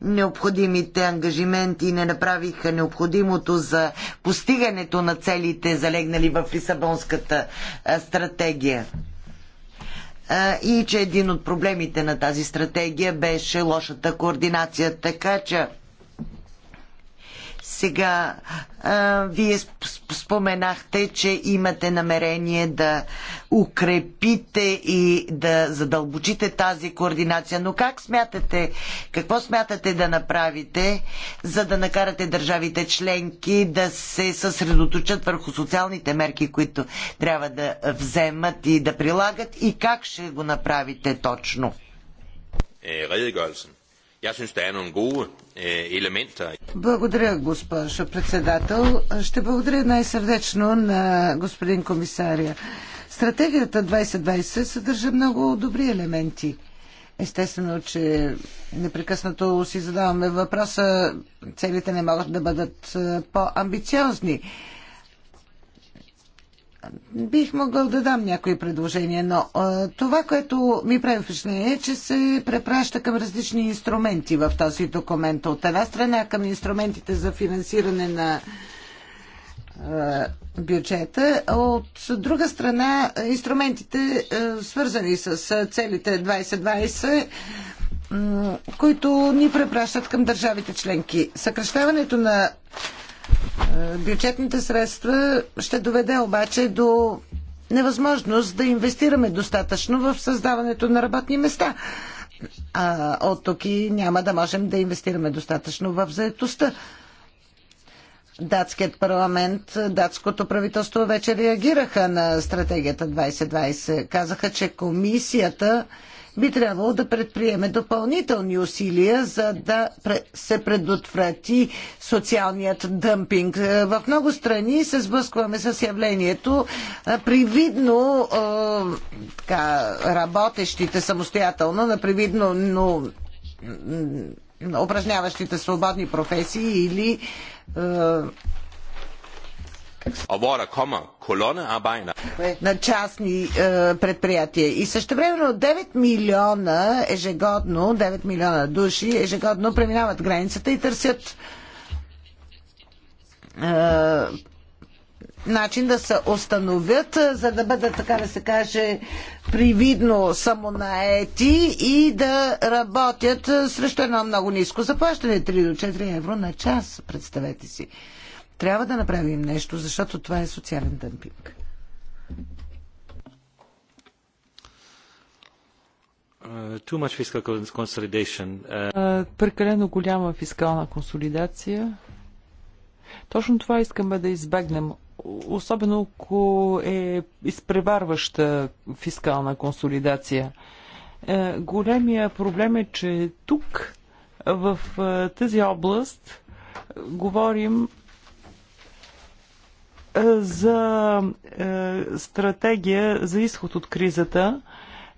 необходимите ангажименти и не направиха необходимото за постигането на целите, залегнали в Лисабонската стратегия и че един от проблемите на тази стратегия беше лошата координация. Така че сега, а, вие споменахте, че имате намерение да укрепите и да задълбочите тази координация, но как смятате, какво смятате да направите, за да накарате държавите членки да се съсредоточат върху социалните мерки, които трябва да вземат и да прилагат и как ще го направите точно?
Е, redegørelsen. Я synes, der er nogle gode елемента.
Øh, благодаря, госпожо председател. Ще благодаря най-сърдечно на господин комисаря. Стратегията 2020 съдържа много добри елементи. Естествено, че непрекъснато си задаваме въпроса, целите не могат да бъдат по-амбициозни. Бих могъл да дам някои предложения, но а, това, което ми прави впечатление е, че се препраща към различни инструменти в този документ. От една страна към инструментите за финансиране на а, бюджета, а от друга страна инструментите, а, свързани с целите 2020 които ни препращат към държавите членки. Съкръщаването на бюджетните средства ще доведе обаче до невъзможност да инвестираме достатъчно в създаването на работни места. А от тук и няма да можем да инвестираме достатъчно в заетостта. Датският парламент, датското правителство вече реагираха на стратегията 2020. Казаха, че комисията би трябвало да предприеме допълнителни усилия, за да се предотврати социалният дъмпинг. Е, в много страни се сблъскваме с явлението е, привидно е, така, работещите самостоятелно, на привидно но, упражняващите свободни професии или на частни е, предприятия. И също времено 9 милиона ежегодно, 9 милиона души ежегодно преминават границата и търсят е, начин да се установят, за да бъдат, така да се каже, привидно самонаети и да работят е, срещу едно много ниско заплащане, 3 до 4 евро на час, представете си. Трябва да направим нещо, защото това е социален дъмпинг.
Uh, uh прекалено голяма фискална консолидация. Точно това искаме да избегнем. Особено ако е изпреварваща фискална консолидация. Uh, големия проблем е, че тук в тази област говорим за е, стратегия за изход от кризата,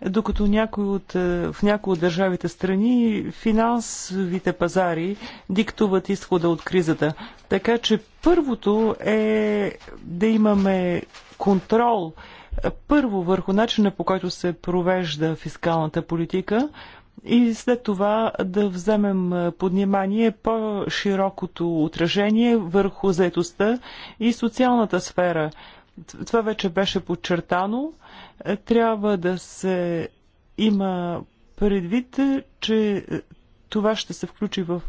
докато някой от, е, в някои от държавите страни финансовите пазари диктуват изхода от кризата. Така че първото е да имаме контрол е, първо върху начина по който се провежда фискалната политика, и след това да вземем под внимание по-широкото отражение върху заетостта и социалната сфера. Това вече беше подчертано. Е, трябва да се има предвид, е, че е, това ще се включи в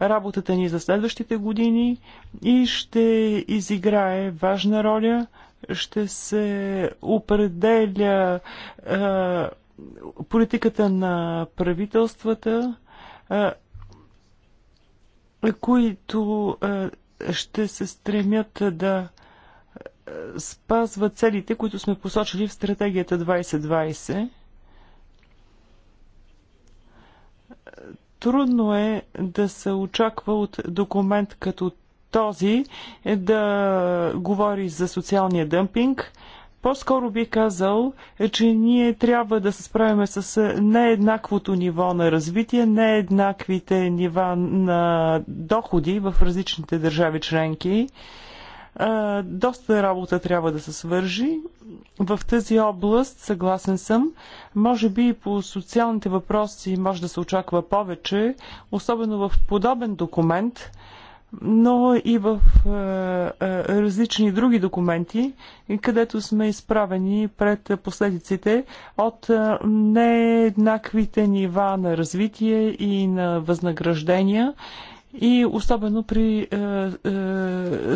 работата ни за следващите години и ще изиграе важна роля. Ще се определя политиката на правителствата, които ще се стремят да спазват целите, които сме посочили в стратегията 2020. Трудно е да се очаква от документ като този е да говори за социалния дъмпинг, по-скоро би казал, е, че ние трябва да се справяме с е, нееднаквото ниво на развитие, нееднаквите нива на доходи в различните държави членки. Е, доста работа трябва да се свържи. В тази област, съгласен съм, може би и по социалните въпроси може да се очаква повече, особено в подобен документ – но и в е, е, различни други документи, където сме изправени пред последиците от е, нееднаквите нива на развитие и на възнаграждения и особено при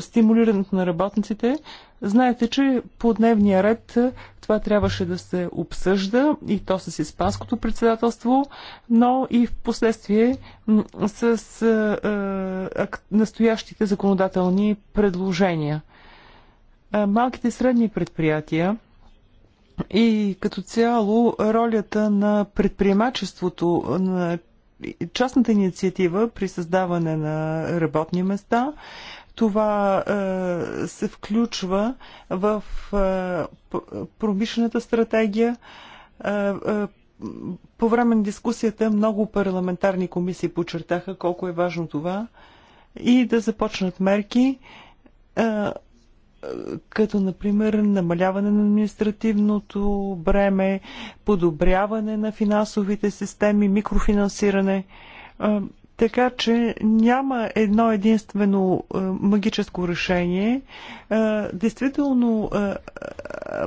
стимулирането на работниците. Знаете, че по дневния ред това трябваше да се обсъжда и то с Испанското председателство, но и в последствие с настоящите законодателни предложения. Малките и средни предприятия и като цяло ролята на предприемачеството, на частната инициатива при създаване на работни места това е, се включва в е, промишлената стратегия. Е, е, по време на дискусията много парламентарни комисии подчертаха колко е важно това и да започнат мерки, е, като например намаляване на административното бреме, подобряване на финансовите системи, микрофинансиране. Е, така че няма едно единствено а, е, магическо решение. А, е, действително, а, е,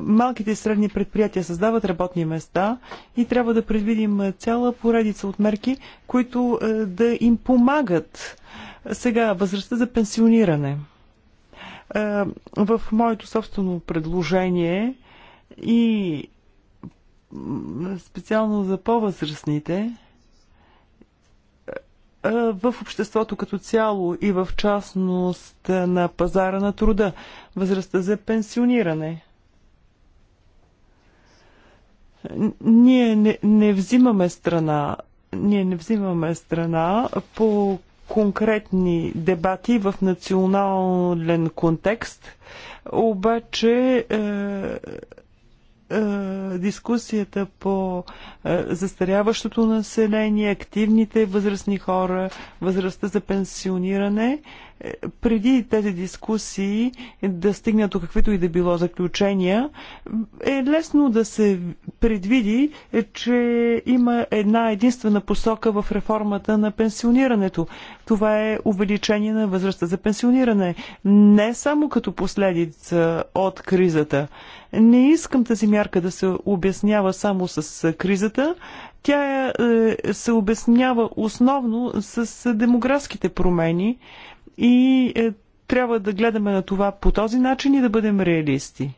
малките и средни предприятия създават работни места и трябва да предвидим цяла поредица от мерки, които а, да им помагат. Сега, възрастта за пенсиониране. А, в моето собствено предложение и специално за по-възрастните, в обществото като цяло и в частност на пазара на труда, възрастта за пенсиониране. Ние не, не взимаме страна, ние не взимаме страна по конкретни дебати в национален контекст, обаче е, е, дискусията по е, застаряващото население, активните възрастни хора, възрастта за пенсиониране – преди тези дискусии да стигнат до каквито и да било заключения, е лесно да се предвиди, че има една единствена посока в реформата на пенсионирането. Това е увеличение на възрастта за пенсиониране. Не само като последица от кризата. Не искам тази мярка да се обяснява само с кризата. Тя е, се обяснява основно с демографските промени. И е, трябва да гледаме на това по този начин и да бъдем реалисти.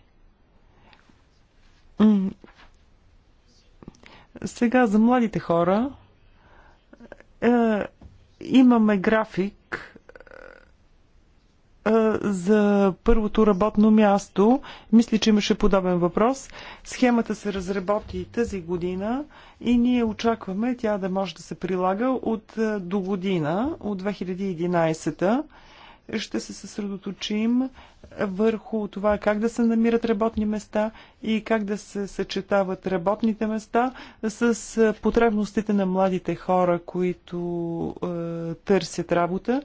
Сега за младите хора е, имаме график за първото работно място. Мисля, че имаше подобен въпрос. Схемата се разработи тази година и ние очакваме тя да може да се прилага от до година, от 2011 -та. Ще се съсредоточим върху това как да се намират работни места и как да се съчетават работните места с потребностите на младите хора, които е, търсят работа.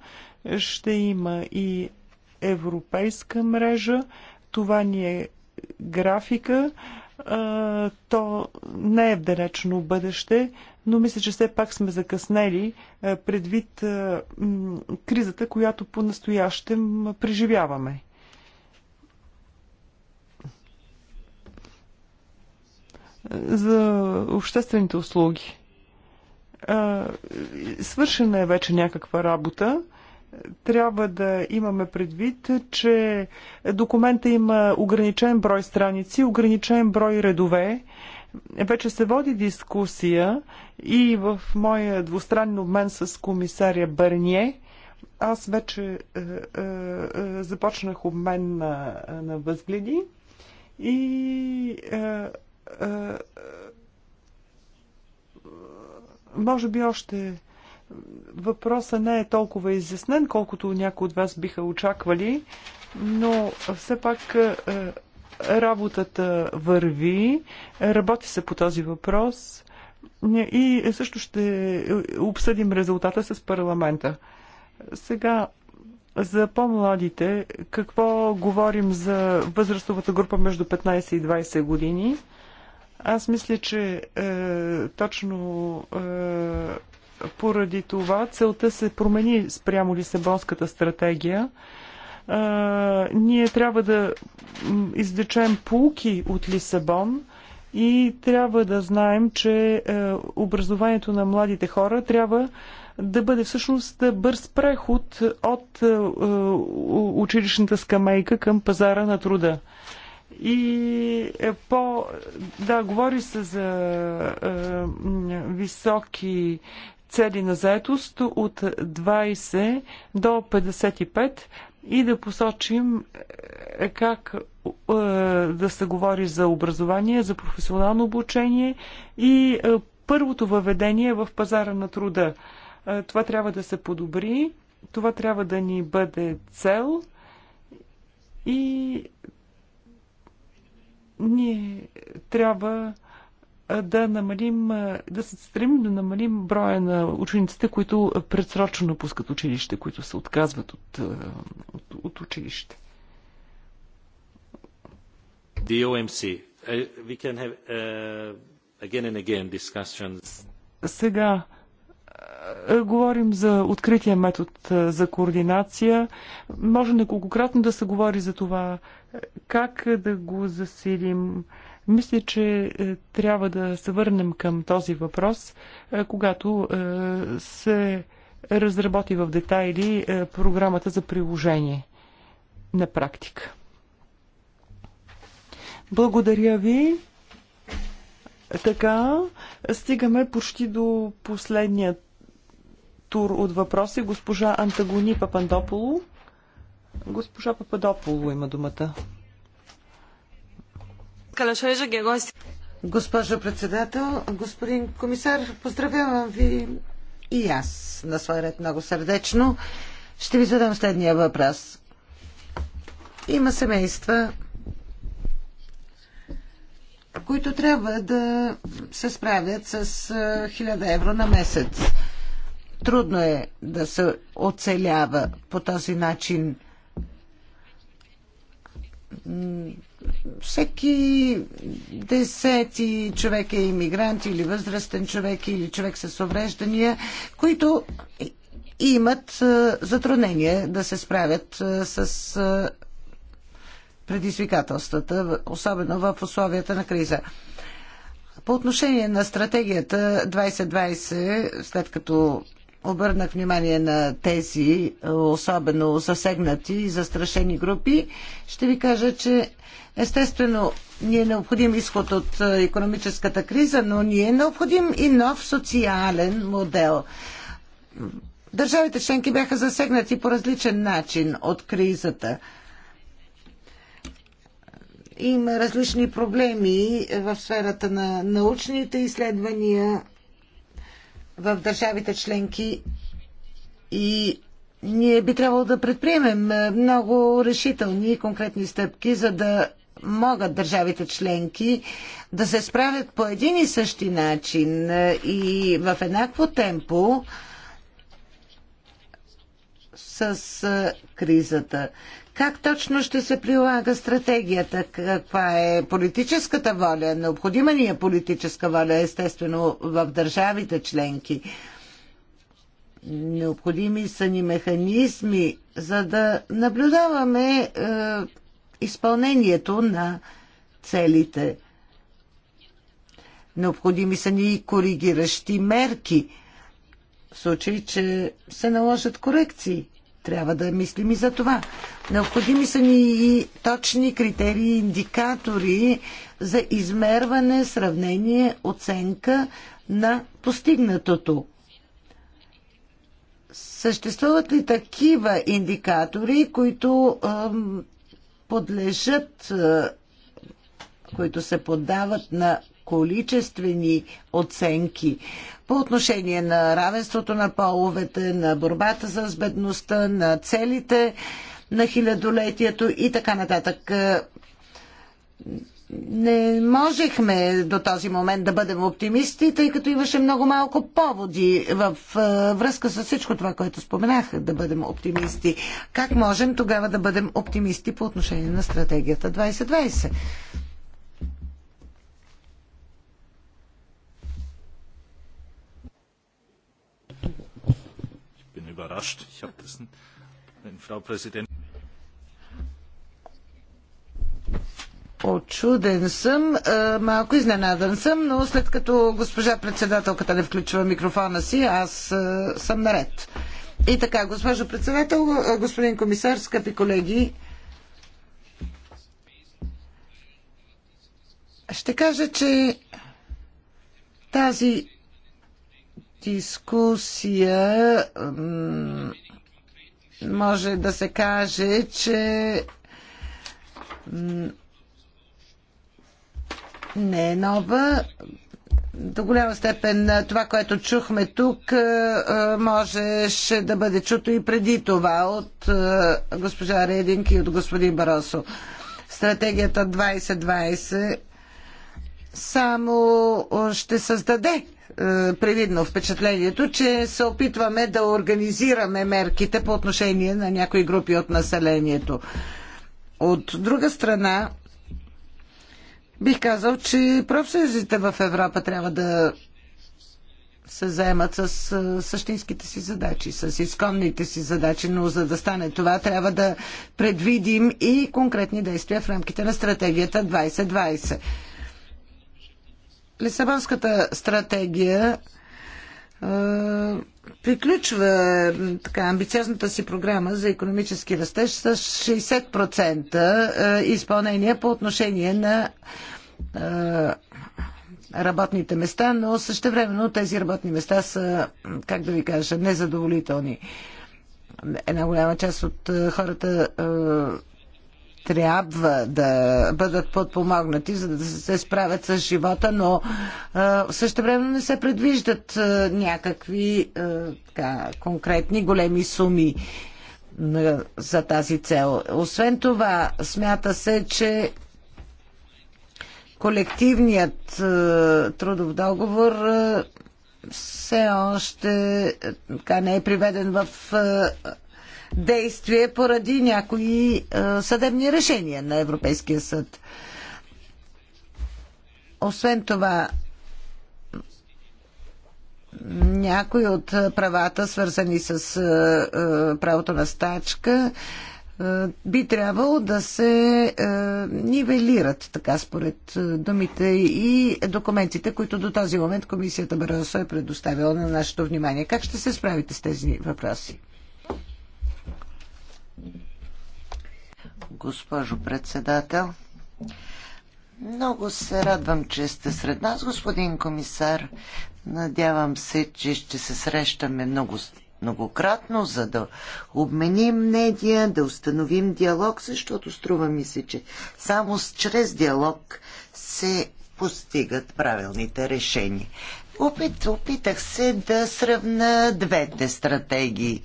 Ще има и европейска мрежа. Това ни е графика. То не е в далечно бъдеще, но мисля, че все пак сме закъснели предвид кризата, която по-настоящем преживяваме. За обществените услуги. Свършена е вече някаква работа трябва да имаме предвид, че документа има ограничен брой страници, ограничен брой редове. Вече се води дискусия и в моя двустранен обмен с комисаря Бърние аз вече е, е, е, започнах обмен на, на възгледи и е, е, може би още Въпросът не е толкова изяснен, колкото някои от вас биха очаквали, но все пак е, работата върви, работи се по този въпрос и също ще обсъдим резултата с парламента. Сега за по-младите, какво говорим за възрастовата група между 15 и 20 години? Аз мисля, че е, точно е, поради това целта се промени спрямо Лисабонската стратегия. А, ние трябва да извлечем пулки от Лисабон и трябва да знаем, че а, е, образованието на младите хора трябва да бъде всъщност бърз преход от а, е, е, училищната скамейка към пазара на труда. И е по... Да, говори се за е, високи цели на заетост от 20 до 55 и да посочим е, как е, да се говори за образование, за професионално обучение и е, първото въведение в пазара на труда. Това трябва да се подобри, това трябва да ни бъде цел и ние трябва да намалим, да се стремим да намалим броя на учениците, които предсрочно напускат училище, които се отказват от, от, от училище. The OMC. Uh, we can have uh, again and again discussions. Сега говорим за открития метод за координация. Може неколкократно да се говори за това как да го засилим. Uh, мисля, че е, трябва да се върнем към този въпрос, е, когато е, се разработи в детайли програмата за приложение на практика. Благодаря ви. Така, стигаме почти до последния тур от въпроси. Госпожа Антагони Папандополо. Госпожа Пападополо има думата. Госпожо председател, господин
комисар, поздравявам ви и аз на свой ред много сърдечно. Ще ви задам следния въпрос. Има семейства, които трябва да се справят с 1000 евро на месец. Трудно е да се оцелява по този начин всеки десети човек е иммигрант или възрастен човек или човек с увреждания, които имат затруднение да се справят с предизвикателствата, особено в условията на криза. По отношение на стратегията 2020, след като обърнах внимание на тези е, особено засегнати и застрашени групи, ще ви кажа, че естествено ни е необходим изход от е, економическата криза, но ни е необходим и нов социален модел. Държавите членки бяха засегнати по различен начин от кризата. Има различни проблеми в сферата на научните изследвания, в държавите членки и ние би трябвало да предприемем е, много решителни и конкретни стъпки, за да могат държавите членки да се справят по един и същи начин е, и в еднакво темпо с е, кризата. Как точно ще се прилага стратегията? Каква е политическата воля? Необходима ни е политическа воля, естествено, в държавите членки. Необходими са ни механизми, за да наблюдаваме е, изпълнението на целите. Необходими са ни коригиращи мерки, в случай, че се наложат корекции. Трябва да мислим и за това. Необходими са ни и точни критерии, индикатори за измерване, сравнение, оценка на постигнатото. Съществуват ли такива индикатори, които подлежат, които се поддават на количествени оценки по отношение на равенството на половете, на борбата за бедността, на целите на хилядолетието и така нататък. Не можехме до този момент да бъдем оптимисти, тъй като имаше много малко поводи в връзка с всичко това, което споменах, да бъдем оптимисти. Как можем тогава да бъдем оптимисти по отношение на стратегията 2020?
überrascht. Ich habe das, wenn Frau Präsidentin.
Очуден съм, малко изненадан съм, но след като госпожа председателката не включва микрофона си, аз съм наред. И така, госпожо председател, господин комисар, скъпи колеги, ще кажа, че тази дискусия може да се каже, че не е нова. До голяма степен това, което чухме тук, можеше да бъде чуто и преди това от госпожа Рединг и от господин Баросо. Стратегията 2020 само ще създаде е, привидно впечатлението, че се опитваме да организираме мерките по отношение на някои групи от населението. От друга страна, бих казал, че профсъюзите в Европа трябва да се заемат с е, същинските си задачи, с изконните си задачи, но за да стане това трябва да предвидим и конкретни действия в рамките на стратегията 2020. Лисабонската стратегия приключва така амбициозната си програма за економически растеж с 60% изпълнение по отношение на работните места, но същевременно тези работни места са, как да ви кажа, незадоволителни. Една голяма част от хората трябва да бъдат подпомогнати, за да се справят с живота, но в същото време не се предвиждат някакви така, конкретни големи суми за тази цел. Освен това, смята се, че колективният трудов договор все още така, не е приведен в действие поради някои е, съдебни решения на Европейския съд. Освен това, някои от правата, свързани с е, е, правото на стачка, би трябвало да се нивелират, така според думите и документите, които до този момент комисията Баросо е предоставила на нашето внимание. Как ще се справите с тези въпроси? госпожо председател. Много се радвам, че сте сред нас, господин комисар. Надявам се, че ще се срещаме много, многократно, за да обменим мнения, да установим диалог, защото струва ми се, че само чрез диалог се постигат правилните решения. Опит, опитах се да сравна двете стратегии.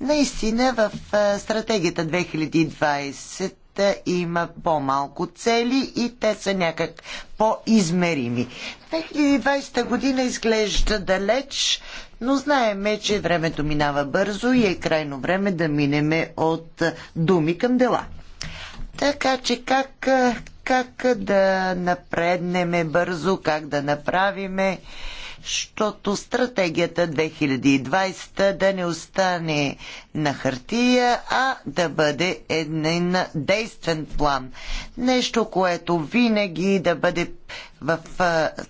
Наистина в стратегията 2020 има по-малко цели и те са някак по-измерими. 2020 година изглежда далеч, но знаеме, че времето минава бързо и е крайно време да минеме от думи към дела. Така че как, как да напреднеме бързо, как да направиме защото стратегията 2020 да не остане на хартия, а да бъде един действен план. Нещо, което винаги да бъде в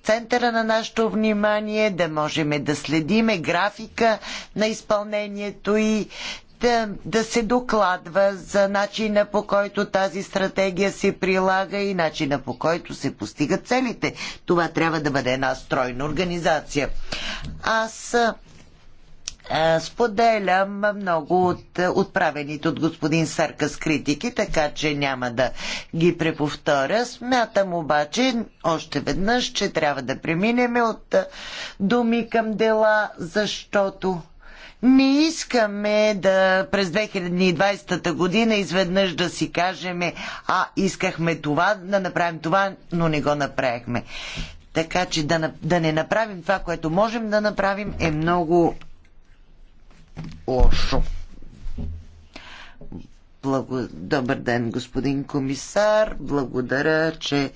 центъра на нашето внимание, да можем да следиме графика на изпълнението и да, да се докладва за начина по който тази стратегия се прилага и начина по който се постигат целите. Това трябва да бъде една стройна организация. Аз споделям много от отправените от господин Саркас критики, така че няма да ги преповторя. Смятам обаче още веднъж, че трябва да преминем от думи към дела, защото не искаме да през 2020 година изведнъж да си кажем, а искахме това, да направим това, но не го направихме. Така че да, да не направим това, което можем да направим, е много лошо. Благо... Добър ден, господин комисар. Благодаря, че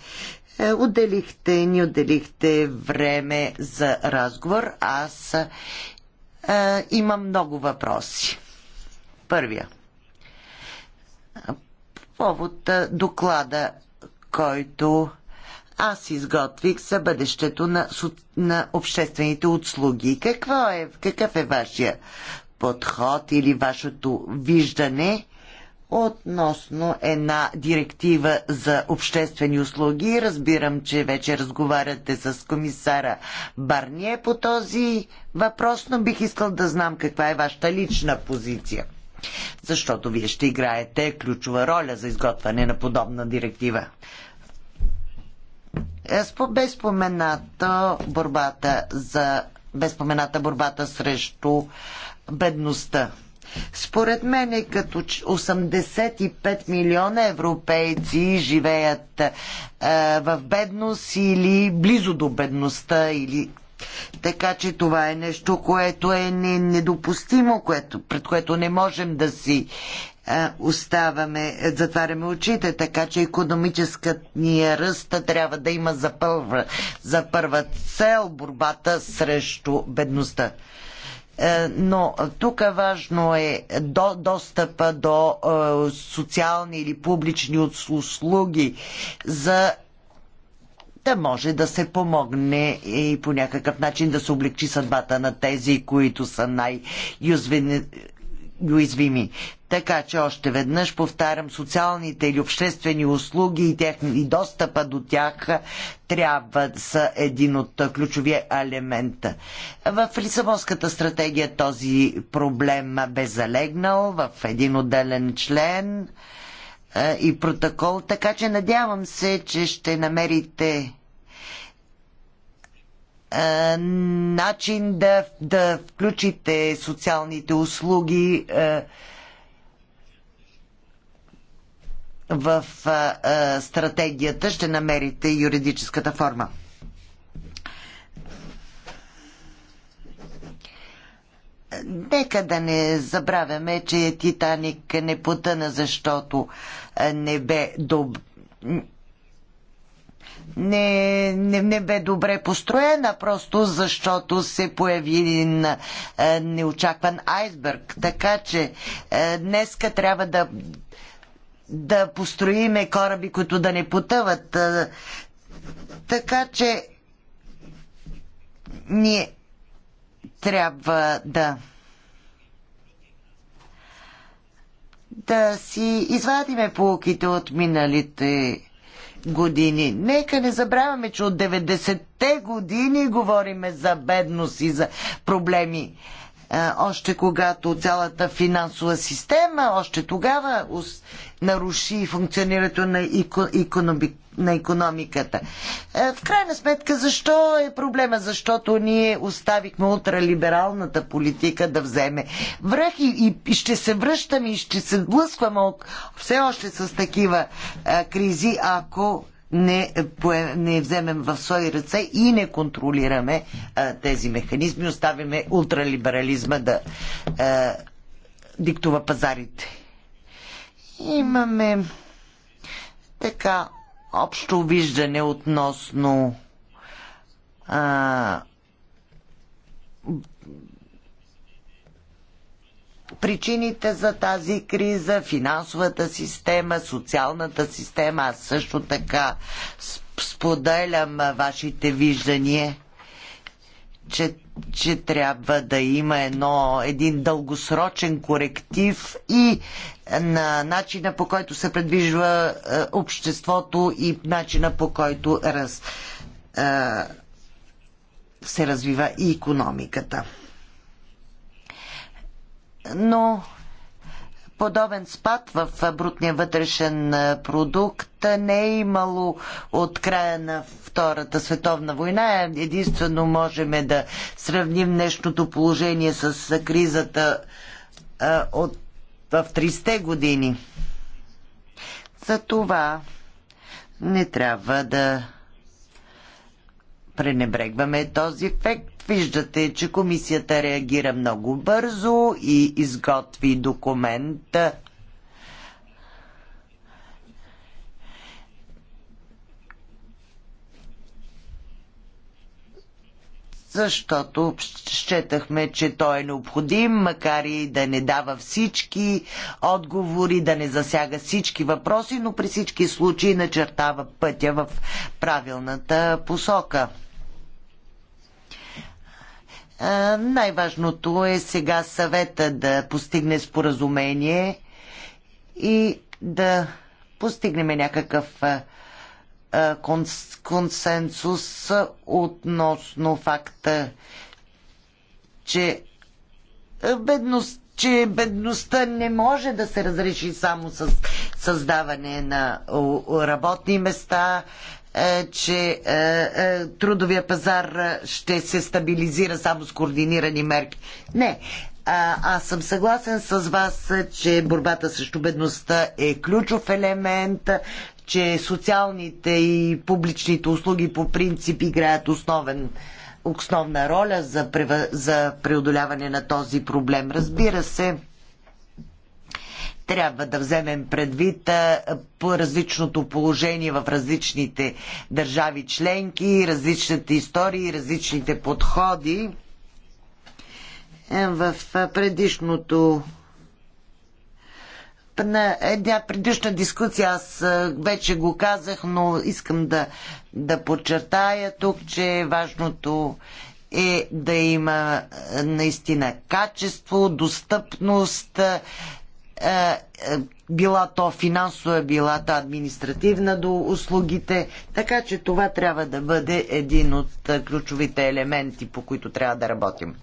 е, отделихте, ни отделихте време за разговор. Аз е, има много въпроси. Първия. Повод е, доклада, който аз изготвих за бъдещето на, на обществените услуги. Какво е, какъв е вашия подход или вашето виждане относно една директива за обществени услуги. Разбирам, че вече разговаряте с комисара Барние по този въпрос, но бих искал да знам каква е вашата лична позиция. Защото вие ще играете ключова роля за изготвяне на подобна директива. Е, безпомената борбата за безпомената борбата срещу бедността. Според мен е като 85 милиона европейци живеят е, в бедност или близо до бедността или така че това е нещо, което е недопустимо, което, пред което не можем да си е, оставаме, е, затваряме очите, така че економическът ни ръст трябва да има за първа, за първа цел борбата срещу бедността. Е, но тук важно е до, достъпа до е, социални или публични услуги за да може да се помогне и по някакъв начин да се облегчи съдбата на тези, които са най-юзвени. Така че още веднъж повтарям, социалните или обществени услуги и, тех, и достъпа до тях трябва да са един от ключовия елемента. В Лисабонската стратегия този проблем бе залегнал в един отделен член е, и протокол, така че надявам се, че ще намерите е, начин да, да включите социалните услуги е, в а, а, стратегията ще намерите юридическата форма. Нека да не забравяме, че Титаник не потъна, защото не бе доб... Не, не, не бе добре построена, просто защото се появи един неочакван айсберг. Така че днеска трябва да да построиме кораби, които да не потъват. Така че ние трябва да да си извадиме полуките от миналите години. Нека не забравяме, че от 90-те години говориме за бедност и за проблеми. Е, още когато цялата финансова система, още тогава наруши функционирането на, икономиката. на е, економиката. В крайна сметка, защо е проблема? Защото ние оставихме ултралибералната политика да вземе връх и, и ще се връщаме и ще се блъскваме все още с такива а, е, кризи, ако не, не вземем в свои ръце и не контролираме а, тези механизми, оставяме ултралиберализма да а, диктува пазарите. Имаме така общо виждане относно а, причините за тази криза, финансовата система, социалната система. Аз също така споделям вашите виждания, че, че трябва да има едно, един дългосрочен коректив и на начина по който се предвижва е, обществото и начина по който раз, е, се развива и економиката но подобен спад в брутния вътрешен продукт не е имало от края на Втората световна война. Единствено можем да сравним днешното положение с кризата от, в 30-те години. За това не трябва да пренебрегваме този ефект. Виждате, че комисията реагира много бързо и изготви документ. Защото счетахме, че той е необходим, макар и да не дава всички отговори, да не засяга всички въпроси, но при всички случаи начертава пътя в правилната посока. Най-важното е сега съвета да постигне споразумение и да постигнем някакъв консенсус относно факта, че бедност че бедността не може да се разреши само с създаване на работни места, е, че е, е, трудовия пазар ще се стабилизира само с координирани мерки. Не. Аз съм съгласен с вас, че борбата срещу бедността е ключов елемент, че социалните и публичните услуги по принцип играят основен основна роля за, прева... за преодоляване на този проблем. Разбира се, трябва да вземем предвид по различното положение в различните държави членки, различните истории, различните подходи. Е, в предишното на една предишна дискусия аз вече го казах, но искам да, да подчертая тук, че важното е да има наистина качество, достъпност, е, е, била то финансова, е била то административна до услугите. Така че това трябва да бъде един от ключовите елементи, по които трябва да работим.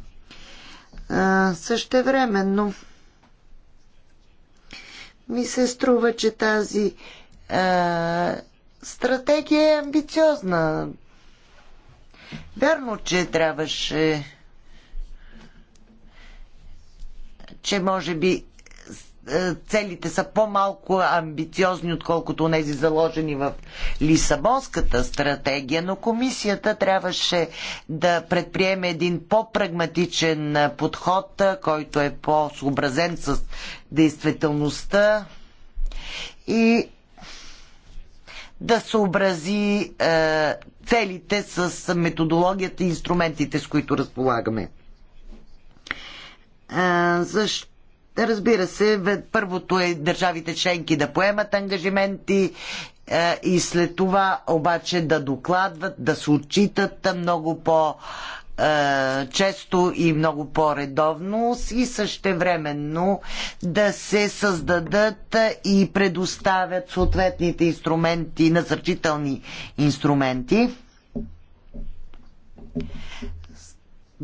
Същевременно ми се струва, че тази а, стратегия е амбициозна. Вярно, че трябваше че може би е, целите са по-малко амбициозни, отколкото тези заложени в Лисабонската стратегия, но комисията трябваше да предприеме един по-прагматичен подход, който е по-съобразен с действителността и да съобрази е, целите с методологията и инструментите, с които разполагаме. Е, защо Разбира се, първото е държавите членки да поемат ангажименти е, и след това обаче да докладват, да се отчитат много по- е, често и много по-редовно и същевременно да се създадат и предоставят съответните инструменти, насърчителни инструменти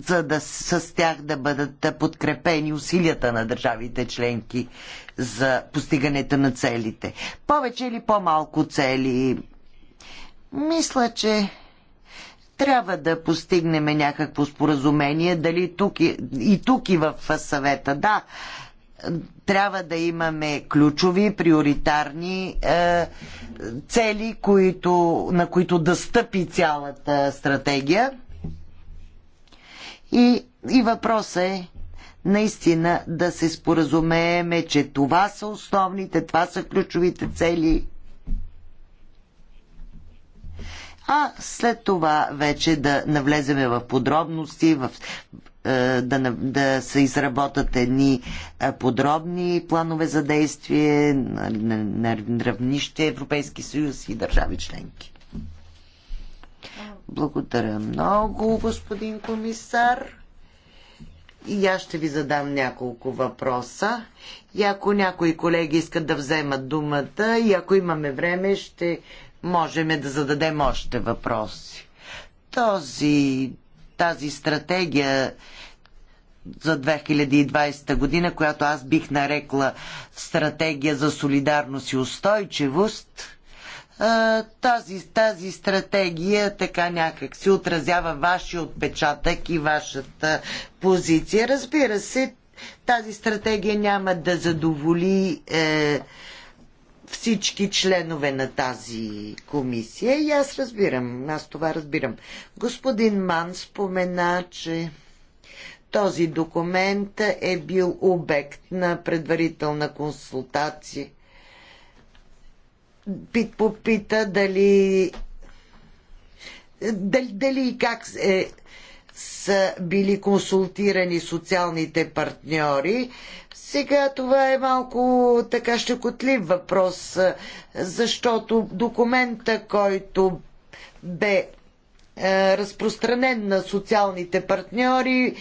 за да с тях да бъдат подкрепени усилията на държавите членки за постигането на целите. Повече или по-малко цели. Мисля, че трябва да постигнем някакво споразумение, дали тук и, и тук и в съвета. Да, трябва да имаме ключови, приоритарни е, цели, които, на които да стъпи цялата стратегия. И, и въпросът е наистина да се споразумееме, че това са основните, това са ключовите цели. А след това вече да навлеземе в подробности, в, е, да, да се изработат едни е, подробни планове за действие на, на, на равнище Европейски съюз и държави членки. Благодаря много, господин комисар. И аз ще ви задам няколко въпроса. И ако някои колеги искат да вземат думата и ако имаме време, ще можем да зададем още въпроси. Този, тази стратегия за 2020 година, която аз бих нарекла стратегия за солидарност и устойчивост, тази, тази стратегия така някак си отразява вашия отпечатък и вашата позиция. Разбира се, тази стратегия няма да задоволи е, всички членове на тази комисия и аз разбирам, аз това разбирам. Господин Ман спомена, че този документ е бил обект на предварителна консултация Пит попита дали дали, дали и как е, са били консултирани социалните партньори. Сега това е малко така щекотлив въпрос, защото документа, който бе е, разпространен на социалните партньори,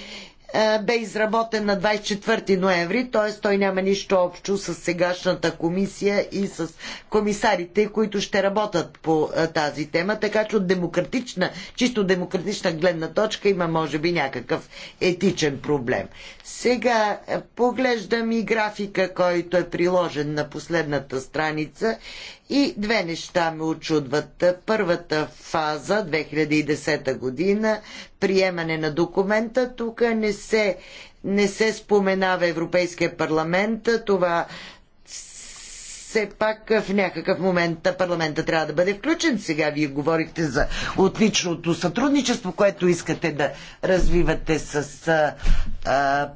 е, бе изработен на 24 ноември, т.е. той няма нищо общо с сегашната комисия и с комисарите, които ще работят по е, тази тема, така че от демократична, чисто демократична гледна точка има може би някакъв етичен проблем. Сега е, поглеждам и графика, който е приложен на последната страница и две неща ме очудват. Първата фаза, 2010 година, приемане на документа, тук не се, не се споменава Европейския парламент. Това все пак в някакъв момент парламента трябва да бъде включен. Сега вие говорихте за отличното сътрудничество, което искате да развивате с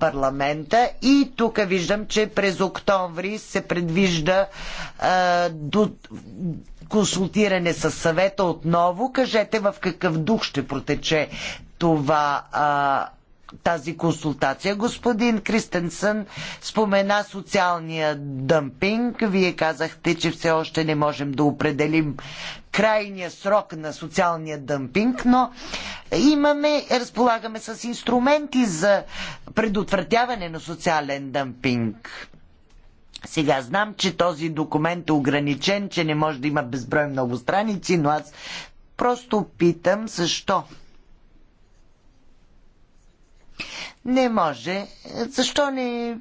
парламента. И тук виждам, че през октомври се предвижда до консултиране с съвета отново. Кажете в какъв дух ще протече това тази консултация. Господин Кристенсън спомена социалния дъмпинг. Вие казахте, че все още не можем да определим крайния срок на социалния дъмпинг, но имаме, разполагаме с инструменти за предотвратяване на социален дъмпинг. Сега знам, че този документ е ограничен, че не може да има безброй много страници, но аз просто питам защо не може. Защо не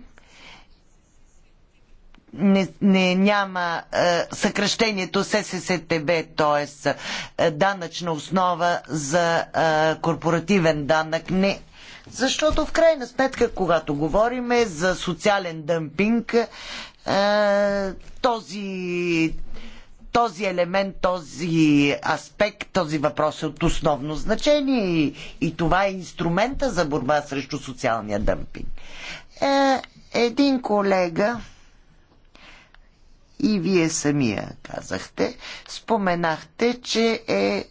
не, не няма е, съкръщението СССТБ, т.е. данъчна основа за е, корпоративен данък. Не. Защото в крайна сметка, когато говориме за социален дъмпинг, е, този този елемент, този аспект, този въпрос е от основно значение и, и това е инструмента за борба срещу социалния дъмпинг. Е, един колега и вие самия казахте, споменахте, че е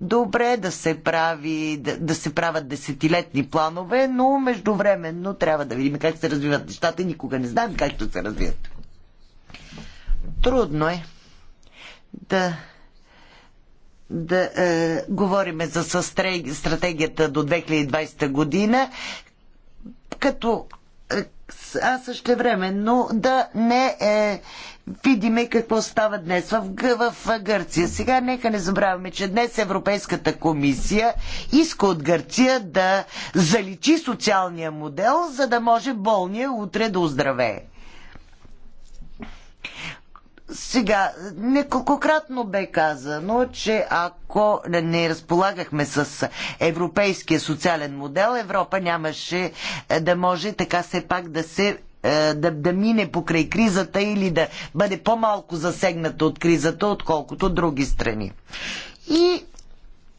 добре да се, прави, да, да се правят десетилетни планове, но междувременно трябва да видим как се развиват нещата. Никога не знаем как ще се развият. Трудно е да да е, говориме за стратегията до 2020 година, като е, а също но да не е, видиме какво става днес в, в, в Гърция. Сега нека не забравяме, че днес Европейската комисия иска от Гърция да заличи социалния модел, за да може болния утре да оздравее. Сега, неколкократно бе казано, че ако не разполагахме с европейския социален модел, Европа нямаше е, да може така все пак да се е, да, да мине покрай кризата или да бъде по-малко засегната от кризата, отколкото други страни. И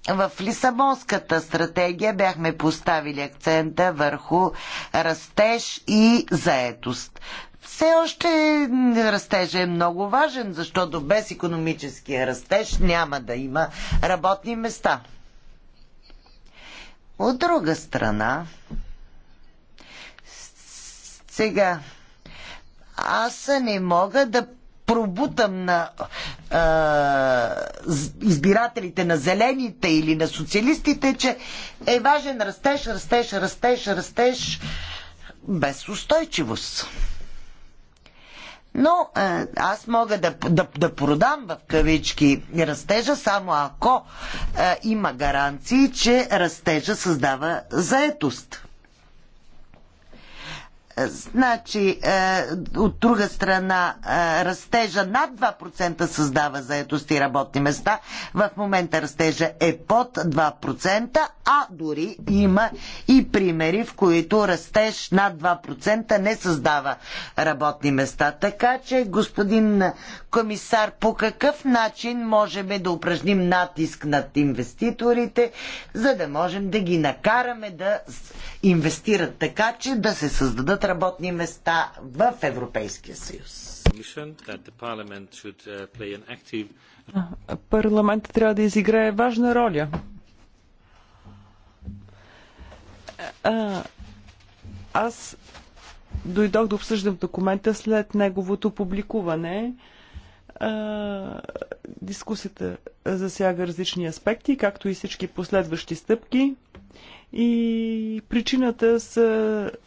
в Лисабонската стратегия бяхме поставили акцента върху растеж и заетост все още растежа е много важен, защото без економическия растеж няма да има работни места. От друга страна, сега, аз не мога да пробутам на а, избирателите на зелените или на социалистите, че е важен растеж, растеж, растеж, растеж без устойчивост но е, аз мога да, да, да продам в кавички растежа, само ако а, е, има гаранции, че растежа създава заетост. Е, значи, е, от друга страна, е, растежа над 2% създава заетост и работни места. В момента растежа е под 2%, а дори има и примери, в които растеж над 2% не създава работни места. Така че, господин комисар, по какъв начин можем да упражним натиск над инвеститорите, за да можем да ги накараме да инвестират така, че да се създадат работни места в Европейския съюз.
Uh, парламентът трябва да изиграе важна роля. аз дойдох да обсъждам документа след неговото публикуване. дискусията засяга различни аспекти, както и всички последващи стъпки. И причината са е,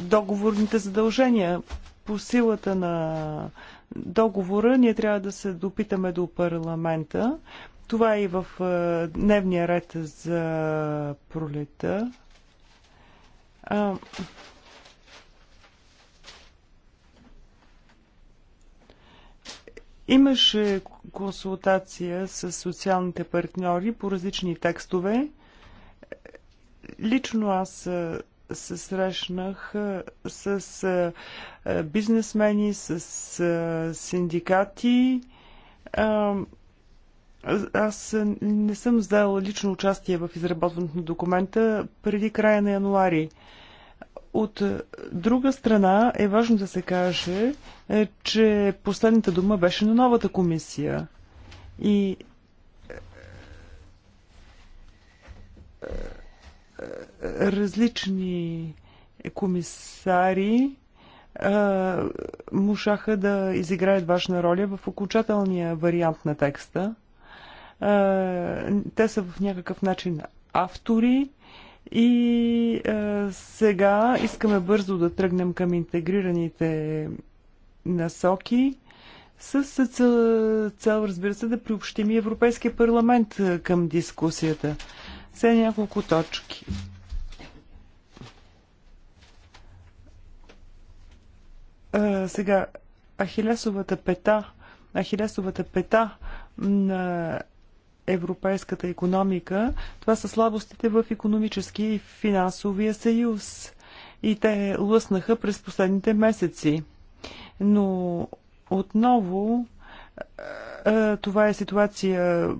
договорните задължения. По силата на договора ние трябва да се допитаме до парламента. Това е и в е, дневния ред за пролета. А... Имаше консултация с социалните партньори по различни текстове. Лично аз се срещнах с бизнесмени, с синдикати. Аз не съм взела лично участие в изработването на документа преди края на януари. От друга страна е важно да се каже, е, че последната дума беше на новата комисия. И е, е, различни комисари мушаха да изиграят важна роля в окончателния вариант на текста. Те са в някакъв начин автори и сега искаме бързо да тръгнем към интегрираните насоки с цел, разбира се, да приобщим и Европейския парламент към дискусията. Сега няколко точки. А, сега, Ахилесовата пета, Ахилесовата пета на европейската економика, това са слабостите в економически и финансовия съюз. И те лъснаха през последните месеци. Но отново това е ситуация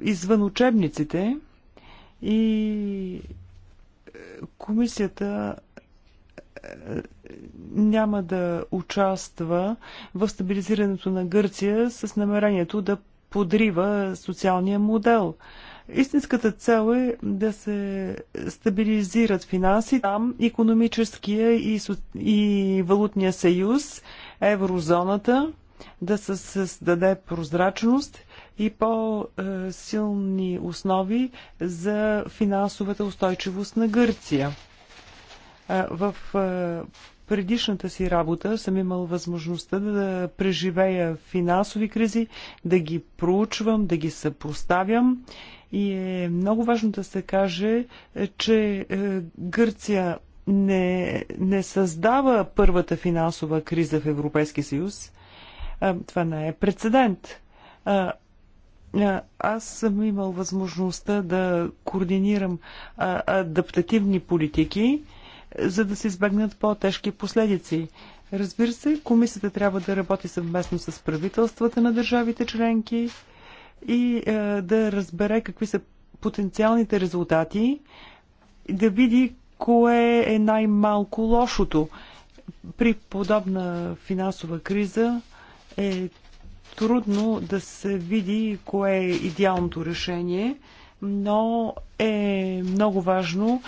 извън учебниците и е, комисията е, няма да участва в стабилизирането на Гърция с намерението да подрива социалния модел. Истинската цел е да се стабилизират финанси там, економическия и, и валутния съюз, еврозоната, да се създаде прозрачност и по-силни основи за финансовата устойчивост на Гърция. В предишната си работа съм имал възможността да преживея финансови кризи, да ги проучвам, да ги съпоставям. И е много важно да се каже, че е, Гърция не, не създава първата финансова криза в Европейския съюз. Това не е прецедент. Аз съм имал възможността да координирам адаптативни политики, за да се избегнат по-тежки последици. Разбира се, комисията трябва да работи съвместно с правителствата на държавите членки и да разбере какви са потенциалните резултати, да види кое е най-малко лошото. При подобна финансова криза е трудно да се види кое е идеалното решение, но е много важно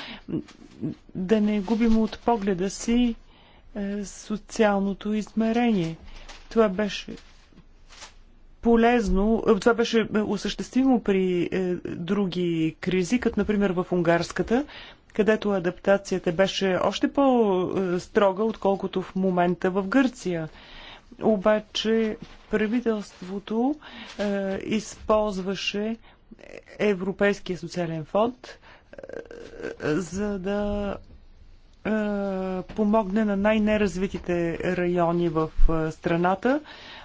да не губим от погледа си е, социалното измерение. Това беше полезно, е, това беше е, осъществимо при други кризи, като например в унгарската, където адаптацията беше още по-строга, отколкото в момента в Гърция. Обаче Правителството е, използваше Европейския социален фонд, е, за да е, помогне на най-неразвитите райони в е, страната,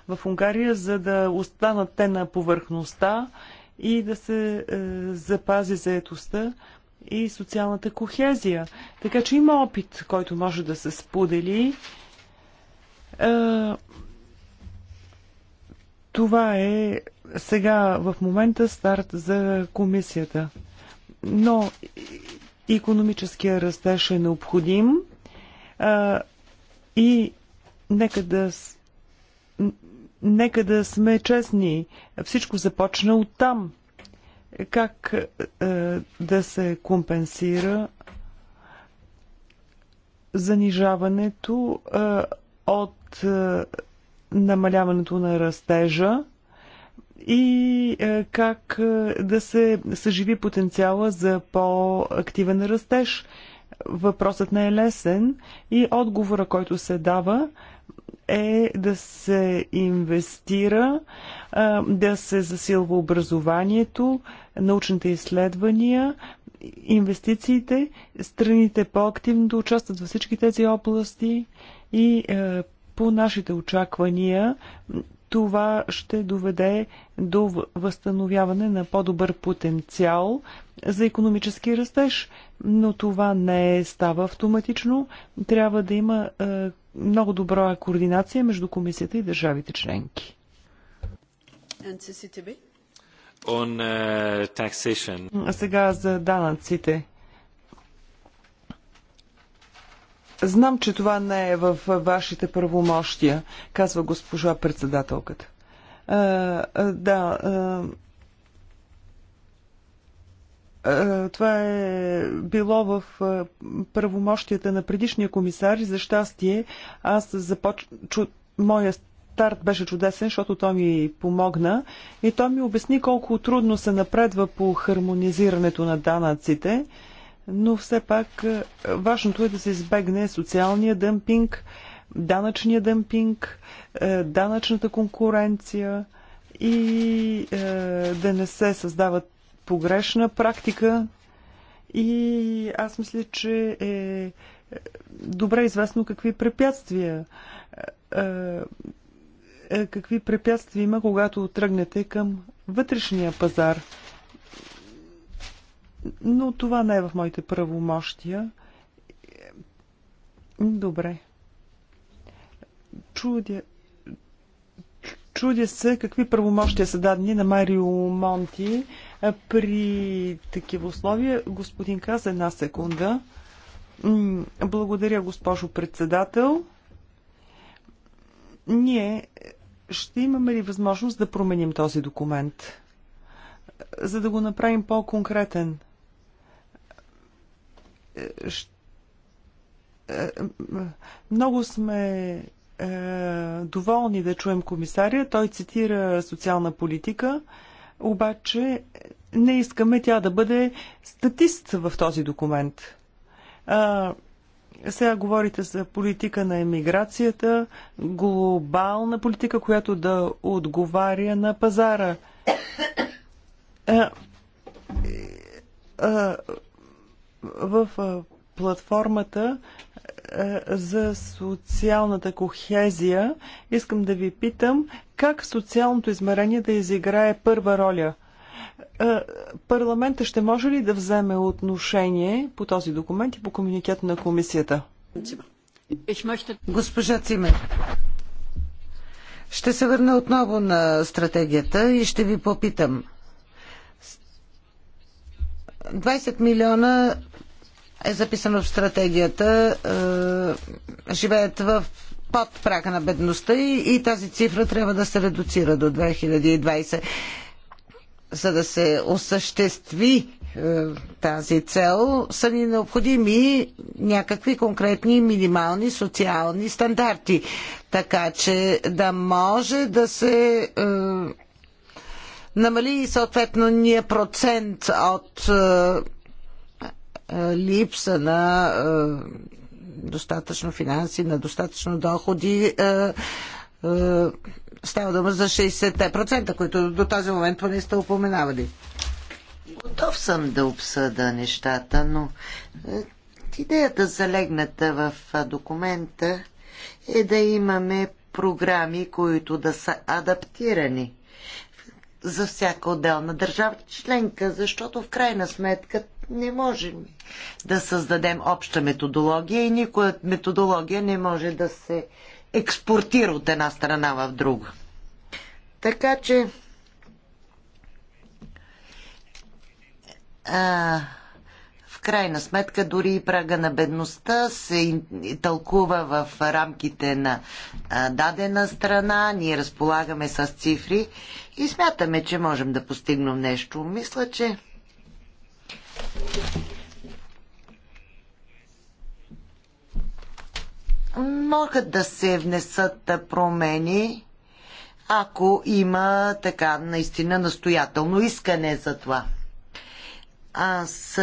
в Унгария, за да останат те на повърхността и да се е, запази заетостта и социалната кохезия. Така че има опит, който може да се сподели. Е, това е сега в момента старт за комисията. Но економическия растеж е необходим а, и нека да, нека да сме честни. Всичко започна от там. Как а, да се компенсира занижаването а, от а, намаляването на растежа и е, как е, да се съживи потенциала за по-активен растеж. Въпросът не е лесен и отговора, който се дава, е да се инвестира, е, да се засилва образованието, научните изследвания, инвестициите, страните по-активно да участват във всички тези области и по нашите очаквания това ще доведе до възстановяване на по-добър потенциал за економически растеж, но това не става автоматично. Трябва да има е, много добра координация между комисията и държавите членки. Е, а сега за данъците. Знам, че това не е в вашите правомощия, казва госпожа председателката. А, е, а, е, да. А, е, това е било в правомощията на предишния комисар и за щастие аз започ... Чу... моя старт беше чудесен, защото той ми помогна и той ми обясни колко трудно се напредва по хармонизирането на данъците но все пак е, важното е да се избегне социалния дъмпинг, данъчния дъмпинг, е, данъчната конкуренция и е, да не се създават погрешна практика. И аз мисля, че е добре известно какви препятствия какви препятствия има, когато тръгнете към вътрешния пазар но това не е в моите правомощия. Добре. Чудя. Чудя се какви правомощия са дадени на Марио Монти при такива условия. Господин каза една секунда. Благодаря, госпожо председател. Ние ще имаме ли възможност да променим този документ? За да го направим по-конкретен – е, е, е, много сме доволни да чуем комисаря. Той цитира социална политика, обаче не искаме тя да бъде статист в този документ. А, сега говорите за политика на емиграцията, глобална политика, която да отговаря на пазара. а, в платформата за социалната кохезия, искам да ви питам как социалното измерение да изиграе първа роля. Парламента ще може ли да вземе отношение по този документ и по комуникет на комисията? Госпожа Цимер,
ще се върна отново на стратегията и ще ви попитам. 20 милиона е записано в стратегията, е, живеят в под прага на бедността и, и тази цифра трябва да се редуцира до 2020. За да се осъществи е, тази цел, са ни необходими някакви конкретни минимални социални стандарти, така че да може да се. Е, намали и съответно ние процент от е, липса на достатъчно финанси, на достатъчно доходи. Става дума за 60%, които до този момент поне сте упоменавали. Готов съм да обсъда нещата, но е, идеята залегната в документа е да имаме програми, които да са адаптирани за всяка отделна държава членка, защото в крайна сметка не можем да създадем обща методология и никоя методология не може да се експортира от една страна в друга. Така че а, в крайна сметка дори и прага на бедността се тълкува в рамките на а, дадена страна. Ние разполагаме с цифри и смятаме, че можем да постигнем нещо. Мисля, че могат да се внесат промени, ако има така наистина настоятелно искане за това. Аз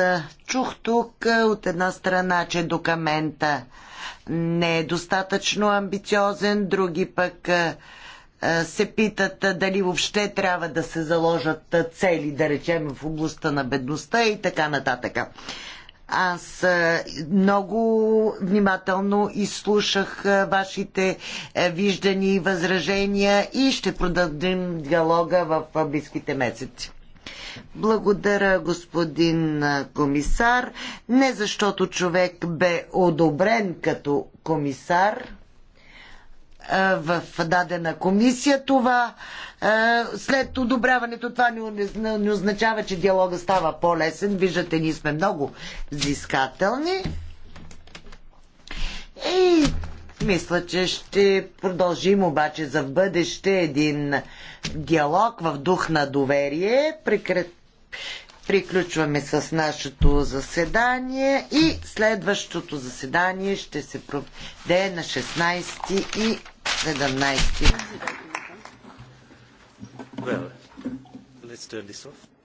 чух тук от една страна, че документа не е достатъчно амбициозен, други пък е, се питат е, дали въобще трябва да се заложат е, цели, да речем, в областта на бедността и така нататък. Аз много внимателно изслушах вашите виждания и възражения и ще продължим диалога в близките месеци. Благодаря, господин комисар. Не защото човек бе одобрен като комисар, в дадена комисия. Това след одобряването това не, означава, че диалога става по-лесен. Виждате, ние сме много взискателни. И мисля, че ще продължим обаче за бъдеще един диалог в дух на доверие. Прекрет... Приключваме с нашето заседание и следващото заседание ще се проведе на 16 и 17.
Well, let's turn this off.